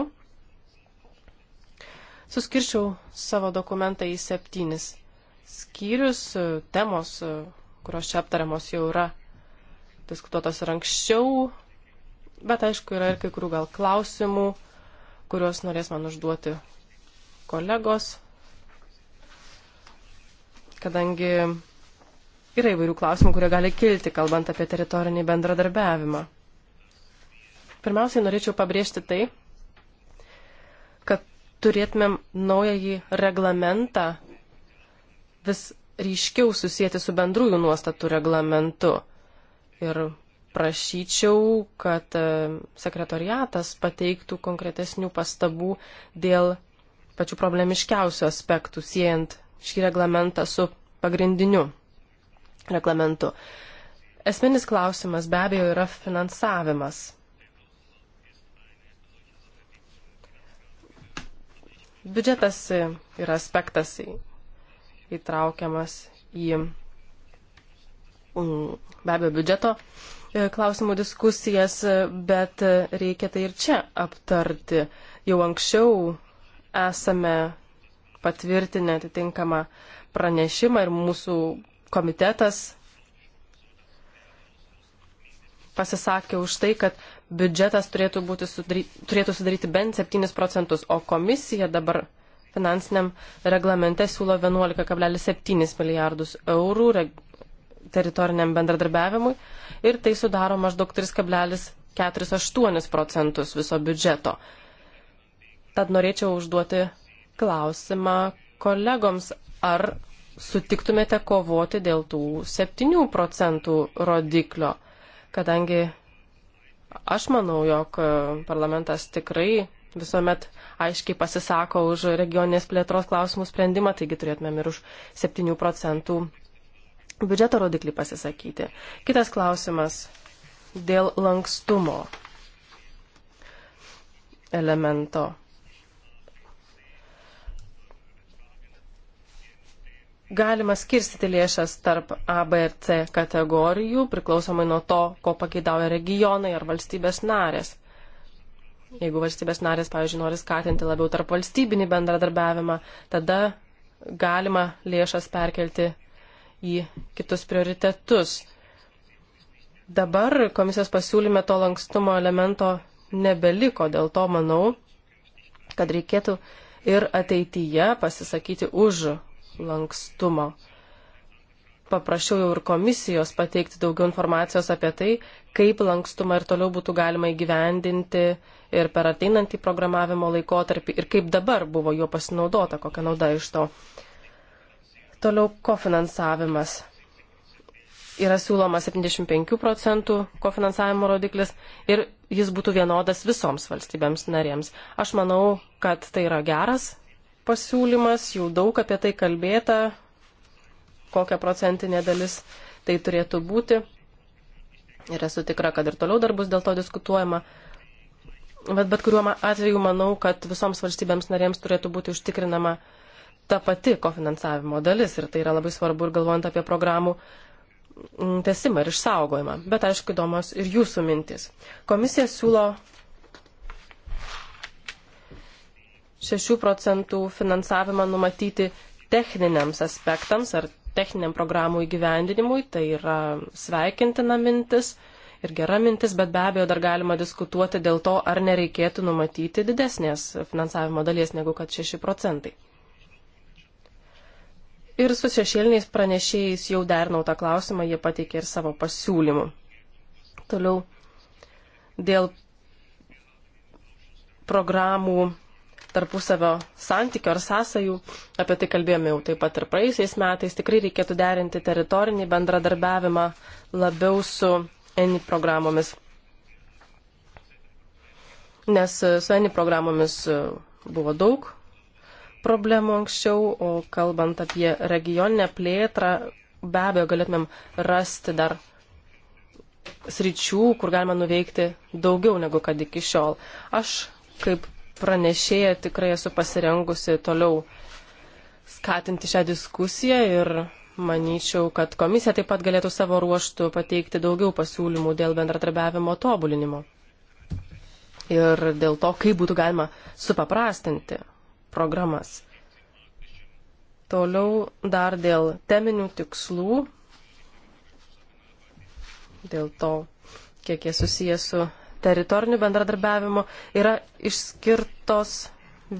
Suskirčiau savo dokumentą į septynis skyrius, e, temos, e, kurios čia aptariamos jau yra diskutuotos ir anksčiau, bet aišku yra ir kai kurių gal klausimų, kuriuos norės man užduoti kolegos, kadangi yra įvairių klausimų, kurie gali kilti, kalbant apie teritorinį bendradarbiavimą. Pirmiausiai norėčiau pabrėžti tai, kad turėtumėm naująjį reglamentą vis ryškiau susijęti su bendrųjų nuostatų reglamentu. Ir prašyčiau, kad e, sekretoriatas pateiktų konkretesnių pastabų dėl pačių problemiškiausių aspektų siejant šį reglamentą su pagrindiniu reglamentu. Esminis klausimas be abejo yra finansavimas. Biudžetas yra aspektas įtraukiamas į mm, be abejo biudžeto e, klausimų diskusijas, bet reikia tai ir čia aptarti. Jau anksčiau esame patvirtinę atitinkamą pranešimą ir mūsų komitetas pasisakė už tai, kad biudžetas turėtų, būti sudary, turėtų sudaryti bent 7 procentus, o komisija dabar finansiniam reglamente siūlo 11,7 milijardus eurų teritoriniam bendradarbiavimui ir tai sudaro maždaug 3,48 procentus viso biudžeto. Tad norėčiau užduoti klausimą kolegoms, ar sutiktumėte kovoti dėl tų 7 procentų rodiklio, kadangi aš manau, jog parlamentas tikrai visuomet aiškiai pasisako už regioninės plėtros klausimų sprendimą, taigi turėtumėm ir už 7 procentų biudžeto rodiklį pasisakyti. Kitas klausimas dėl lankstumo elemento. galima skirstyti lėšas tarp A, B ir C kategorijų, priklausomai nuo to, ko pakeidauja regionai ar valstybės narės. Jeigu valstybės narės, pavyzdžiui, nori skatinti labiau tarp valstybinį bendradarbiavimą, tada galima lėšas perkelti į kitus prioritetus. Dabar komisijos pasiūlyme to lankstumo elemento nebeliko, dėl to manau, kad reikėtų ir ateityje pasisakyti už lankstumo. Paprašiau jau ir komisijos pateikti daugiau informacijos apie tai, kaip lankstumą ir toliau būtų galima įgyvendinti ir per ateinantį programavimo laikotarpį ir kaip dabar buvo juo pasinaudota, kokia nauda iš to. Toliau kofinansavimas. Yra siūloma 75 procentų kofinansavimo rodiklis ir jis būtų vienodas visoms valstybėms narėms. Aš manau, kad tai yra geras pasiūlymas, jau daug apie tai kalbėta, kokia procentinė dalis tai turėtų būti. Ir esu tikra, kad ir toliau dar bus dėl to diskutuojama. Bet bet kuriuo atveju manau, kad visoms valstybėms narėms turėtų būti užtikrinama ta pati kofinansavimo dalis. Ir tai yra labai svarbu ir galvojant apie programų mm, tesimą ir išsaugojimą. Bet aišku, įdomios ir jūsų mintis. Komisija siūlo 6 procentų finansavimą numatyti techniniams aspektams ar techniniam programų įgyvendinimui. Tai yra sveikintina mintis ir gera mintis, bet be abejo dar galima diskutuoti dėl to, ar nereikėtų numatyti didesnės finansavimo dalies negu kad 6 procentai. Ir su šešėliniais pranešėjais jau dernau tą klausimą, jie pateikė ir savo pasiūlymų. Toliau dėl programų tarpusavio santykių ar sąsajų. Apie tai kalbėjome jau taip pat ir praėjusiais metais. Tikrai reikėtų derinti teritorinį bendradarbiavimą labiau su ENI programomis. Nes su ENI programomis buvo daug problemų anksčiau, o kalbant apie regioninę plėtrą, be abejo galėtumėm rasti dar sričių, kur galima nuveikti daugiau negu kad iki šiol. Aš kaip pranešėja tikrai esu pasirengusi toliau skatinti šią diskusiją ir manyčiau, kad komisija taip pat galėtų savo ruoštų pateikti daugiau pasiūlymų dėl bendradarbiavimo tobulinimo. Ir dėl to, kaip būtų galima supaprastinti programas. Toliau dar dėl teminių tikslų, dėl to, kiek jie susijęs su teritoriniu bendradarbiavimu yra išskirtos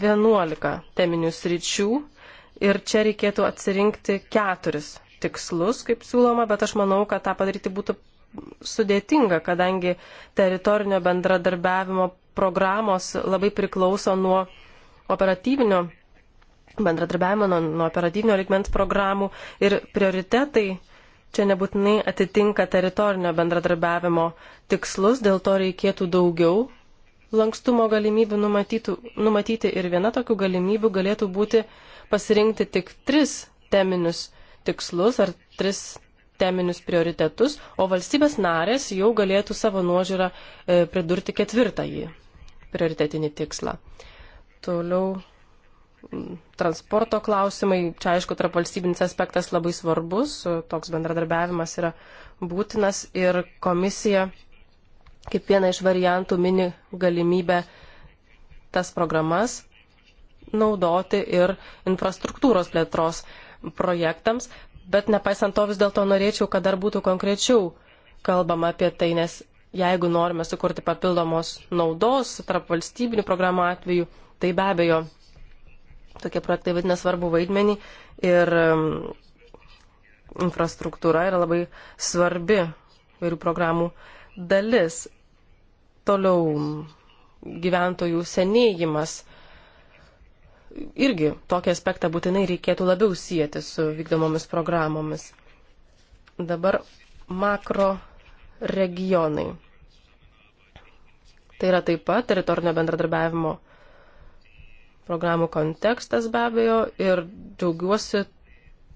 11 teminių sričių ir čia reikėtų atsirinkti keturis tikslus, kaip siūloma, bet aš manau, kad tą padaryti būtų sudėtinga, kadangi teritorinio bendradarbiavimo programos labai priklauso nuo operatyvinio bendradarbiavimo, nuo, nuo operatyvinio ligmens programų ir prioritetai čia nebūtinai atitinka teritorinio bendradarbiavimo tikslus, dėl to reikėtų daugiau lankstumo galimybių numatytų, numatyti ir viena tokių galimybių galėtų būti pasirinkti tik tris teminius tikslus ar tris teminius prioritetus, o valstybės narės jau galėtų savo nuožiūrą e, pridurti ketvirtąjį prioritetinį tikslą. Toliau transporto klausimai, čia aišku, tarp valstybinis aspektas labai svarbus, toks bendradarbiavimas yra būtinas ir komisija kaip vieną iš variantų mini galimybę tas programas naudoti ir infrastruktūros plėtros projektams, bet nepaisant to vis dėlto norėčiau, kad dar būtų konkrečiau kalbama apie tai, nes jeigu norime sukurti papildomos naudos tarp valstybinių programų atveju, tai be abejo tokie projektai vadina svarbu vaidmenį ir infrastruktūra yra labai svarbi vairių programų dalis. Toliau gyventojų senėjimas. Irgi tokį aspektą būtinai reikėtų labiau sieti su vykdomomis programomis. Dabar makro regionai. Tai yra taip pat teritorinio bendradarbiavimo programų kontekstas be abejo ir džiaugiuosi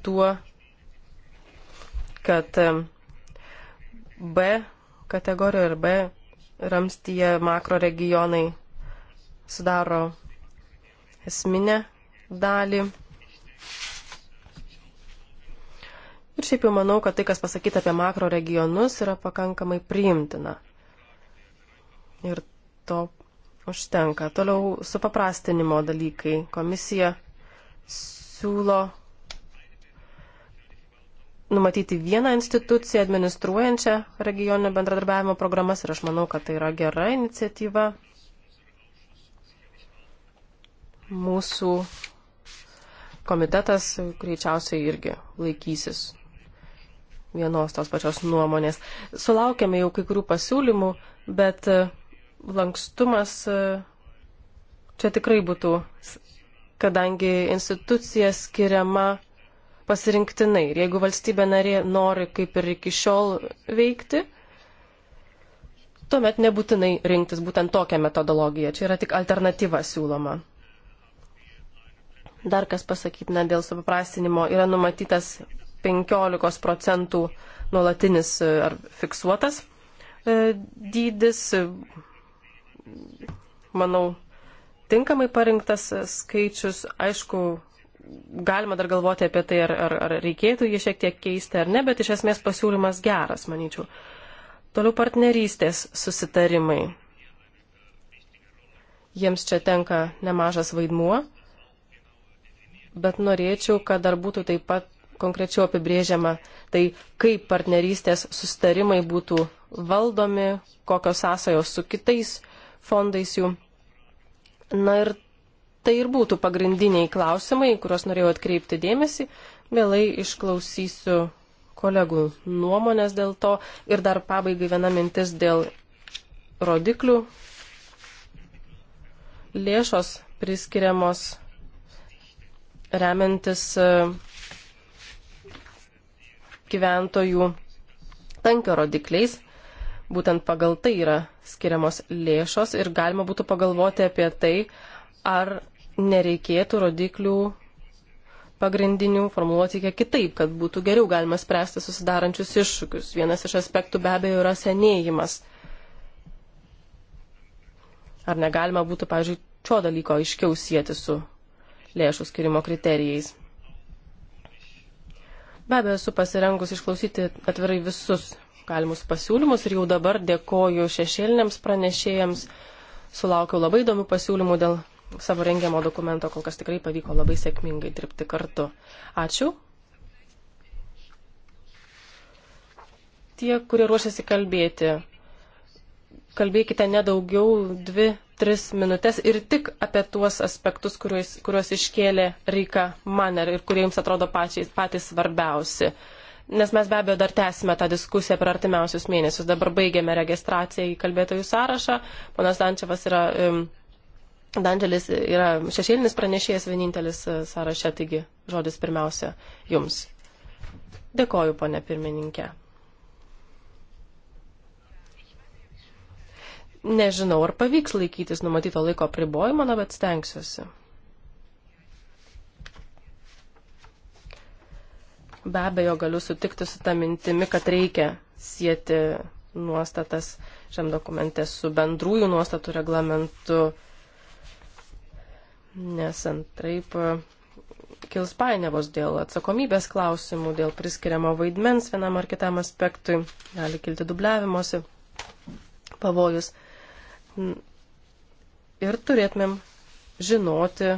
tuo, kad B kategorijoje ir B ramstyje makro regionai sudaro esminę dalį. Ir šiaip jau manau, kad tai, kas pasakyta apie makro regionus, yra pakankamai priimtina. Ir to užtenka. Toliau supaprastinimo dalykai. Komisija siūlo numatyti vieną instituciją administruojančią regioninio bendradarbiavimo programas ir aš manau, kad tai yra gera iniciatyva. Mūsų komitetas greičiausiai irgi laikysis vienos tos pačios nuomonės. Sulaukėme jau kai kurių pasiūlymų, bet lankstumas čia tikrai būtų, kadangi institucija skiriama pasirinktinai. Ir jeigu valstybė narė nori kaip ir iki šiol veikti, tuomet nebūtinai rinktis būtent tokią metodologiją. Čia yra tik alternatyva siūloma. Dar kas pasakytina dėl supaprastinimo yra numatytas 15 procentų nuolatinis ar fiksuotas e, dydis manau, tinkamai parinktas skaičius. Aišku, galima dar galvoti apie tai, ar, ar, ar reikėtų jį šiek tiek keisti ar ne, bet iš esmės pasiūlymas geras, manyčiau. Toliau partnerystės susitarimai. Jiems čia tenka nemažas vaidmuo, bet norėčiau, kad dar būtų taip pat konkrečiau apibrėžiama tai, kaip partnerystės susitarimai būtų valdomi, kokios sąsajos su kitais uh, fondais jų. Na ir tai ir būtų pagrindiniai klausimai, kuriuos norėjau atkreipti dėmesį. Vėlai išklausysiu kolegų nuomonės dėl to. Ir dar pabaigai viena mintis dėl rodiklių. Lėšos priskiriamos remiantis e, gyventojų tankio rodikliais būtent pagal tai yra skiriamos lėšos ir galima būtų pagalvoti apie tai, ar nereikėtų rodiklių pagrindinių formuluoti kiek kitaip, kad būtų geriau galima spręsti susidarančius iššūkius. Vienas iš aspektų be abejo yra senėjimas. Ar negalima būtų, pavyzdžiui, šio dalyko aiškiau sieti su lėšų skirimo kriterijais? Be abejo, esu pasirengus išklausyti atvirai visus galimus pasiūlymus ir jau dabar dėkoju šešėliniams pranešėjams. Sulaukiau labai įdomių pasiūlymų dėl savo rengiamo dokumento, kol kas tikrai pavyko labai sėkmingai dirbti kartu. Ačiū. Tie, kurie ruošiasi kalbėti, kalbėkite nedaugiau dvi, tris minutės ir tik apie tuos aspektus, kuriuos, kuriuos iškėlė Rika Maner ir kurie jums atrodo pačiais, patys svarbiausi nes mes be abejo dar tęsime tą diskusiją per artimiausius mėnesius. Dabar baigėme registraciją į kalbėtojų sąrašą. Ponas Dančiavas yra. Um, Dantelis yra šešėlinis pranešėjas vienintelis e, sąraše, taigi žodis pirmiausia jums. Dėkoju, ponė pirmininkė. Nežinau, ar pavyks laikytis numatyto laiko pribojimo, na, bet stengsiuosi. Be abejo, galiu sutikti su tą mintimi, kad reikia sieti nuostatas šiam dokumente su bendrųjų nuostatų reglamentu, nes antraip e, kils painiavos dėl atsakomybės klausimų, dėl priskiriamo vaidmens vienam ar kitam aspektui, gali kilti dubliavimuose pavojus. Ir turėtumėm žinoti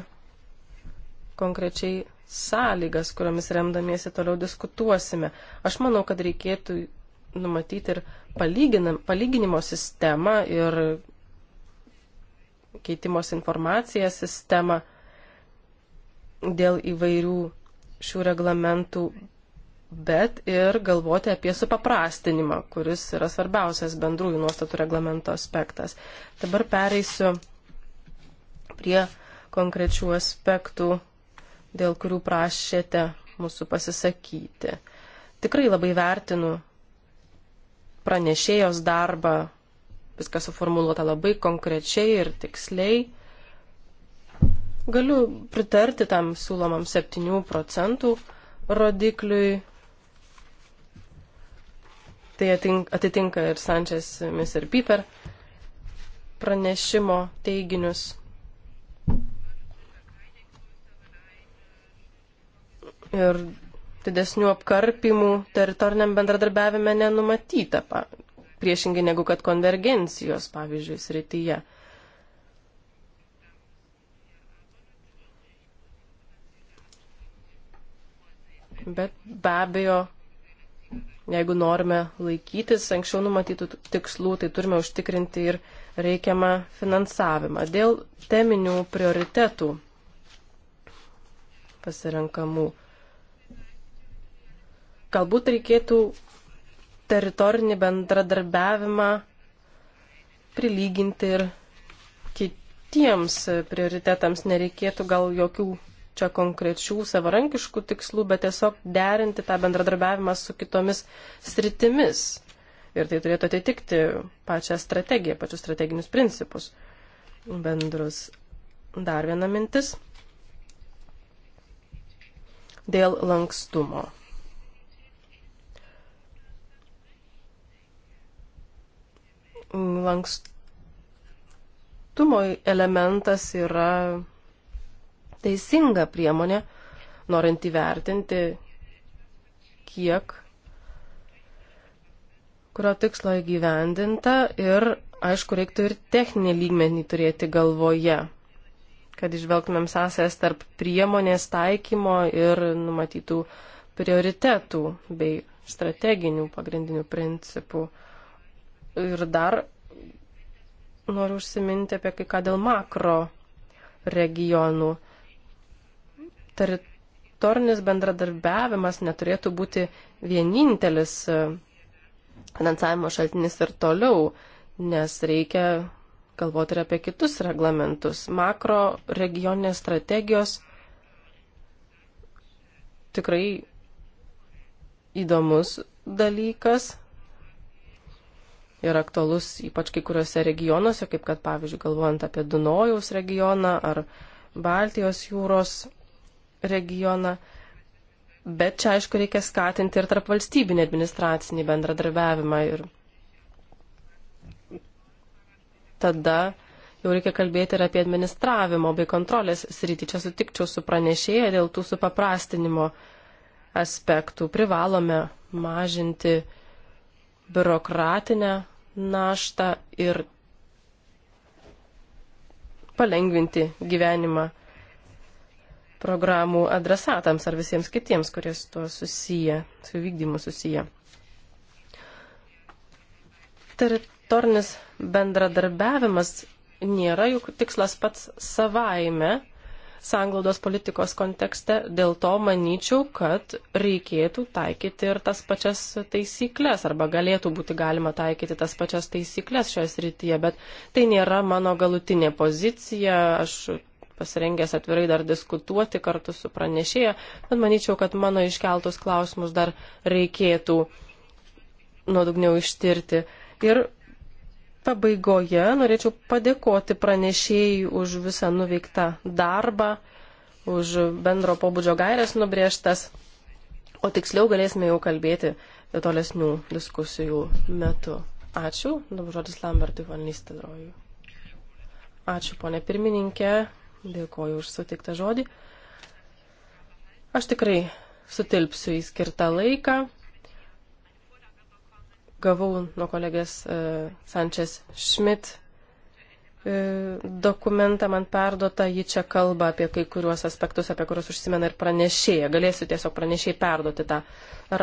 konkrečiai sąlygas, kuriomis remdamiesi toliau diskutuosime. Aš manau, kad reikėtų numatyti ir palyginimo sistemą ir keitimos informaciją sistemą dėl įvairių šių reglamentų, bet ir galvoti apie supaprastinimą, kuris yra svarbiausias bendrųjų nuostatų reglamento aspektas. Dabar pereisiu prie konkrečių aspektų dėl kurių prašėte mūsų pasisakyti. Tikrai labai vertinu pranešėjos darbą, viskas suformuoluota labai konkrečiai ir tiksliai. Galiu pritarti tam siūlomam 7 procentų rodikliui. Tai atitinka ir Sančias Mr. Piper pranešimo teiginius. ir didesnių apkarpimų teritoriniam bendradarbiavime nenumatyta, priešingai negu kad konvergencijos, pavyzdžiui, srityje. Bet be abejo, jeigu norime laikytis anksčiau numatytų tikslų, tai turime užtikrinti ir reikiamą finansavimą. Dėl teminių prioritetų pasirenkamų. Galbūt reikėtų teritorinį bendradarbiavimą prilyginti ir kitiems prioritetams. Nereikėtų gal jokių čia konkrečių savarankiškų tikslų, bet tiesiog derinti tą bendradarbiavimą su kitomis sritimis. Ir tai turėtų atitikti pačią strategiją, pačius strateginius principus bendrus. Dar viena mintis dėl lankstumo. lankstumo elementas yra teisinga priemonė, norint įvertinti, kiek, kurio tikslo įgyvendinta ir, aišku, reiktų ir techninį lygmenį turėti galvoje, kad išvelgtumėm sąsajas tarp priemonės taikymo ir numatytų prioritetų bei strateginių pagrindinių principų. Uh, Ir dar noriu užsiminti apie kai ką dėl makro regionų. Teritorinis bendradarbiavimas neturėtų būti vienintelis e, finansavimo šaltinis ir toliau, nes reikia galvoti ir apie kitus reglamentus. Makro regioninės strategijos tikrai įdomus dalykas, yra aktualus ypač kai kuriuose regionuose, kaip kad pavyzdžiui galvojant apie Dunojaus regioną ar Baltijos jūros regioną. Bet čia aišku reikia skatinti ir tarp valstybinį administracinį bendradarbiavimą ir tada jau reikia kalbėti ir apie administravimo bei kontrolės sritį. Čia sutikčiau su pranešėja dėl tų supaprastinimo aspektų. Privalome mažinti biurokratinę naštą ir palengvinti gyvenimą programų adresatams ar visiems kitiems, kurie su tuo susiję, su vykdymu susiję. Teritorinis bendradarbiavimas nėra juk tikslas pats savaime, sanglaudos politikos kontekste. Dėl to manyčiau, kad reikėtų taikyti ir tas pačias taisyklės, arba galėtų būti galima taikyti tas pačias taisyklės šioje srityje, bet tai nėra mano galutinė pozicija. Aš pasirengęs atvirai dar diskutuoti kartu su pranešėja, bet manyčiau, kad mano iškeltus klausimus dar reikėtų nuodugniau ištirti. Ir pabaigoje norėčiau padėkoti pranešėjai už visą nuveiktą darbą, už bendro pobūdžio gairias nubrėžtas, o tiksliau galėsime jau kalbėti tolesnių diskusijų metu. Ačiū, dabar žodis Lambertui Valnystedrojui. Ačiū, ponė pirmininkė, dėkoju už sutiktą žodį. Aš tikrai sutilpsiu į skirtą laiką gavau nuo kolegės e, Sančes Šmit e, dokumentą man perduota, ji čia kalba apie kai kuriuos aspektus, apie kuriuos užsimena ir pranešėja. Galėsiu tiesiog pranešėjai perduoti tą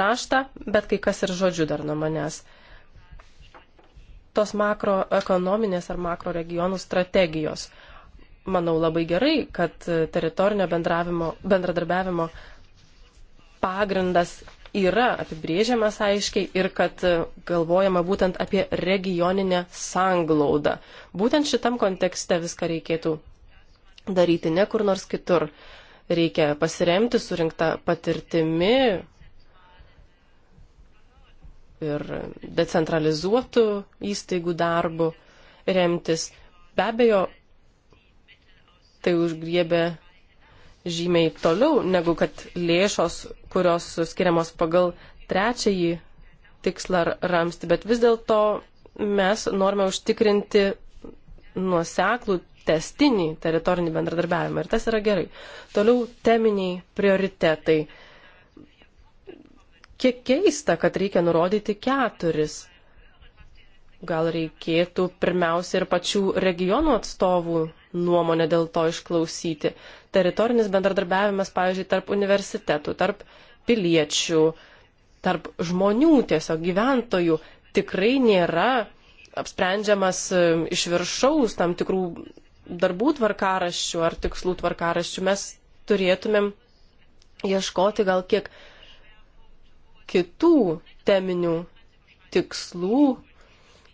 raštą, bet kai kas ir žodžiu dar nuo manęs. Tos makroekonominės ar makroregionų strategijos. Manau labai gerai, kad teritorinio bendradarbiavimo pagrindas yra apibrėžiamas aiškiai ir kad galvojama būtent apie regioninę sanglaudą. Būtent šitam kontekste viską reikėtų daryti, ne kur nors kitur. Reikia pasiremti surinktą patirtimi ir decentralizuotų įstaigų darbų remtis. Be abejo, tai užgriebė žymiai toliau negu kad lėšos, kurios skiriamos pagal trečiąjį tikslą ramsti, bet vis dėlto mes norime užtikrinti nuoseklų testinį teritorinį bendradarbiavimą ir tas yra gerai. Toliau teminiai prioritetai. Kiek keista, kad reikia nurodyti keturis. Gal reikėtų pirmiausia ir pačių regionų atstovų nuomonę dėl to išklausyti. Teritorinis bendradarbiavimas, pavyzdžiui, tarp universitetų, tarp piliečių, tarp žmonių, tiesiog gyventojų tikrai nėra apsprendžiamas e, iš viršaus tam tikrų darbų tvarkaraščių ar tikslų tvarkaraščių. Mes turėtumėm ieškoti gal kiek kitų teminių tikslų,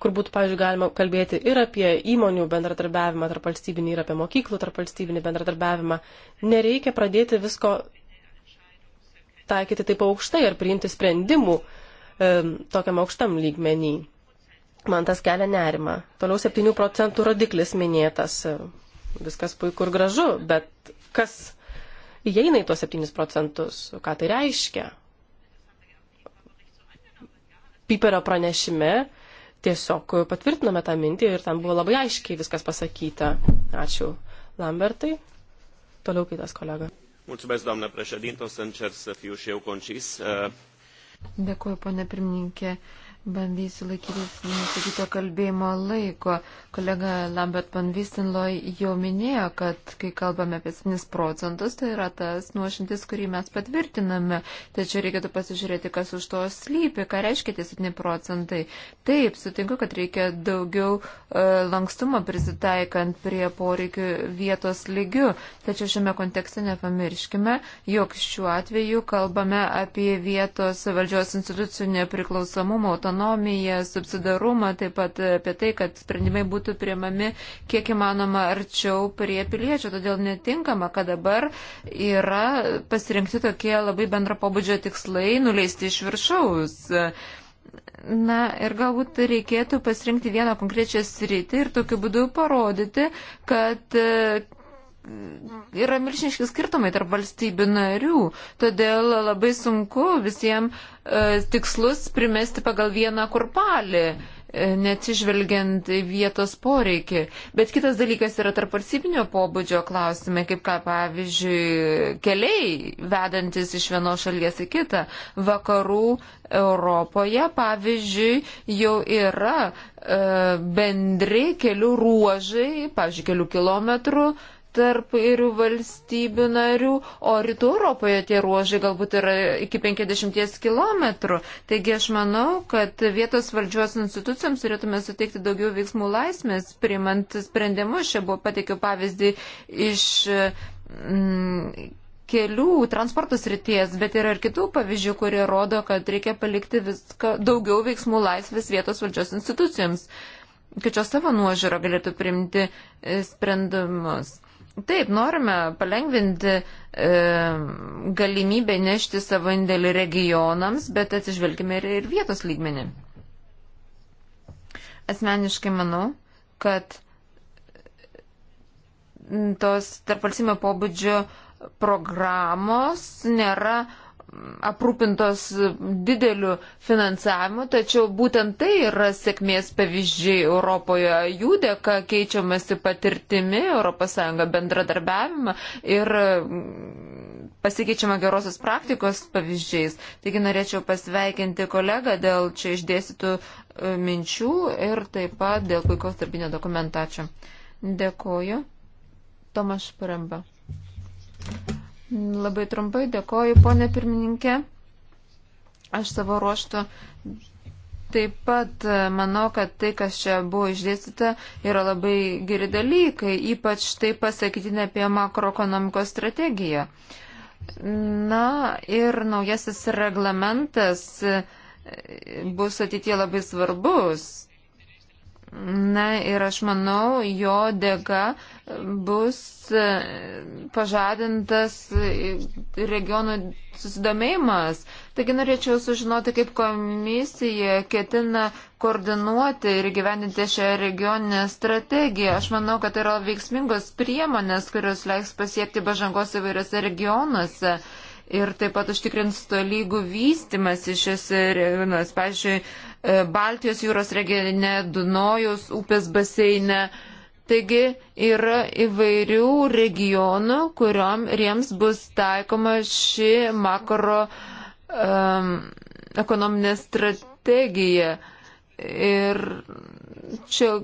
kur būtų, pavyzdžiui, galima kalbėti ir apie įmonių bendradarbiavimą tarp valstybinį, ir apie mokyklų tarp valstybinį bendradarbiavimą. Nereikia pradėti visko taikyti taip aukštai ar priimti sprendimų e, tokiam aukštam lygmenį. Man tas kelia nerima. Toliau 7 procentų rodiklis minėtas. Viskas puiku ir gražu, bet kas įeina į tuos 7 procentus? Ką tai reiškia? Piperio pranešime tiesiog patvirtinome tą mintį ir ten buvo labai aiškiai viskas pasakyta. Ačiū Lambertai. Toliau kitas kolega. Mulțumesc, doamnă președintă, o să încerc să fiu și eu concis. Dėkuoju, ponė pirmininkė. Uh, Bandysiu laikytis nusakyto kalbėjimo laiko. Kolega Lambert van Vistenloj jau minėjo, kad kai kalbame apie 7 procentus, tai yra tas nuošimtis, kurį mes patvirtiname. Tačiau reikėtų pasižiūrėti, kas už to slypi, ką reiškia tie 7 procentai. Taip, sutinku, kad reikia daugiau e, lankstumo prisitaikant prie poreikių vietos lygių. Tačiau šiame kontekste nepamirškime, jog šiuo atveju kalbame apie vietos valdžios institucijų nepriklausomumą, autonomiją autonomiją, subsidarumą, taip pat apie tai, kad sprendimai būtų priemami kiek įmanoma arčiau prie piliečių. Todėl netinkama, kad dabar yra pasirinkti tokie labai bendra pobūdžio tikslai nuleisti iš viršaus. Na ir galbūt reikėtų pasirinkti vieną konkrečią sritį ir tokiu būdu parodyti, kad yra milšiniški skirtumai tarp valstybių narių, todėl labai sunku visiems e, tikslus primesti pagal vieną kurpalį, e, neatsižvelgiant vietos poreikį. Bet kitas dalykas yra tarp valstybinio pobūdžio klausimai, kaip ką pavyzdžiui keliai vedantis iš vienos šalies į kitą. Vakarų Europoje pavyzdžiui jau yra e, bendri kelių ruožai, pavyzdžiui, kelių kilometrų tarp įvairių valstybių narių, o rytų Europoje tie ruožai galbūt yra iki 50 km. Taigi aš manau, kad vietos valdžios institucijoms turėtume suteikti daugiau veiksmų laisvės, priimant sprendimus. Čia buvo pateikiu pavyzdį iš. Mm, kelių transporto srities, bet yra ir kitų pavyzdžių, kurie rodo, kad reikia palikti viską, daugiau veiksmų laisvės vietos valdžios institucijoms, kad šios savo nuožiūro galėtų priimti e, sprendimus. Taip, norime palengvinti e, galimybę nešti savo indėlį regionams, bet atsižvelgime ir, ir vietos lygmenį. Asmeniškai manau, kad tos tarpalsimo pobūdžio programos nėra aprūpintos dideliu finansavimu, tačiau būtent tai yra sėkmės pavyzdžiai Europoje. Jų dėka keičiamasi patirtimi ES bendradarbiavimą ir mm, pasikeičiama gerosios praktikos pavyzdžiais. Taigi norėčiau pasveikinti kolegą dėl čia išdėstytų e, minčių ir taip pat dėl puikaus darbinio dokumentačio. Dėkoju. Tomas Paremba. Labai trumpai dėkoju, ponė pirmininkė. Aš savo ruoštų taip pat e, manau, kad tai, kas čia buvo išdėstyta, yra labai geri dalykai, ypač tai pasakytinė apie makroekonomikos strategiją. Na ir naujasis reglamentas e, bus ateitie labai svarbus. Na ir aš manau, jo dėka bus e, pažadintas e, regionų susidomėjimas. Taigi norėčiau sužinoti, kaip komisija ketina koordinuoti ir gyveninti šią regioninę strategiją. Aš manau, kad tai yra veiksmingos priemonės, kurios leiks pasiekti pažangos įvairiose regionuose ir taip pat užtikrins to lygų vystimasi šiuose regionuose. Pavyzdžiui, E, Baltijos jūros regione, Dunojus upės baseine. Taigi yra įvairių regionų, kuriuoms bus taikoma ši makro um, ekonominė strategija. Ir čia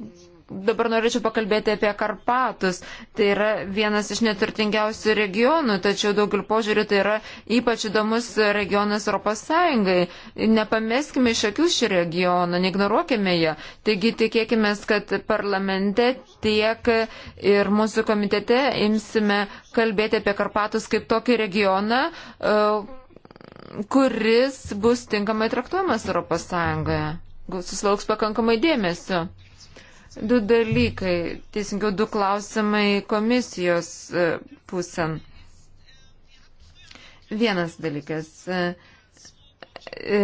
dabar norėčiau pakalbėti apie Karpatus. Tai yra vienas iš neturtingiausių regionų, tačiau daugel požiūrių tai yra ypač įdomus regionas Europos Sąjungai. Nepameskime iš akių šį regioną, neignoruokime ją. Taigi tikėkime, kad parlamente tiek ir mūsų komitete imsime kalbėti apie Karpatus kaip tokį regioną, e, kuris bus tinkamai traktuojamas Europos Sąjungoje. Susilauks pakankamai dėmesio. Du dalykai, teisingiau du klausimai komisijos e, pusėn. Vienas dalykas. E, e,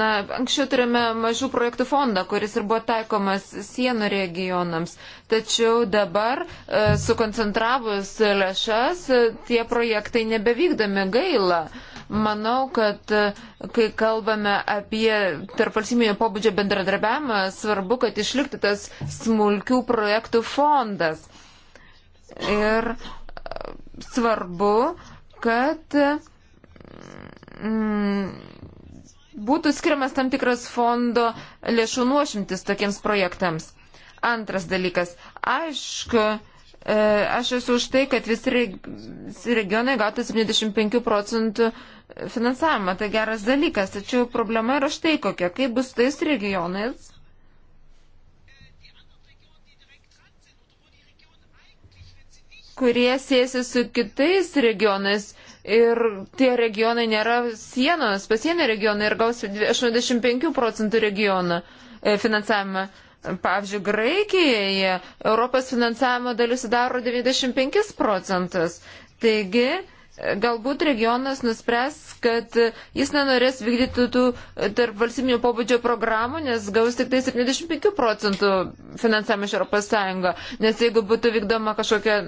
na, anksčiau turime mažų projektų fondą, kuris ir buvo taikomas sienų regionams, tačiau dabar sukoncentravus lėšas tie projektai nebevykdomi gaila. Manau, kad e, kai kalbame apie tarpvalstybinio pobūdžio bendradarbiavimą, svarbu, kad išliktų tas smulkių projektų fondas. Ir e, svarbu, kad mm, būtų skiriamas tam tikras fondo lėšų nuošimtis tokiems projektams. Antras dalykas. Aišku, E, aš esu už tai, kad visi regionai gautų 75 procentų finansavimą. Tai geras dalykas. Tačiau problema yra štai kokia. Kaip bus tais regionais, kurie sėsi su kitais regionais ir tie regionai nėra sienos, pasienio regionai ir gaus 85 procentų regioną e, finansavimą. Pavyzdžiui, Graikijoje Europos finansavimo dalis sudaro 95 procentus. Taigi Galbūt regionas nuspręs, kad jis nenorės vykdyti tų tarp valstybinio pobūdžio programų, nes gaus tik tai 75 procentų finansavimą iš Europos Sąjungo. Nes jeigu būtų vykdoma kažkokia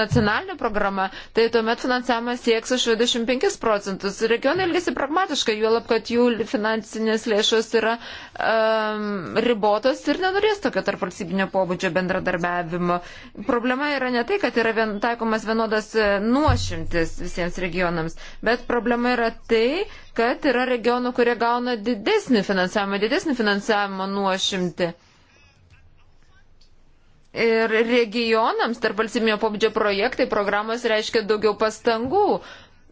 nacionalinė programa, tai tuomet finansavimas sieks už 25 procentus. Regionai elgesi pragmatiškai, juolab, kad jų finansinės lėšos yra um, ribotos ir nenorės tokio tarp valstybinio pobūdžio bendradarbiavimo. Problema yra ne tai, kad yra vien, taikomas vienodas e, nuošimtis visiems regionams. Bet problema yra tai, kad yra regionų, kurie gauna didesnį finansavimą, didesnį finansavimo nuošimti. Ir regionams tarp valstybinio pobūdžio projektai, programos reiškia daugiau pastangų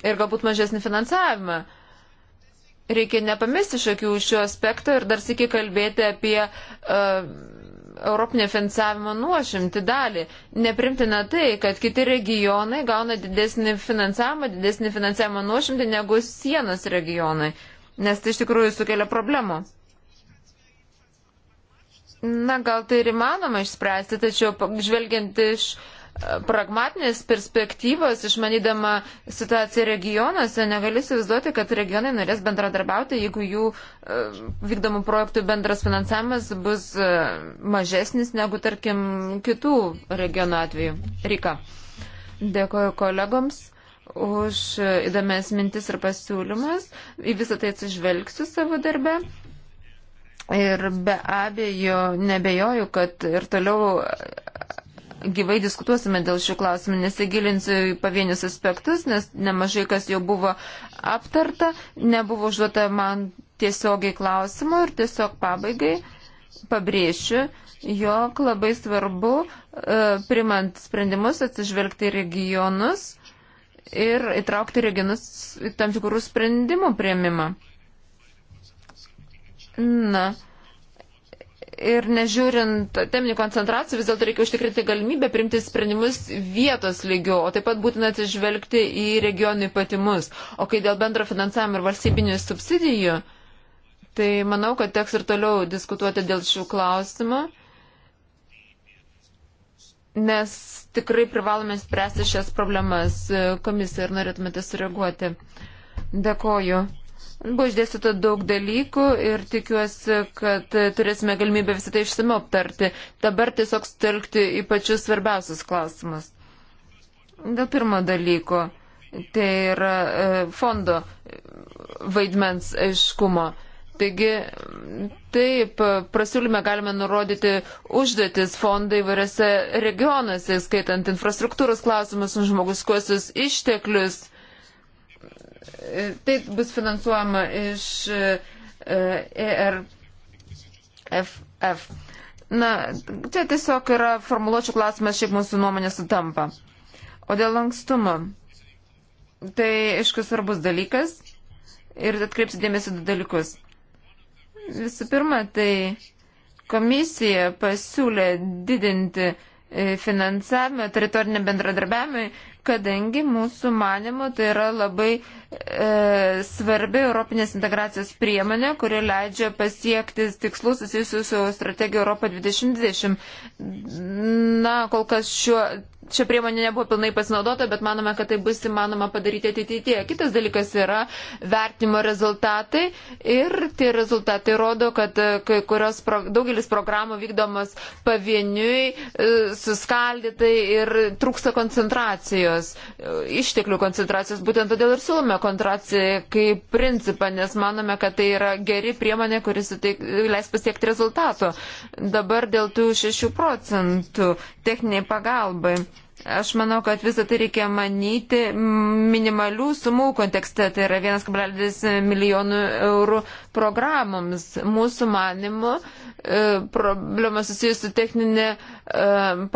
ir galbūt mažesnį finansavimą. Reikia nepamesti iš akių šio aspekto ir dar sėki kalbėti apie uh, Europinio finansavimo nuošimti dalį. Neprimtina tai, kad kiti regionai gauna didesnį finansavimą, didesnį finansavimo nuošimti negu sienos regionai, nes tai iš tikrųjų sukelia problemų. Na, gal tai ir įmanoma išspręsti, tačiau žvelgiant iš uh, pragmatinės perspektyvos, išmanydama situaciją regionuose, negaliu įsivaizduoti, kad regionai norės bendradarbiauti, jeigu jų e, vykdomų projektų bendras finansavimas bus e, mažesnis negu, tarkim, kitų regionų atveju. Rika. Dėkoju kolegoms už įdomias mintis ir pasiūlymus. Į visą tai atsižvelgsiu savo darbę. Ir be abejo, nebejoju, kad ir toliau gyvai diskutuosime dėl šių klausimų, nesigilinsiu į pavienius aspektus, nes nemažai kas jau buvo aptarta, nebuvo užduota man tiesiogiai klausimų ir tiesiog pabaigai pabrėšiu, jog labai svarbu, e, primant sprendimus, atsižvelgti regionus ir įtraukti regionus į tam tikrų sprendimų prieimimą. Na, ir nežiūrint teminių koncentracijų, vis dėlto reikia užtikrinti galimybę priimti sprendimus vietos lygiu, o taip pat būtina atsižvelgti į regionų ypatimus. O kai dėl bendro finansavimo ir valstybinių subsidijų, tai manau, kad teks ir toliau diskutuoti dėl šių klausimų, nes tikrai privalome spręsti šias problemas. Komisija, ar norėtumėte sureaguoti? Dėkoju. Buvo išdėstyta daug dalykų ir tikiuosi, kad turėsime galimybę visą tai išsame aptarti. Dabar tiesiog stelkti į pačius svarbiausius klausimus. Dėl pirmo dalyko, tai yra e, fondo vaidmens aiškumo. Taigi, taip, prasiūlyme galime nurodyti užduotis fondai įvairiose regionuose, skaitant infrastruktūros klausimus, žmogus kuosius išteklius tai bus finansuojama iš ERFF. E Na, čia tiesiog yra formuluočių klausimas, šiaip mūsų nuomonė sutampa. O dėl lankstumo. Tai, aišku, svarbus dalykas ir atkreipsiu dėmesį du dalykus. Visų pirma, tai komisija pasiūlė didinti uh, E, finansavimą, teritorinį bendradarbiavimą, kadangi mūsų manimo tai yra labai e, svarbi Europinės integracijos priemonė, kuri leidžia pasiekti tikslus susijusius su strategija Europa 2020. Na, kol kas šiuo čia priemonė nebuvo pilnai pasinaudota, bet manome, kad tai bus įmanoma padaryti ateityje. Kitas dalykas yra vertimo rezultatai ir tie rezultatai rodo, kad e, kai kurios, pro, daugelis programų vykdomas pavieniui, e, suskaldytai ir trūksta koncentracijos, e, išteklių koncentracijos. Būtent todėl ir siūlome koncentraciją kaip principą, nes manome, kad tai yra geri priemonė, kuris suteik, leis pasiekti rezultatų. Dabar dėl tų 6 procentų techniniai pagalbai. Aš manau, kad visą tai reikia manyti minimalių sumų kontekste, tai yra 1,2 milijonų eurų programoms. Mūsų manimu e, problema susijusi su techninė e,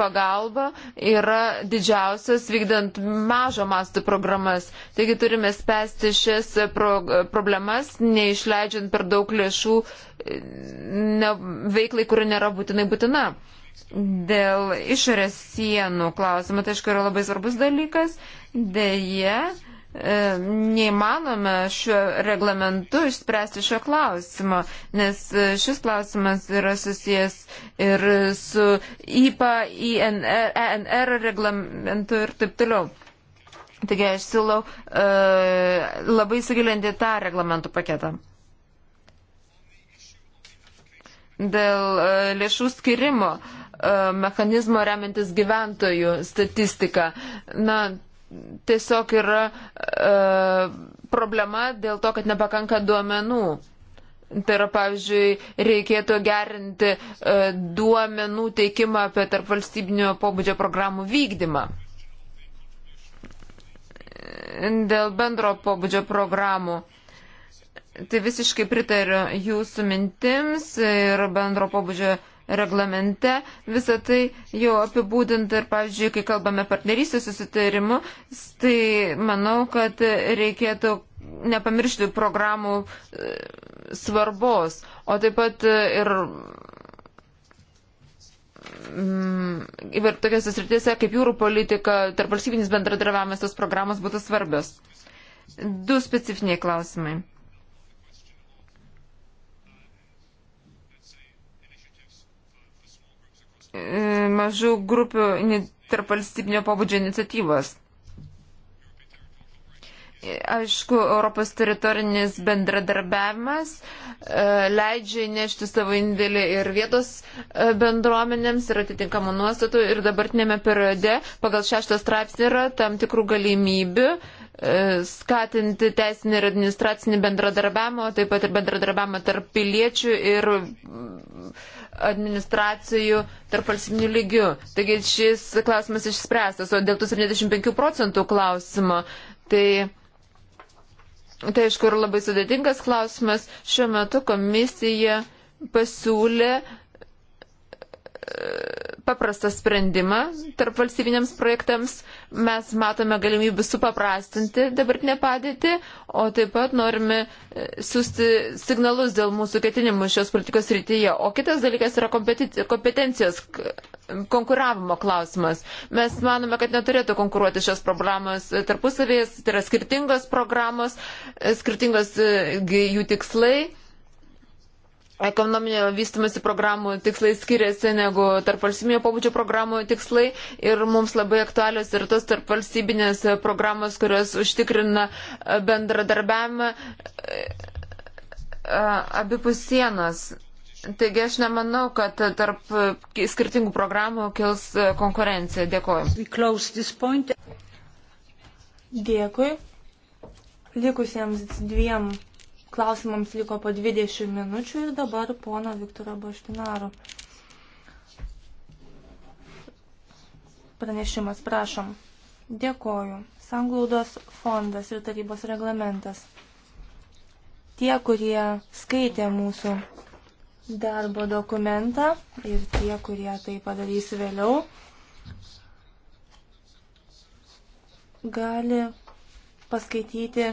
pagalba yra didžiausias vykdant mažo masto programas. Taigi turime spęsti šias pro problemas, neišleidžiant per daug lėšų e, veiklai, kuri nėra būtinai būtina. būtina. Dėl išorės sienų klausimų, tai aišku, yra labai svarbus dalykas. Deja, e, neįmanome šiuo reglamentu išspręsti šio klausimo, nes e, šis klausimas yra susijęs ir su IPA, INR, ENR reglamentu ir taip toliau. Taigi aš siūlau uh, labai įsigilinti tą reglamentų paketą. Dėl uh, lėšų skirimo. Uh, E, mechanizmo remiantis gyventojų statistiką. Na, tiesiog yra e, problema dėl to, kad nepakanka duomenų. Tai yra, pavyzdžiui, reikėtų gerinti e, duomenų teikimą apie tarpvalstybinio pobūdžio programų vykdymą. Dėl bendro pobūdžio programų. Tai visiškai pritariu jūsų mintims ir bendro pobūdžio programų reglamente. Visą tai jau apibūdinta ir, pavyzdžiui, kai kalbame partnerystę susitarimu, tai manau, kad reikėtų nepamiršti programų e, svarbos, o taip pat e, ir mm, ir tokiose sritise kaip jūrų politika, tarp valstybinis bendradarbiavimas tos programos būtų svarbios. Du specifiniai klausimai. mažų grupių tarp valstybinio pabudžio iniciatyvos. Aišku, Europos teritorinis bendradarbiavimas e, leidžia įnešti savo indėlį ir vietos e, bendruomenėms ir atitinkamų nuostatų ir dabartinėme periode pagal šeštą straipsnį yra tam tikrų galimybių E, skatinti teisinį ir administracinį bendradarbiavimą, taip pat ir bendradarbiavimą tarp piliečių ir mm, administracijų tarp valstybinių lygių. Taigi šis klausimas išspręstas, o dėl tų 75 procentų klausimo, tai. Tai aišku, yra labai sudėtingas klausimas. Šiuo metu komisija pasiūlė e, paprastą sprendimą tarp valstybiniams projektams. Mes matome galimybių supaprastinti dabartinę padėtį, o taip pat norime e, siūsti signalus dėl mūsų ketinimų šios politikos rytyje. O kitas dalykas yra kompetencijos konkuravimo klausimas. Mes manome, kad neturėtų konkuruoti šios programos tarpusavės, tai yra skirtingos programos, e, skirtingos e, jų tikslai ekonominio vystimasi programų tikslai skiriasi negu tarp valstybinio pobūdžio programų tikslai ir mums labai aktualios ir tos tarp valstybinės programos, kurios užtikrina e, bendradarbiavimą e, e, abipus sienos. Taigi aš nemanau, kad tarp skirtingų programų kils konkurencija. Dėkuoju. Dėkui. Likusiems dviem Klausimams liko po 20 minučių ir dabar pono Viktoro Boštinaro. Pranešimas, prašom. Dėkoju. Sanglaudos fondas ir tarybos reglamentas. Tie, kurie skaitė mūsų darbo dokumentą ir tie, kurie tai padarys vėliau, gali paskaityti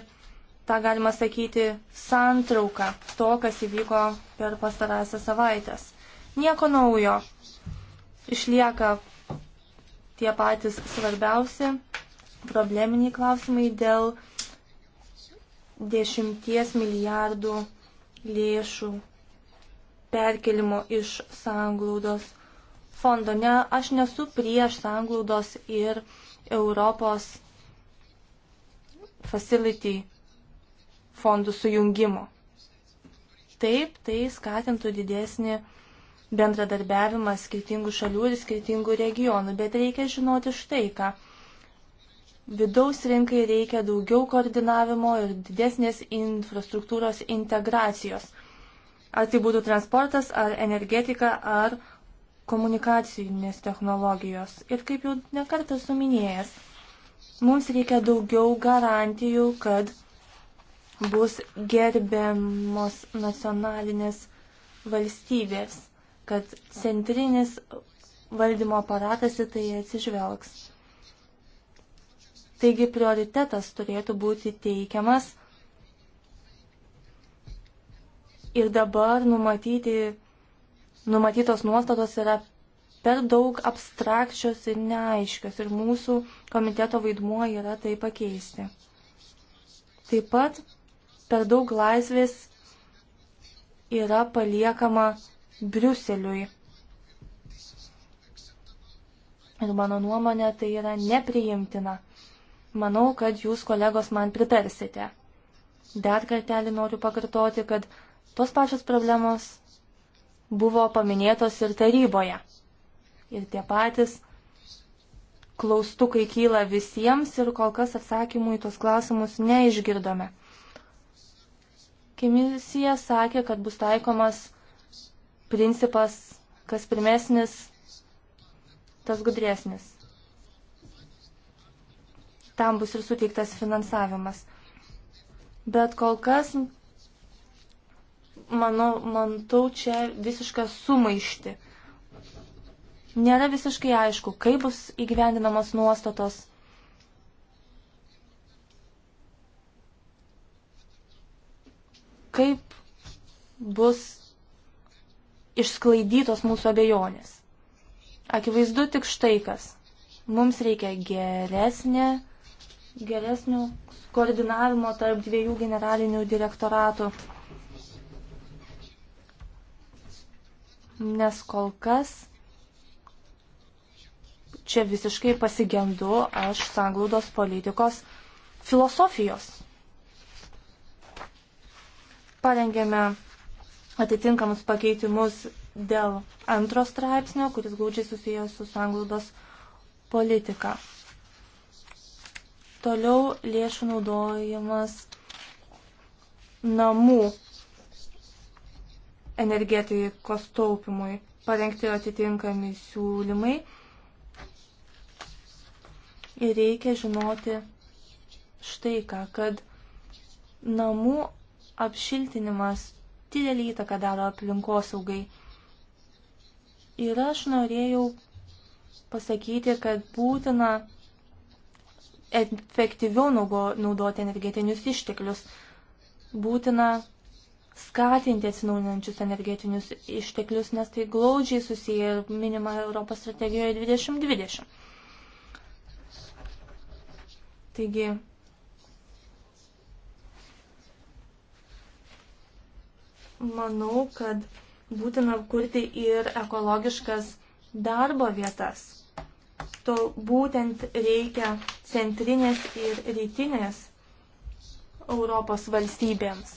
tą galima sakyti, santrauką to, kas įvyko per pastarąsią savaitęs. Nieko naujo. Išlieka tie patys svarbiausi probleminiai klausimai dėl dešimties milijardų lėšų perkelimo iš sanglaudos fondo. Ne, aš nesu prieš sanglaudos ir Europos facility fondų sujungimo. Taip, tai skatintų didesnį bendradarbiavimą skirtingų šalių ir skirtingų regionų, bet reikia žinoti štai ką. Vidaus rinkai reikia daugiau koordinavimo ir didesnės infrastruktūros integracijos. Ar tai būtų transportas, ar energetika, ar komunikacinės technologijos. Ir kaip jau nekartą suminėjęs, mums reikia daugiau garantijų, kad bus gerbiamos nacionalinės valstybės, kad centrinis valdymo aparatas į tai atsižvelgs. Taigi prioritetas turėtų būti teikiamas ir dabar numatyti, numatytos nuostatos yra per daug abstrakčios ir neaiškios ir mūsų komiteto vaidmuo yra tai pakeisti. Taip pat per daug laisvės yra paliekama Briuseliui. Ir mano nuomonė tai yra nepriimtina. Manau, kad jūs kolegos man pritarsite. Dar kartelį noriu pakartoti, kad tos pačios problemos buvo paminėtos ir taryboje. Ir tie patys klaustukai kyla visiems ir kol kas atsakymų į tos klausimus neišgirdome. Komisija sakė, kad bus taikomas principas, kas pirmesnis, tas gudresnis. Tam bus ir suteiktas finansavimas. Bet kol kas, manau, mantau čia visišką sumaišti. Nėra visiškai aišku, kaip bus įgyvendinamos nuostatos kaip bus išsklaidytos mūsų abejonės. Akivaizdu tik štai kas. Mums reikia geresnė, geresnio koordinavimo tarp dviejų generalinių direktoratų. Nes kol kas čia visiškai pasigendu aš sanglaudos politikos filosofijos parengėme atitinkamus pakeitimus dėl antro straipsnio, kuris glaudžiai susijęs su sanglaudos politika. Toliau lėšų naudojimas namų energetikos taupimui. Parengti atitinkami siūlymai. Ir reikia žinoti štai ką, kad namų apšiltinimas didelį įtaką daro aplinkosaugai. Ir aš norėjau pasakyti, kad būtina efektyviau naudoti energetinius išteklius. Būtina skatinti atsinaujinančius energetinius išteklius, nes tai glaudžiai susiję ir minima Europos strategijoje 2020. Taigi, manau, kad būtina kurti ir ekologiškas darbo vietas. To būtent reikia centrinės ir rytinės Europos valstybėms.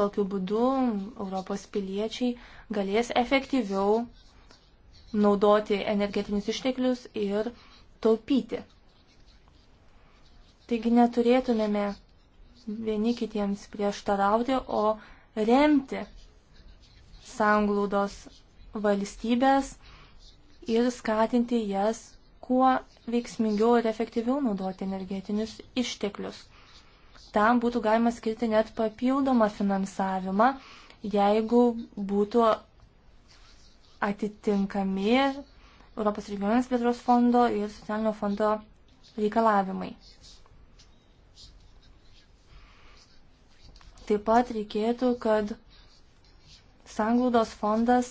Tokiu būdu Europos piliečiai galės efektyviau naudoti energetinius išteklius ir taupyti. Taigi neturėtumėme vieni kitiems prieštarauti, o remti sanglaudos valstybės ir skatinti jas kuo veiksmingiau ir efektyviau naudoti energetinius išteklius. Tam būtų galima skirti net papildomą finansavimą, jeigu būtų atitinkami Europos regionės plėtros fondo ir socialinio fondo reikalavimai. Taip pat reikėtų, kad sanglaudos fondas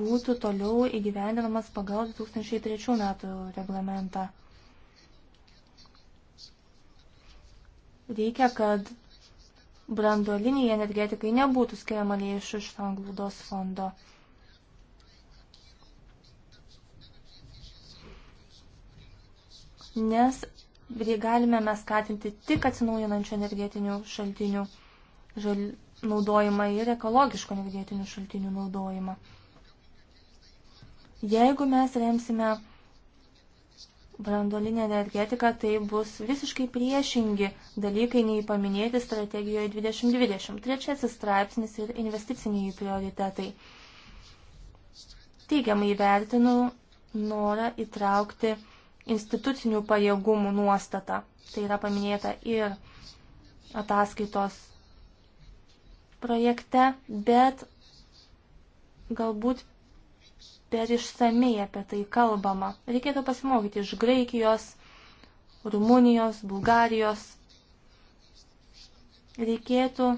būtų toliau įgyvendinamas pagal 2003 metų reglamentą. Reikia, kad branduoliniai energetikai nebūtų skiriama lėšų iš sanglaudos fondo. nes galime mes skatinti tik atsinaujinančių energetinių šaltinių žal, naudojimą ir ekologiškų energetinių šaltinių naudojimą. Jeigu mes remsime brandolinę energetiką, tai bus visiškai priešingi dalykai nei paminėti strategijoje 2020. Trečiasis straipsnis ir investiciniai prioritetai. Teigiamai vertinu norą įtraukti institucinių pajėgumų nuostata. Tai yra paminėta ir ataskaitos projekte, bet galbūt per išsamei apie tai kalbama. Reikėtų pasimokyti iš Graikijos, Rumunijos, Bulgarijos. Reikėtų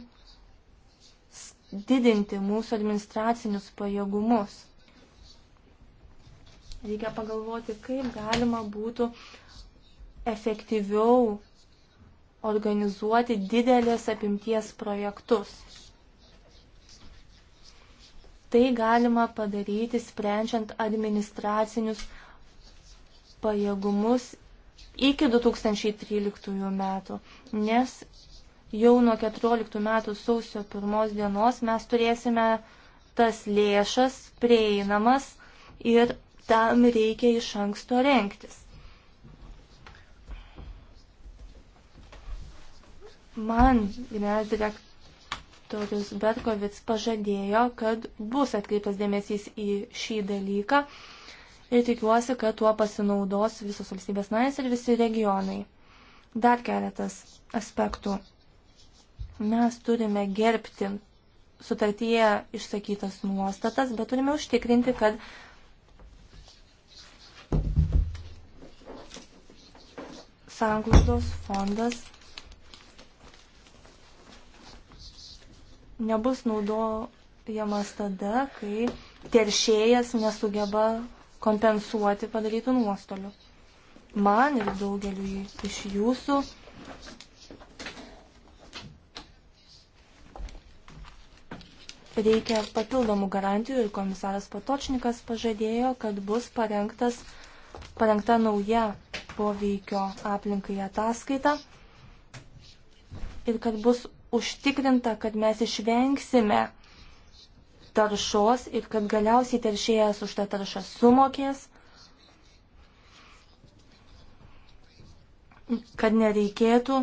didinti mūsų administracinius pajėgumus. Reikia pagalvoti, kaip galima būtų efektyviau organizuoti didelės apimties projektus. Tai galima padaryti sprendžiant administracinius pajėgumus iki 2013 metų, nes jau nuo 14 metų sausio pirmos dienos mes turėsime tas lėšas prieinamas ir tam reikia iš anksto renktis. Man generalinis direktorius Berkovic pažadėjo, kad bus atkreiptas dėmesys į šį dalyką ir tikiuosi, kad tuo pasinaudos visos valstybės narės ir visi regionai. Dar keletas aspektų. Mes turime gerbti sutartyje išsakytas nuostatas, bet turime užtikrinti, kad sanglaudos fondas nebus naudojamas tada, kai teršėjas nesugeba kompensuoti padarytų nuostolių. Man ir daugeliu iš jūsų reikia papildomų garantijų ir komisaras Patočnikas pažadėjo, kad bus parengtas parengta nauja poveikio aplinkai ataskaita ir kad bus užtikrinta, kad mes išvengsime taršos ir kad galiausiai teršėjas už tą taršą sumokės, kad nereikėtų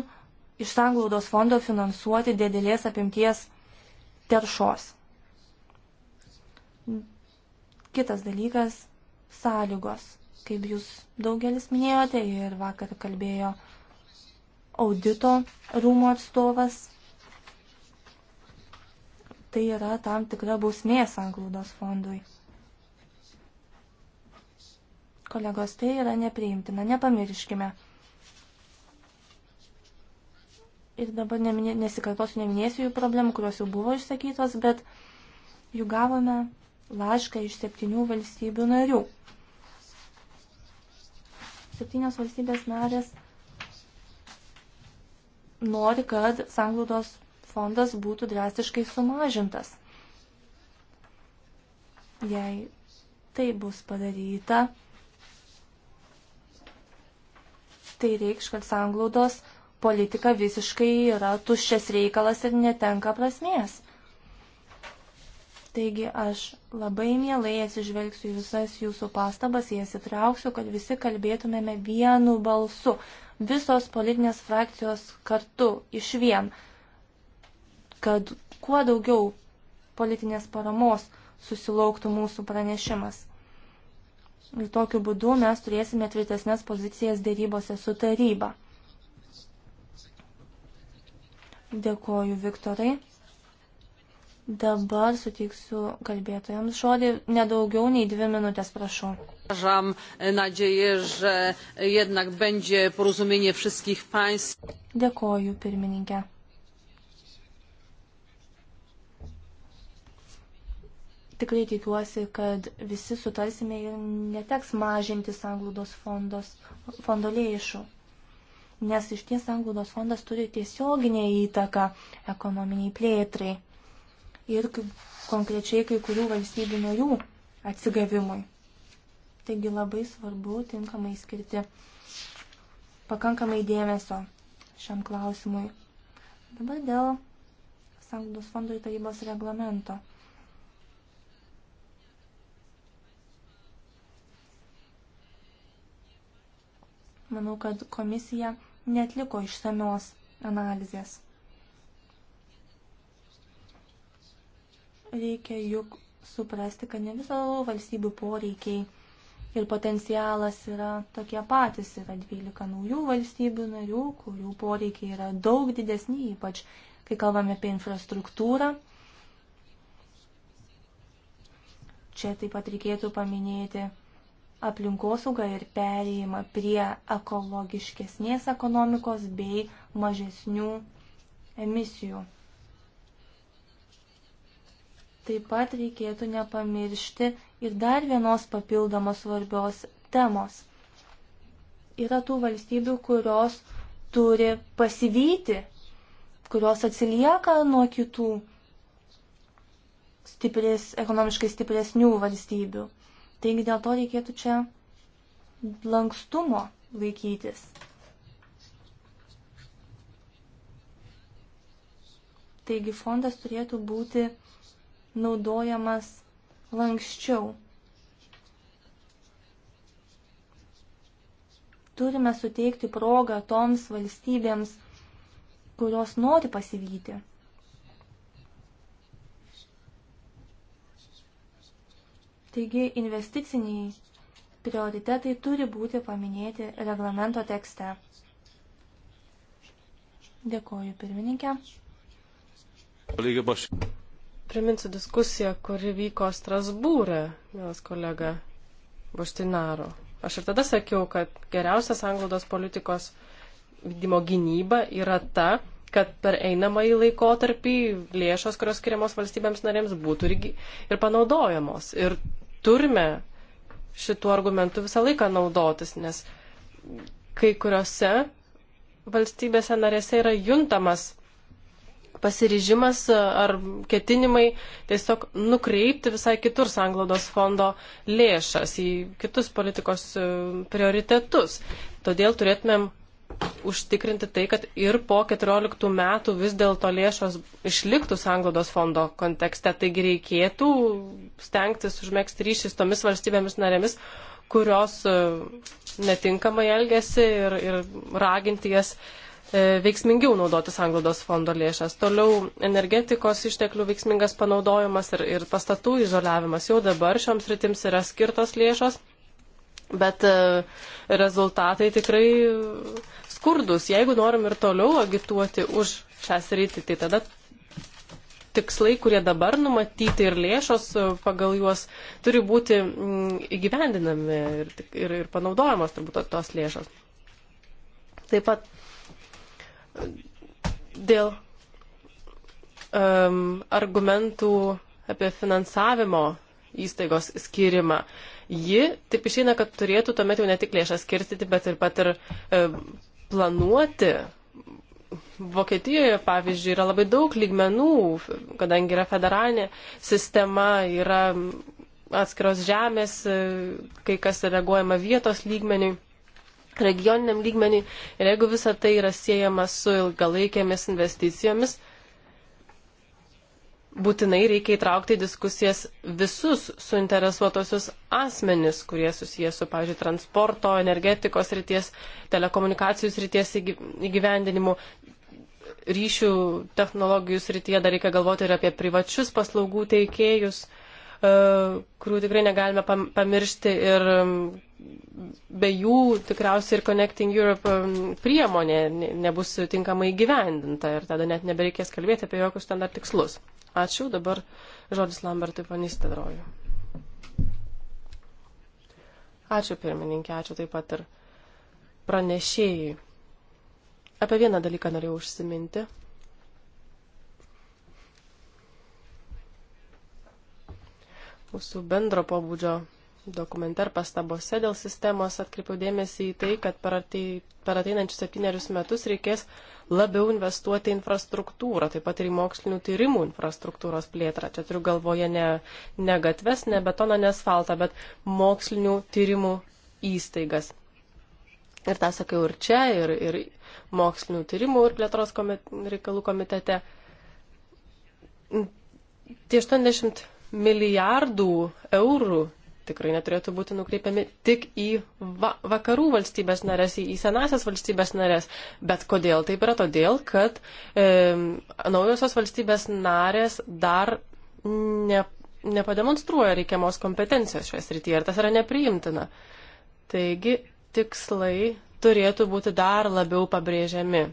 iš sanglaudos fondo finansuoti didelės apimties teršos. Kitas dalykas - sąlygos kaip jūs daugelis minėjote, ir vakar kalbėjo audito rūmo atstovas. Tai yra tam tikra bausmė sanglaudos fondui. Kolegos, tai yra nepriimtina, nepamirškime. Ir dabar neminė, nesikartosiu, neminėsiu jų problemų, kurios jau buvo išsakytos, bet jų gavome laišką iš septynių valstybių narių. Septynios valstybės narės nori, kad sanglaudos fondas būtų drastiškai sumažintas. Jei tai bus padaryta, tai reikš, kad sanglaudos politika visiškai yra tuščias reikalas ir netenka prasmės. Taigi aš labai mielai atsižvelgsiu į visas jūsų pastabas, jas įtrauksiu, kad visi kalbėtumėme vienu balsu, visos politinės frakcijos kartu, iš vien, kad kuo daugiau politinės paramos susilauktų mūsų pranešimas. Ir tokiu būdu mes turėsime tvirtesnės pozicijas dėrybose su taryba. Dėkoju, Viktorai. Dabar suteiksiu kalbėtojams žodį nedaugiau nei dvi minutės, prašau. Mam nadzieję, że jednak będzie porozumienie wszystkich państw. Dėkoju, pirmininkė. Tikrai tikiuosi, kad visi sutarsime ir neteks mažinti sanglaudos fondos, fondo lėšų nes iš ties sanglaudos fondas turi tiesioginę įtaką ekonominiai plėtrai ir kaip konkrečiai kai kurių valstybių narių atsigavimui. Taigi labai svarbu tinkamai skirti pakankamai dėmesio šiam klausimui. Dabar dėl Sanglaudos fondo ir tarybos reglamento. Manau, kad komisija netliko išsamios analizės. reikia juk suprasti, kad ne visų valstybių poreikiai ir potencialas yra tokie patys. Yra 12 naujų valstybių narių, kurių poreikiai yra daug didesni, ypač kai kalbame apie infrastruktūrą. Čia taip pat reikėtų paminėti aplinkosaugą ir perėjimą prie ekologiškesnės ekonomikos bei mažesnių emisijų Taip pat reikėtų nepamiršti ir dar vienos papildomos svarbios temos. Yra tų valstybių, kurios turi pasivyti, kurios atsilieka nuo kitų stiprės, ekonomiškai stipresnių valstybių. Taigi dėl to reikėtų čia lankstumo laikytis. Taigi fondas turėtų būti naudojamas lankščiau. Turime suteikti progą toms valstybėms, kurios nori pasivyti. Taigi investiciniai prioritetai turi būti paminėti reglamento tekste. Dėkoju pirmininkė. Lygiai baš. Priminsiu diskusiją, kuri vyko Strasbūrė, vienas kolega Boštinaro. Aš ir tada sakiau, kad geriausias anglodos politikos vykdymo gynyba yra ta, kad per einamąjį laikotarpį lėšos, kurios skiriamos valstybėms narėms, būtų irgi ir panaudojamos. Ir turime šituo argumentu visą laiką naudotis, nes kai kuriuose valstybėse narėse yra juntamas pasiryžimas e, ar ketinimai tiesiog nukreipti visai kitur sanglaudos fondo lėšas į kitus politikos e, prioritetus. Todėl turėtumėm užtikrinti tai, kad ir po 14 metų vis dėlto lėšos išliktų sanglaudos fondo kontekste. Taigi reikėtų stengtis užmėgsti ryšį su tomis valstybėmis narėmis, kurios e, netinkamai elgesi ir, ir raginti jas uh, E, veiksmingiau naudoti sanglaudos fondo lėšas. Toliau energetikos išteklių veiksmingas panaudojimas ir, ir pastatų izoliavimas. Jau dabar šioms rytims yra skirtos lėšos, bet e, rezultatai tikrai skurdus. Jeigu norim ir toliau agituoti už šią sritį, tai tada tikslai, kurie dabar numatyti ir lėšos e, pagal juos turi būti mm, įgyvendinami ir, ir, ir panaudojamos turbūt tos lėšos. Taip pat Dėl um, argumentų apie finansavimo įstaigos skirimą. Ji taip išeina, kad turėtų tuomet jau ne tik lėšas skirstyti, bet ir pat ir e, planuoti. Vokietijoje, pavyzdžiui, yra labai daug lygmenų, kadangi yra federalinė sistema, yra atskiros žemės, kai kas reaguojama vietos lygmeniui regioniniam lygmenį ir jeigu visa tai yra siejama su ilgalaikėmis investicijomis, būtinai reikia įtraukti į diskusijas visus suinteresuotosius asmenis, kurie susijęs su, pavyzdžiui, transporto, energetikos ryties, telekomunikacijų ryties įgyvendinimu, ryšių technologijų srityje dar reikia galvoti ir apie privačius paslaugų teikėjus. E, kurių tikrai negalime pamiršti ir be jų tikriausiai ir Connecting Europe priemonė nebus tinkamai gyvendinta ir tada net nebereikės kalbėti apie jokius ten dar tikslus. Ačiū, dabar žodis Lambertui panistedroju. Ačiū pirmininkė, ačiū taip pat ir pranešėjai. Apie vieną dalyką norėjau užsiminti. mūsų bendro pobūdžio dokumente ar pastabose dėl sistemos atkreipiau dėmesį į tai, kad per, atei, per ateinančius septynerius metus reikės labiau investuoti į infrastruktūrą, taip pat ir į mokslinių tyrimų infrastruktūros plėtrą. Čia turiu galvoje ne, ne gatves, ne betoną, ne asfaltą, bet mokslinių tyrimų įstaigas. Ir tą sakiau ir čia, ir, ir mokslinių tyrimų ir plėtros komit, reikalų komitete. Tie 80 milijardų eurų tikrai neturėtų būti nukreipiami tik į va vakarų valstybės narės, į, į senasias valstybės narės. Bet kodėl taip yra? Todėl, kad e, naujosios valstybės narės dar ne, nepademonstruoja reikiamos kompetencijos šioje srityje ir tas yra nepriimtina. Taigi tikslai turėtų būti dar labiau pabrėžiami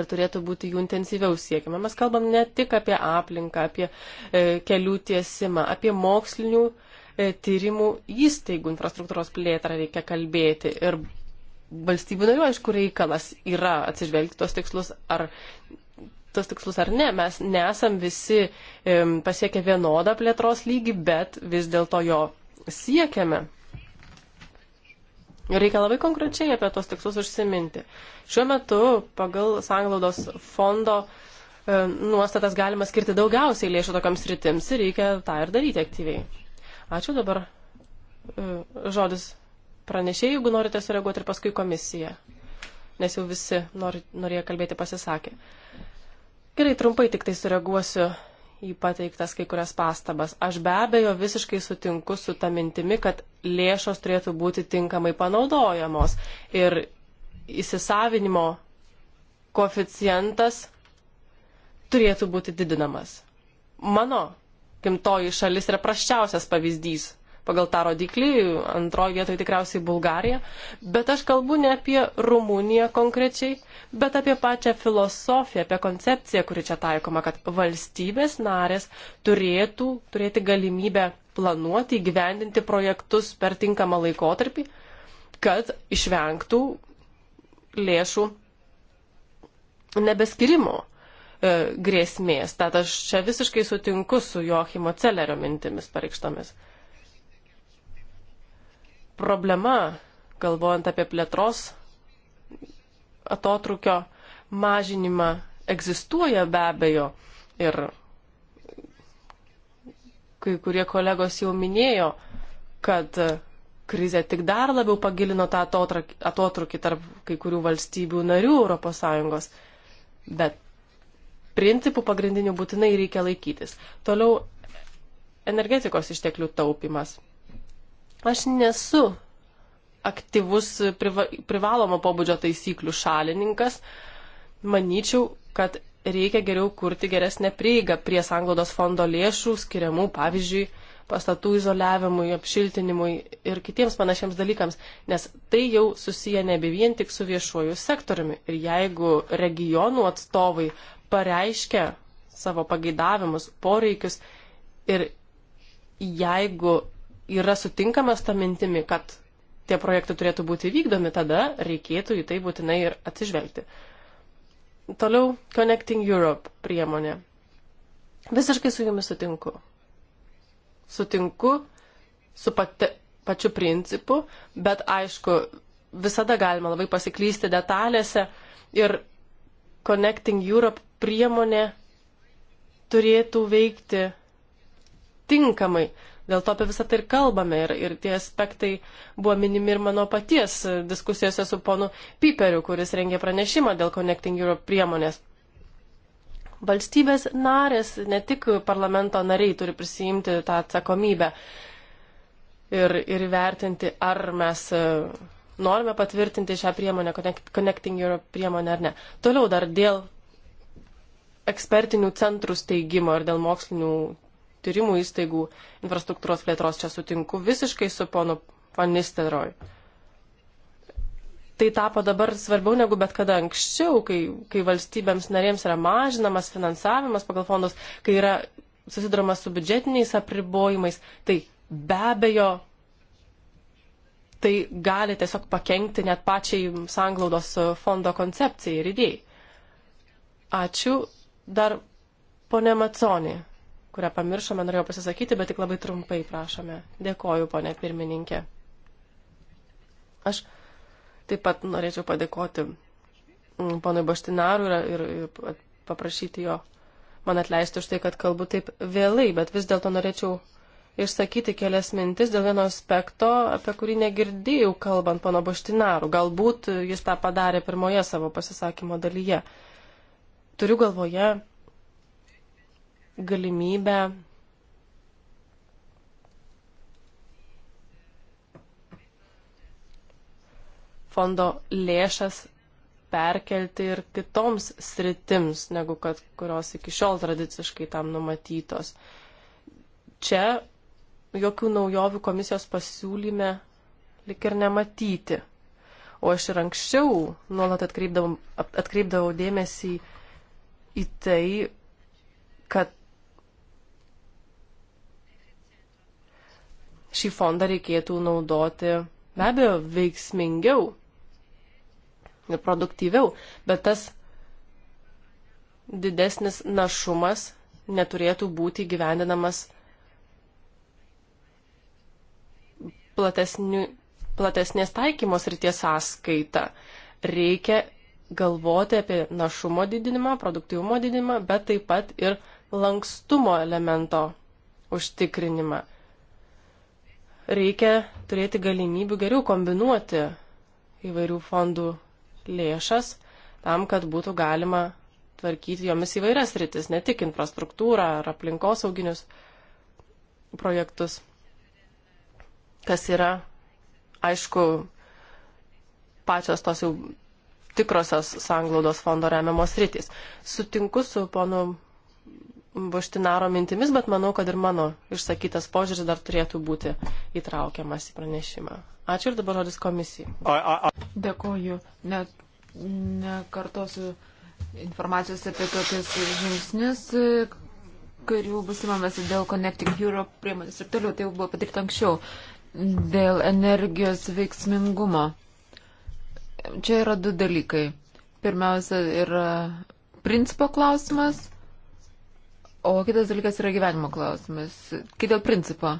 ir turėtų būti jų intensyviau siekiama. Mes kalbam ne tik apie aplinką, apie e, kelių tiesimą, apie mokslinių e, tyrimų įstaigų infrastruktūros plėtrą reikia kalbėti. Ir valstybių narių, aišku, reikalas yra atsižvelgti tos tikslus ar. Tos tikslus ar ne, mes nesam visi e, pasiekę vienodą plėtros lygį, bet vis dėlto jo siekiame. Reikia labai konkrečiai apie tos tikslus užsiminti. Šiuo metu pagal Sanglaudos fondo e, nuostatas galima skirti daugiausiai lėšų tokiams rytims ir reikia tą ir daryti aktyviai. Ačiū dabar. E, žodis pranešėjai, jeigu norite sureaguoti ir paskui komisija, nes jau visi nor, norėjo kalbėti pasisakė. Gerai, trumpai tik tai sureaguosiu į pateiktas kai kurias pastabas. Aš be abejo visiškai sutinku su tą mintimi, kad lėšos turėtų būti tinkamai panaudojamos ir įsisavinimo koficijantas turėtų būti didinamas. Mano gimtoji šalis yra praščiausias pavyzdys pagal tą rodiklį, antroje vietoje tikriausiai Bulgarija. Bet aš kalbu ne apie Rumuniją konkrečiai, bet apie pačią filosofiją, apie koncepciją, kuri čia taikoma, kad valstybės narės turėtų turėti galimybę planuoti, įgyvendinti projektus per tinkamą laikotarpį, kad išvengtų lėšų nebeskirimo e, grėsmės. Tad aš čia visiškai sutinku su Joachimo Celerio mintimis pareikštomis problema, galvojant apie plėtros atotrukio mažinimą, egzistuoja be abejo ir kai kurie kolegos jau minėjo, kad krizė tik dar labiau pagilino tą atotrukį tarp kai kurių valstybių narių ES. Bet principų pagrindinių būtinai reikia laikytis. Toliau energetikos išteklių taupimas. Aš nesu aktyvus priva, privalomo pobūdžio taisyklių šalininkas. Manyčiau, kad reikia geriau kurti geresnę prieigą prie sanglaudos fondo lėšų skiriamų, pavyzdžiui, pastatų izoliavimui, apšiltinimui ir kitiems panašiems dalykams, nes tai jau susiję nebe vien tik su viešuoju sektoriumi. Ir jeigu regionų atstovai pareiškia savo pageidavimus, poreikius ir jeigu yra sutinkamas tą mintimi, kad tie projektai turėtų būti vykdomi, tada reikėtų į tai būtinai ir atsižvelgti. Toliau Connecting Europe priemonė. Visiškai su jumis sutinku. Sutinku su pati, pačiu principu, bet aišku, visada galima labai pasiklysti detalėse ir Connecting Europe priemonė turėtų veikti tinkamai, Dėl to apie visą tai ir kalbame ir, ir tie aspektai buvo minimi ir mano paties diskusijose su ponu Piperiu, kuris rengė pranešimą dėl Connecting Europe priemonės. Valstybės narės, ne tik parlamento nariai turi prisijimti tą atsakomybę ir, ir vertinti, ar mes e, norime patvirtinti šią priemonę, Connecting Europe priemonę ar ne. Toliau dar dėl ekspertinių centrų steigimo ir dėl mokslinių tyrimų įstaigų infrastruktūros plėtros. Čia sutinku visiškai su ponu Panisteroj. Tai tapo dabar svarbiau negu bet kada anksčiau, kai, kai valstybėms narėms yra mažinamas finansavimas pagal fondus, kai yra susidurama su biudžetiniais apribojimais, tai be abejo tai gali tiesiog pakengti net pačiai sanglaudos fondo koncepcijai ir idėjai. Ačiū. Dar ponė Maconė kurią pamiršome, norėjau pasisakyti, bet tik labai trumpai prašome. Dėkoju, ponė pirmininkė. Aš taip pat norėčiau padėkoti mm, ponui Baštinarui ir, ir paprašyti jo man atleisti už tai, kad kalbu taip vėlai, bet vis dėlto norėčiau išsakyti kelias mintis dėl vieno aspekto, apie kurį negirdėjau kalbant pono Baštinarų. Galbūt jis tą padarė pirmoje savo pasisakymo dalyje. Turiu galvoje galimybę fondo lėšas perkelti ir kitoms sritims, negu kad kurios iki šiol tradiciškai tam numatytos. Čia jokių naujovių komisijos pasiūlyme lik ir nematyti. O aš ir anksčiau nuolat atkreipdavau, atkreipdavau dėmesį į tai, kad šį fondą reikėtų naudoti be abejo veiksmingiau ir produktyviau, bet tas didesnis našumas neturėtų būti gyvendinamas platesnių, platesnės taikymos ryties sąskaita. Reikia galvoti apie našumo didinimą, produktyvumo didinimą, bet taip pat ir lankstumo elemento užtikrinimą reikia turėti galimybių geriau kombinuoti įvairių fondų lėšas tam, kad būtų galima tvarkyti jomis įvairias rytis, ne tik infrastruktūrą ar aplinkosauginius projektus, kas yra, aišku, pačios tos jau tikrosios sanglaudos fondo remiamos rytis. Sutinku su ponu Boštinaro mintimis, bet manau, kad ir mano išsakytas požiūris dar turėtų būti įtraukiamas į pranešimą. Ačiū ir dabar žodis komisijai. Dėkoju. Net nekartosiu informacijos apie tokius žingsnius, kurių bus įmamasi dėl Connecting Europe priemonės ir toliau, tai jau buvo padaryta anksčiau, dėl energijos veiksmingumo. Čia yra du dalykai. Pirmiausia yra principo klausimas O kitas dalykas yra gyvenimo klausimas. Kai dėl principo.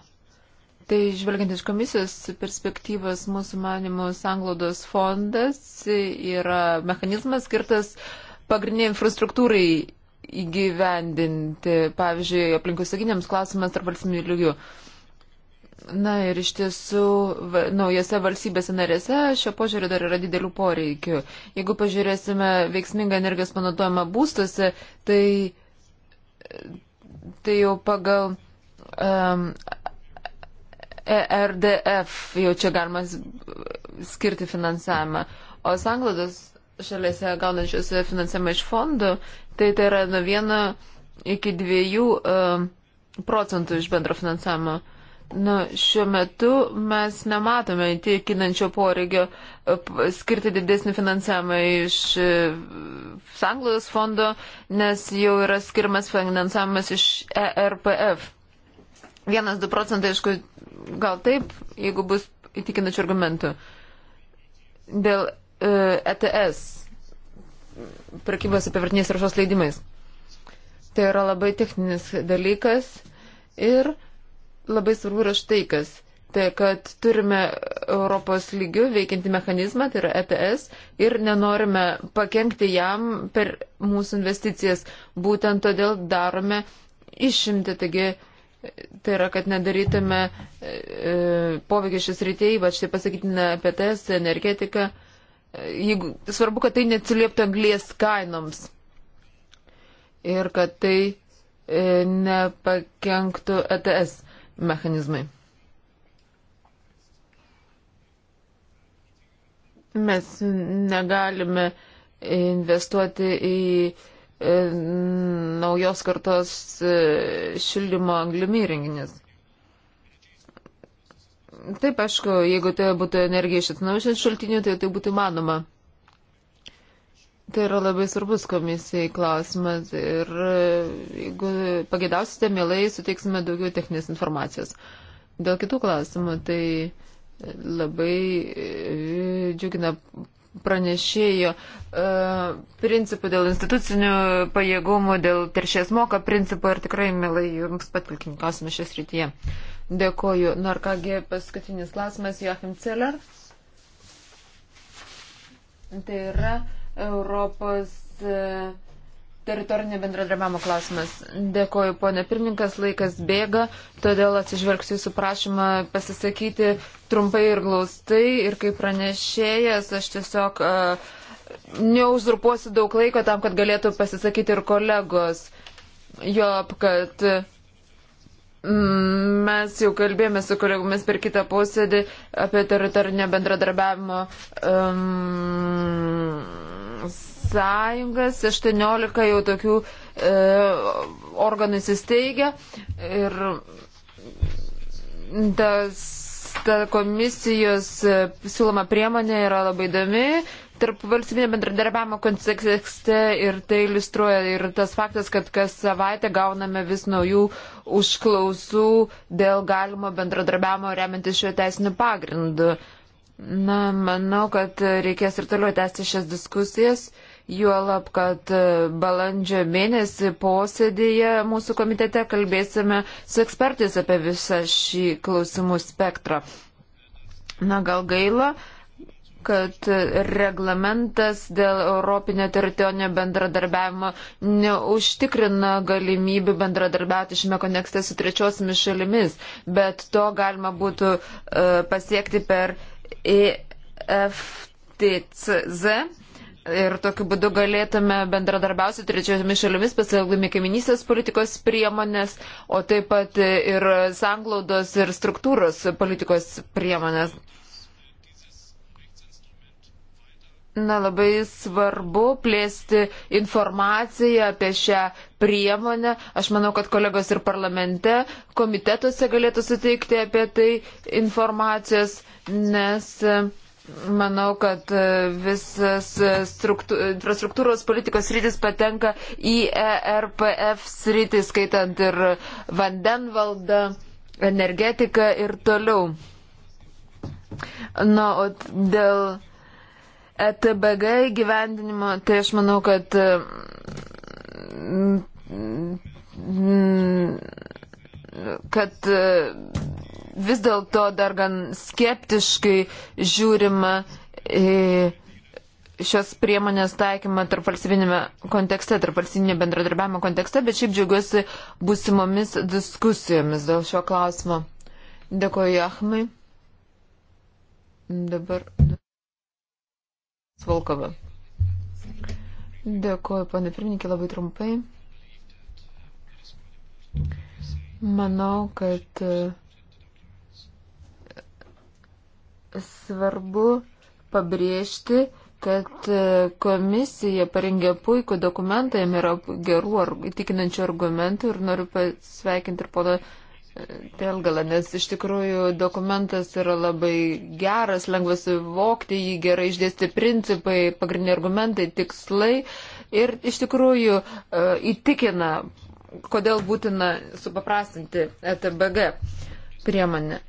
Tai žvelgiant iš komisijos perspektyvos, mūsų manimų sanglodos fondas yra mechanizmas skirtas pagrindiniai infrastruktūrai įgyvendinti, pavyzdžiui, aplinkosauginiams klausimams tarp valstybių lygių. Na ir iš tiesų, va, naujose valstybėse narėse šio požiūrio dar yra didelių poreikių. Jeigu pažiūrėsime veiksmingą energijos panaudojimą būstuose, tai tai jau pagal um, ERDF jau čia galima skirti finansavimą. O sanglados šalėse gaunančios finansavimą iš fondų, tai tai yra nuo vieno iki dviejų um, procentų iš bendro finansavimo. Uh, Na, šiuo metu mes nematome įtikinančio poreigio e, skirti didesnį finansavimą iš e, Sanglaudos fondo, nes jau yra skirimas finansavimas iš ERPF. 1-2 procentai, aišku, gal taip, jeigu bus įtikinančių argumentų. Dėl e, ETS, prekybos apivartiniais rašos leidimais. Tai yra labai techninis dalykas ir labai svarbu yra štai kas. Tai kad turime Europos lygių veikianti mechanizmą, tai yra ETS, ir nenorime pakengti jam per mūsų investicijas. Būtent todėl darome išimti. Taigi, tai yra, kad nedarytume e, poveikį šis rytėjai, ypač tai pasakytume apie ETS, energetiką. Jeigu, svarbu, kad tai neatsilieptų anglies kainoms. Ir kad tai e, nepakenktų ETS mechanizmai. Mes negalime investuoti į e, naujos kartos e, šildymo anglimi įrenginius. Taip, aišku, jeigu tai būtų energija iš atsinaujančių šaltinių, tai tai būtų įmanoma. Tai yra labai svarbus komisijai klausimas ir e, jeigu pagėdausite, mielai suteiksime daugiau techninės informacijos. Dėl kitų klausimų, tai e, labai e, džiugina pranešėjo principų dėl institucinių pajėgumų, dėl teršės moka principų ir tikrai, mielai, jums patilkim klausimą šios rytyje. Dėkoju. Na ir kągi, paskutinis klausimas, Joachim Celler. Tai yra Europos e, teritorinio bendradarbiavimo klausimas. Dėkoju, ponė pirmininkas, laikas bėga, todėl atsižvelgsiu jūsų prašymą pasisakyti trumpai ir glaustai ir kaip pranešėjas aš tiesiog uh, e, neuzurpuosiu daug laiko tam, kad galėtų pasisakyti ir kolegos. Jop, kad mm, mes jau kalbėjome su kolegomis per kitą posėdį apie teritorinio bendradarbiavimo um, sąjungas, 18 jau tokių e, organų įsisteigia ir tas, ta komisijos e, siūloma priemonė yra labai įdomi. Tarp valstybinio bendradarbiavimo kontekste ir tai iliustruoja ir tas faktas, kad kas savaitę gauname vis naujų užklausų dėl galimo bendradarbiavimo remiantis šio teisiniu pagrindu. E, Na, manau, kad reikės ir toliau tęsti šias diskusijas, juolab, kad e, balandžio mėnesį posėdėje mūsų komitete kalbėsime su ekspertais apie visą šį klausimų spektrą. Na, gal gaila, kad reglamentas dėl Europinio teritorinio bendradarbiavimo neužtikrina galimybių bendradarbiauti šiame kontekste su trečiosiomis šalimis, bet to galima būtų uh, pasiekti per uh, EFTCZ ir tokiu būdu galėtume bendradarbiausi trečiosiomis šalimis, pasilgdami kaiminystės politikos priemonės, o taip pat ir sanglaudos ir struktūros politikos priemonės. Na, labai svarbu plėsti informaciją apie šią priemonę. Aš manau, kad kolegos ir parlamente, komitetuose galėtų suteikti apie tai informacijos, nes e, manau, kad e, visas e, struktu, infrastruktūros politikos rytis patenka į ERPF sritį, skaitant ir vandenvaldą, energetiką ir toliau. Na, o dėl ETBG gyvendinimo, tai aš manau, kad mm, kad mm, vis dėlto dar gan skeptiškai žiūrima į šios priemonės taikymą tarp valstybinėme kontekste, tarp valstybinėme bendradarbiavimo kontekste, bet šiaip džiaugiuosi būsimomis diskusijomis dėl šio klausimo. Dėkoju Jahmai. Dabar. Svolkova. Dėkuoju, ponė pirmininkė, labai trumpai. Manau, kad e, svarbu pabrėžti, kad e, komisija parengė puikų dokumentą, jame yra gerų ar įtikinančių argumentų ir noriu pasveikinti ir pono Telgalą, nes iš tikrųjų dokumentas yra labai geras, lengvas suvokti, jį gerai išdėsti principai, pagrindiniai argumentai, tikslai ir iš tikrųjų e, įtikina, kodėl būtina supaprastinti ETBG priemonę.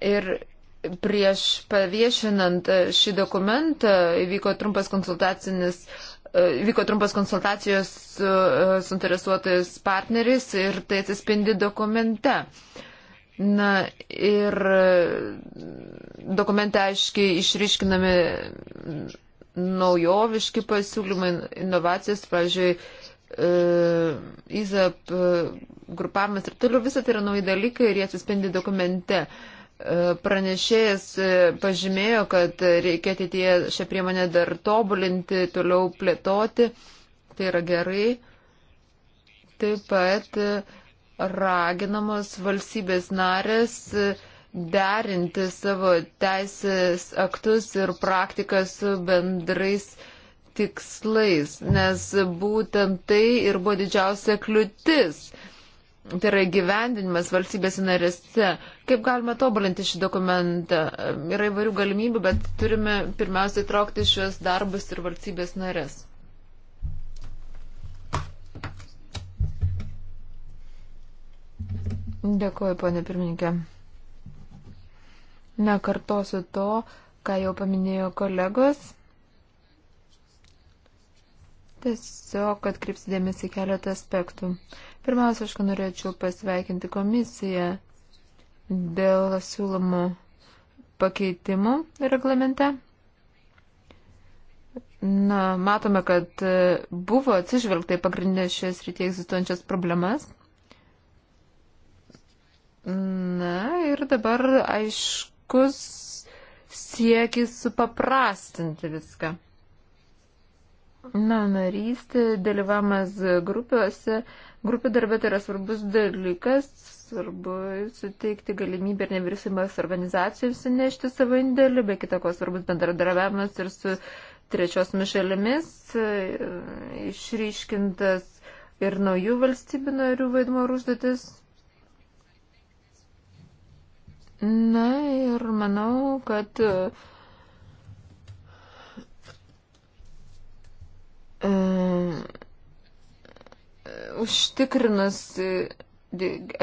Ir prieš paviešinant šį dokumentą įvyko trumpas konsultacinis uh, E, vyko trumpas konsultacijos su e, suinteresuotais partneriais ir tai atsispindi dokumente. Na ir e, dokumente aiškiai išryškinami naujoviški pasiūlymai, inovacijos, pavyzdžiui, IZAP grupavimas ir toliau visą tai yra nauji dalykai ir jie atsispindi dokumente. Uh, E, pranešėjas e, pažymėjo, kad reikia ateityje šią priemonę dar tobulinti, toliau plėtoti. Tai yra gerai. Taip pat e, raginamos valstybės narės derinti savo teisės aktus ir praktiką su bendrais tikslais, nes būtent tai ir buvo didžiausia kliūtis tai yra gyvendinimas valstybės narėse. Kaip galime tobulinti šį dokumentą? Yra įvairių galimybių, bet turime pirmiausiai traukti šios darbus ir valstybės narės. Dėkuoju, ponė pirmininkė. Nekartosiu to, ką jau paminėjo kolegos. Tiesiog atkreipsidėmės į keletą aspektų. Uh, Pirmiausia, aš norėčiau pasveikinti komisiją dėl siūlomų pakeitimų reglamente. Na, matome, kad buvo atsižvelgta į pagrindinės šias rytyje egzistuojančias problemas. Na ir dabar aiškus siekis supaprastinti viską. Na, narystė, dalyvavimas grupiuose, uh, Grupių darbė tai yra svarbus dalykas, svarbu suteikti galimybę ir nevyriausybės organizacijoms nešti savo indėlį, be kita ko svarbus bendradarbiavimas ir su trečios mišelimis, išryškintas ir naujų valstybių narių vaidmo užduotis. Na ir manau, kad uh, Užtikrinus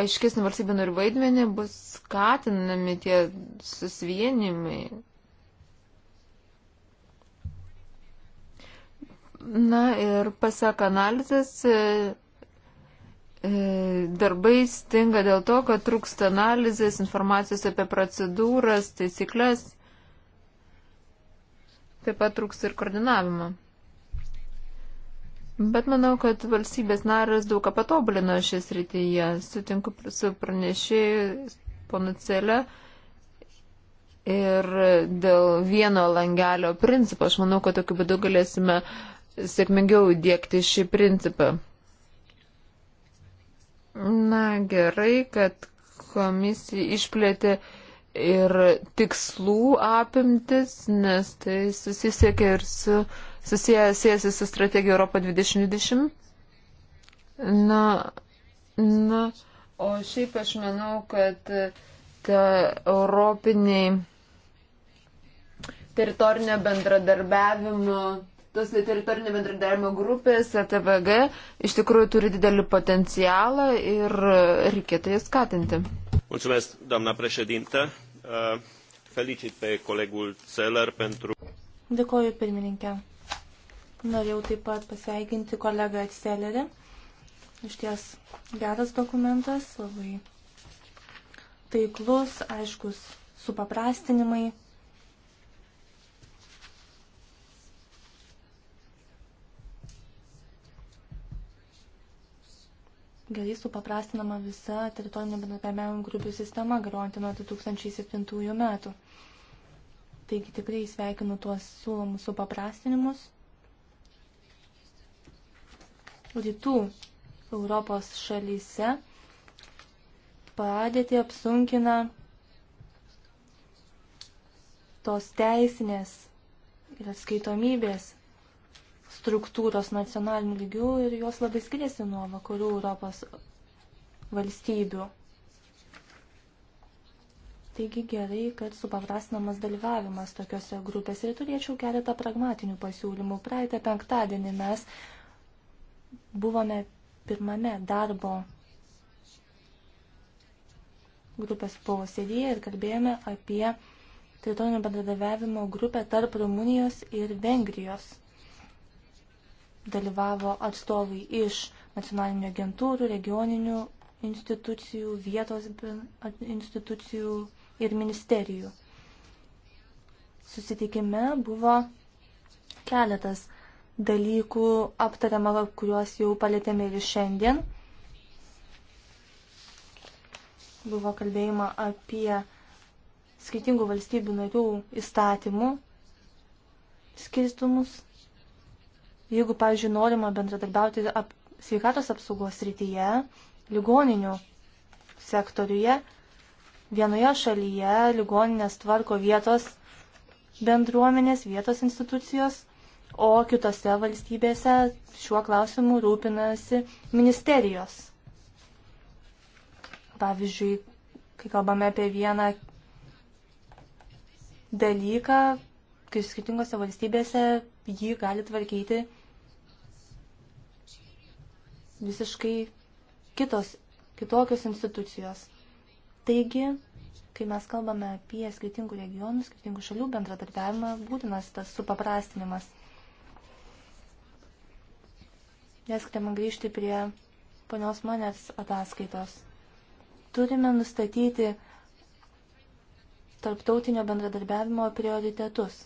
aiškesnį valstybę narių vaidmenį bus skatinami tie susivienimai. Na ir pasak analizės, e, e, darbai stinga dėl to, kad trūksta analizės, informacijos apie procedūras, taisyklės, taip pat trūksta ir koordinavimo. Bet manau, kad valstybės narės daug ką patobulino šias rytyje. Sutinku su pranešėjui, ponu Celė. Ir dėl vieno langelio principo, aš manau, kad tokiu būdu galėsime sėkmingiau dėkti šį principą. Na gerai, kad komisija išplėtė ir tikslų apimtis, nes tai susisiekė ir su uh, susijęs su strategija Europo 2020. Na, na, o šiaip aš manau, kad ta europiniai teritorinio bendradarbiavimo, tos teritorinio bendradarbiavimo grupės ATVG iš tikrųjų turi didelį potencialą ir reikėtų jas skatinti. Mulțumesc, doamna președintă. Felicit pe colegul Celer pentru. Dėkoju, pirmininkė. Norėjau taip pat pasveikinti kolegą Excelerį. Iš ties geras dokumentas, labai taiklus, aiškus supaprastinimai. Gerai supaprastinama visa teritorinio bendradarbiavimo grupių sistema, galiojanti nuo 2007 metų. Taigi tikrai sveikinu tuos siūlomus supaprastinimus rytų Europos šalyse padėtį apsunkina tos teisinės ir atskaitomybės struktūros nacionalinių lygių ir jos labai skiriasi nuo vakarų Europos valstybių. Taigi gerai, kad supaprastinamas dalyvavimas tokiuose grupėse ir turėčiau keletą pragmatinių pasiūlymų. Praeitą penktadienį mes buvome pirmame darbo grupės posėdėje ir kalbėjome apie teritorinio bendradarbiavimo grupę tarp Rumunijos ir Vengrijos. Dalyvavo atstovai iš nacionalinių agentūrų, regioninių institucijų, vietos institucijų ir ministerijų. Susitikime buvo keletas dalykų aptariama, kuriuos jau palėtėme ir šiandien. Buvo kalbėjima apie skirtingų valstybių narių įstatymų skirtumus. Jeigu, pavyzdžiui, norima bendradarbiauti ap sveikatos apsaugos rytyje, ligoninių sektoriuje, vienoje šalyje ligoninės tvarko vietos bendruomenės, vietos institucijos – o kitose valstybėse šiuo klausimu rūpinasi ministerijos. Pavyzdžiui, kai kalbame apie vieną dalyką, kai skirtingose valstybėse jį gali tvarkyti visiškai kitos, kitokios institucijos. Taigi, kai mes kalbame apie skirtingų regionų, skirtingų šalių bendradarbiavimą, būtinas tas supaprastinimas. Leiskite man grįžti prie ponios manęs ataskaitos. Turime nustatyti tarptautinio bendradarbiavimo prioritetus.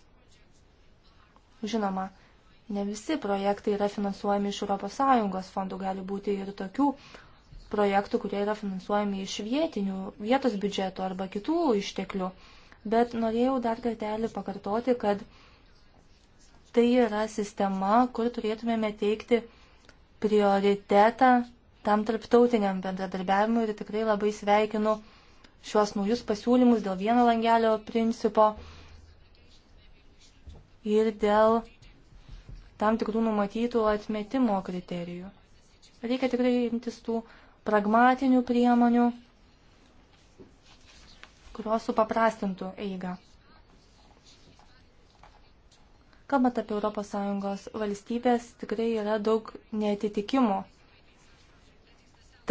Žinoma, ne visi projektai yra finansuojami iš ES fondų, gali būti ir tokių projektų, kurie yra finansuojami iš vietinių, vietos biudžeto arba kitų išteklių. Bet norėjau dar kartelį pakartoti, kad tai yra sistema, kur turėtumėme teikti prioritetą tam tarptautiniam bendradarbiavimui ir tikrai labai sveikinu šiuos naujus pasiūlymus dėl vieno langelio principo ir dėl tam tikrų numatytų atmetimo kriterijų. Reikia tikrai imtis tų pragmatinių priemonių, kurios supaprastintų eigą. Kalbant apie ES valstybės, tikrai yra daug netitikimų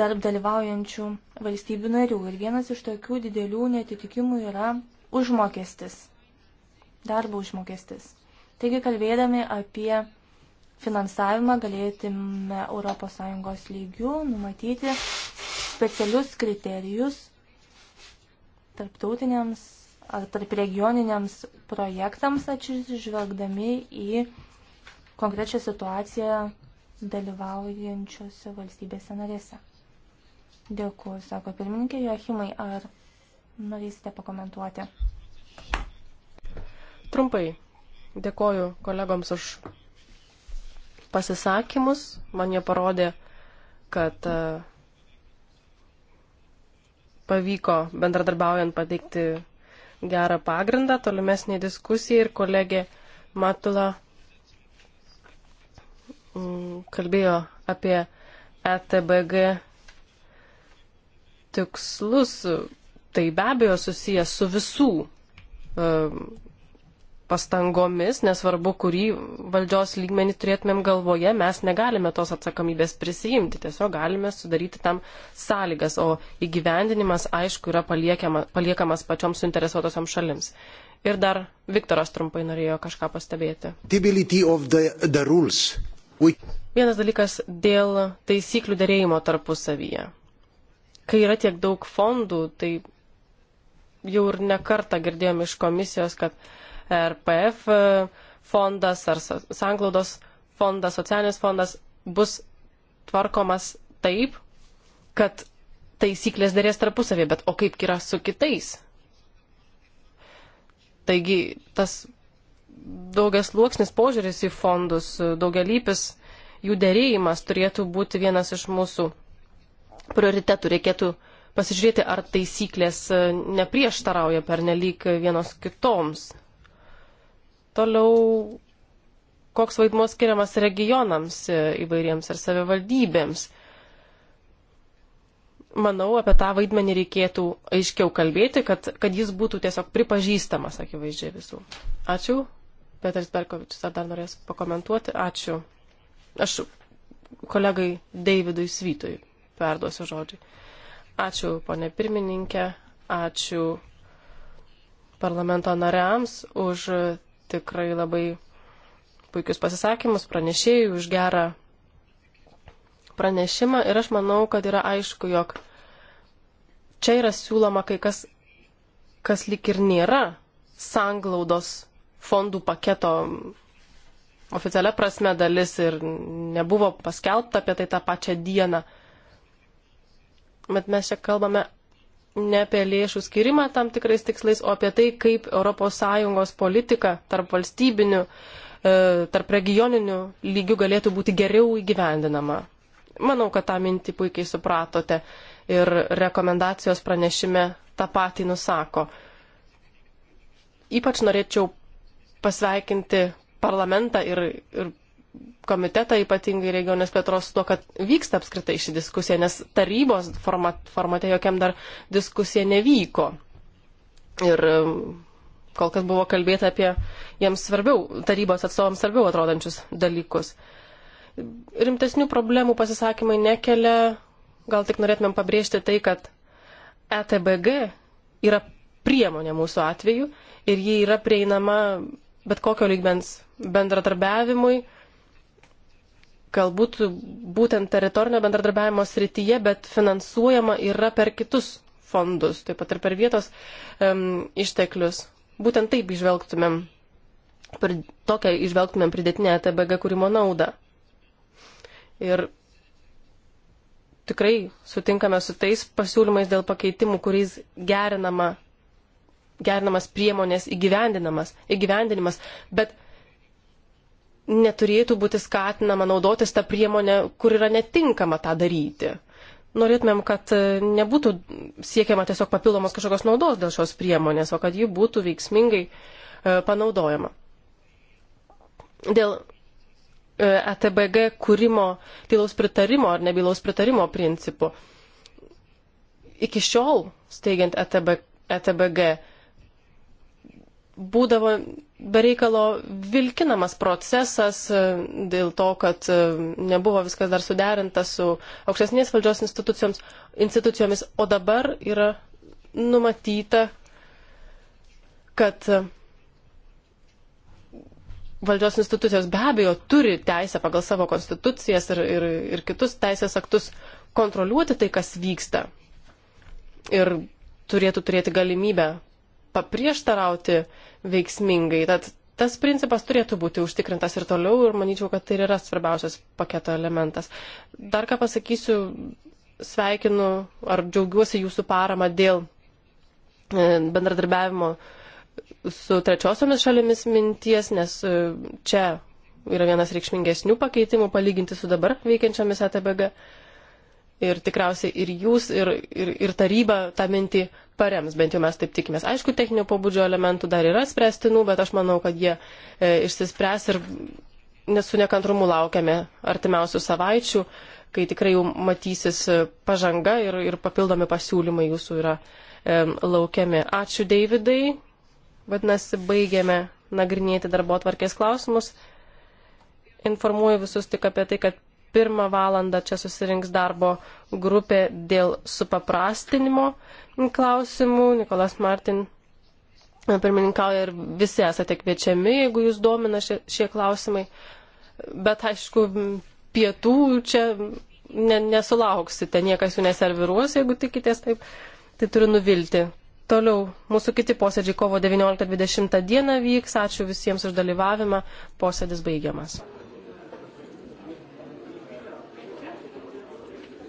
tarp dalyvaujančių valstybių narių. Ir vienas iš tokių didelių netitikimų yra užmokestis, darbo užmokestis. Taigi, kalbėdami apie finansavimą galėtume ES lygių numatyti specialius kriterijus tarptautiniams ar tarp regioniniams projektams atsižvelgdami į konkrečią situaciją dalyvaujančiose valstybėse narėse. Dėkuoju, sako pirmininkė Joachimai, ar norėsite pakomentuoti? Trumpai dėkoju kolegoms už pasisakymus. Man jie parodė, kad e, pavyko bendradarbiaujant pateikti gerą pagrindą tolimesnį diskusiją ir kolegė Matula mm, kalbėjo apie ETBG tikslus. Tai be abejo susijęs su visų pastangomis, nesvarbu, kurį valdžios lygmenį turėtumėm galvoje, mes negalime tos atsakomybės prisijimti, tiesiog galime sudaryti tam sąlygas, o įgyvendinimas, aišku, yra paliekama, paliekamas pačioms suinteresuotosiam šalims. Ir dar Viktoras trumpai norėjo kažką pastebėti. The, the We... Vienas dalykas dėl taisyklių dėrėjimo tarpusavyje. Kai yra tiek daug fondų, tai jau ir nekartą girdėjom iš komisijos, kad uh, RPF e, fondas ar sanglaudos fondas, socialinis fondas bus tvarkomas taip, kad taisyklės dėrės tarpusavėje, bet o kaip yra su kitais? Taigi tas daugias luoksnis požiūris į fondus, daugialypis jų dėrėjimas turėtų būti vienas iš mūsų prioritetų. Reikėtų pasižiūrėti, ar taisyklės e, neprieštarauja per nelik vienos kitoms. Toliau, koks vaidmuo skiriamas regionams e, įvairiems ar savivaldybėms. Manau, apie tą vaidmenį reikėtų aiškiau kalbėti, kad, kad jis būtų tiesiog pripažįstamas, akivaizdžiai visų. Ačiū. Petras Berkovičius ar dar norės pakomentuoti? Ačiū. Aš kolegai Davidui Svytui perduosiu žodžiai. Ačiū, ponė pirmininkė, ačiū parlamento nariams už tikrai labai puikius pasisakymus pranešėjų už gerą pranešimą ir aš manau, kad yra aišku, jog čia yra siūloma kai kas, kas lik ir nėra sanglaudos fondų paketo oficialia prasme dalis ir nebuvo paskelbta apie tai tą pačią dieną. Bet mes čia kalbame ne apie lėšų skirimą tam tikrais tikslais, o apie tai, kaip ES politika tarp valstybinių, e, tarp regioninių lygių galėtų būti geriau įgyvendinama. Manau, kad tą mintį puikiai supratote ir rekomendacijos pranešime tą patį nusako. Ypač norėčiau pasveikinti parlamentą ir, ir komitetą ypatingai regionės plėtros su to, kad vyksta apskritai ši diskusija, nes tarybos format, formate jokiam dar diskusija nevyko. Ir um, kol kas buvo kalbėta apie jiems svarbiau, tarybos atstovams svarbiau atrodančius dalykus. Rimtesnių problemų pasisakymai nekelia, gal tik norėtumėm pabrėžti tai, kad ETBG yra priemonė mūsų atveju ir ji yra prieinama bet kokio lygmens bendradarbiavimui galbūt būtent teritorinio bendradarbiavimo srityje, bet finansuojama yra per kitus fondus, taip pat ir per vietos um, išteklius. Būtent taip išvelgtumėm, per tokią išvelgtumėm pridėtinę ETBG kūrimo naudą. Ir tikrai sutinkame su tais pasiūlymais dėl pakeitimų, kuriais gerinama, gerinamas priemonės įgyvendinamas, įgyvendinimas, bet neturėtų būti skatinama naudotis tą priemonę, kur yra netinkama tą daryti. Norėtumėm, kad e, nebūtų siekiama tiesiog papildomos kažkokios naudos dėl šios priemonės, o kad ji būtų veiksmingai e, panaudojama. Dėl ETBG e kūrimo tylaus pritarimo ar nebylaus pritarimo principų. Iki šiol, steigiant ETB, ETBG, būdavo bereikalo vilkinamas procesas e, dėl to, kad e, nebuvo viskas dar suderinta su aukštesnės valdžios institucijomis, institucijomis o dabar yra numatyta, kad e, valdžios institucijos be abejo turi teisę pagal savo konstitucijas ir, ir, ir kitus teisės aktus kontroliuoti tai, kas vyksta. Ir turėtų turėti galimybę paprieštarauti veiksmingai. Tad tas principas turėtų būti užtikrintas ir toliau ir manyčiau, kad tai yra svarbiausias paketo elementas. Dar ką pasakysiu, sveikinu ar džiaugiuosi jūsų parama dėl e, bendradarbiavimo su trečiosiomis šalimis minties, nes e, čia yra vienas reikšmingesnių pakeitimų palyginti su dabar veikiančiamis ATBG. Ir tikriausiai ir jūs, ir, ir, ir taryba tą mintį parems, bent jau mes taip tikimės. Aišku, techninio pobūdžio elementų dar yra spręstinų, bet aš manau, kad jie e, išsispręs ir nesu nekantrumu laukiame artimiausių savaičių, kai tikrai jau matysis e, pažanga ir, ir papildomi pasiūlymai jūsų yra e, laukiami. Ačiū, Davidai. Vadinasi, baigėme nagrinėti darbo atvarkės klausimus informuoju visus tik apie tai, kad Pirmą valandą čia susirinks darbo grupė dėl supaprastinimo klausimų. Nikolas Martin pirmininkauja ir visi esate kviečiami, jeigu jūs domina šie, šie klausimai. Bet aišku, pietų čia ne, nesulauksite, niekas jų neserviruos, jeigu tikitės taip. Tai turiu nuvilti. Toliau mūsų kiti posėdžiai kovo 19-20 dieną vyks. Ačiū visiems už dalyvavimą. Posėdis baigiamas.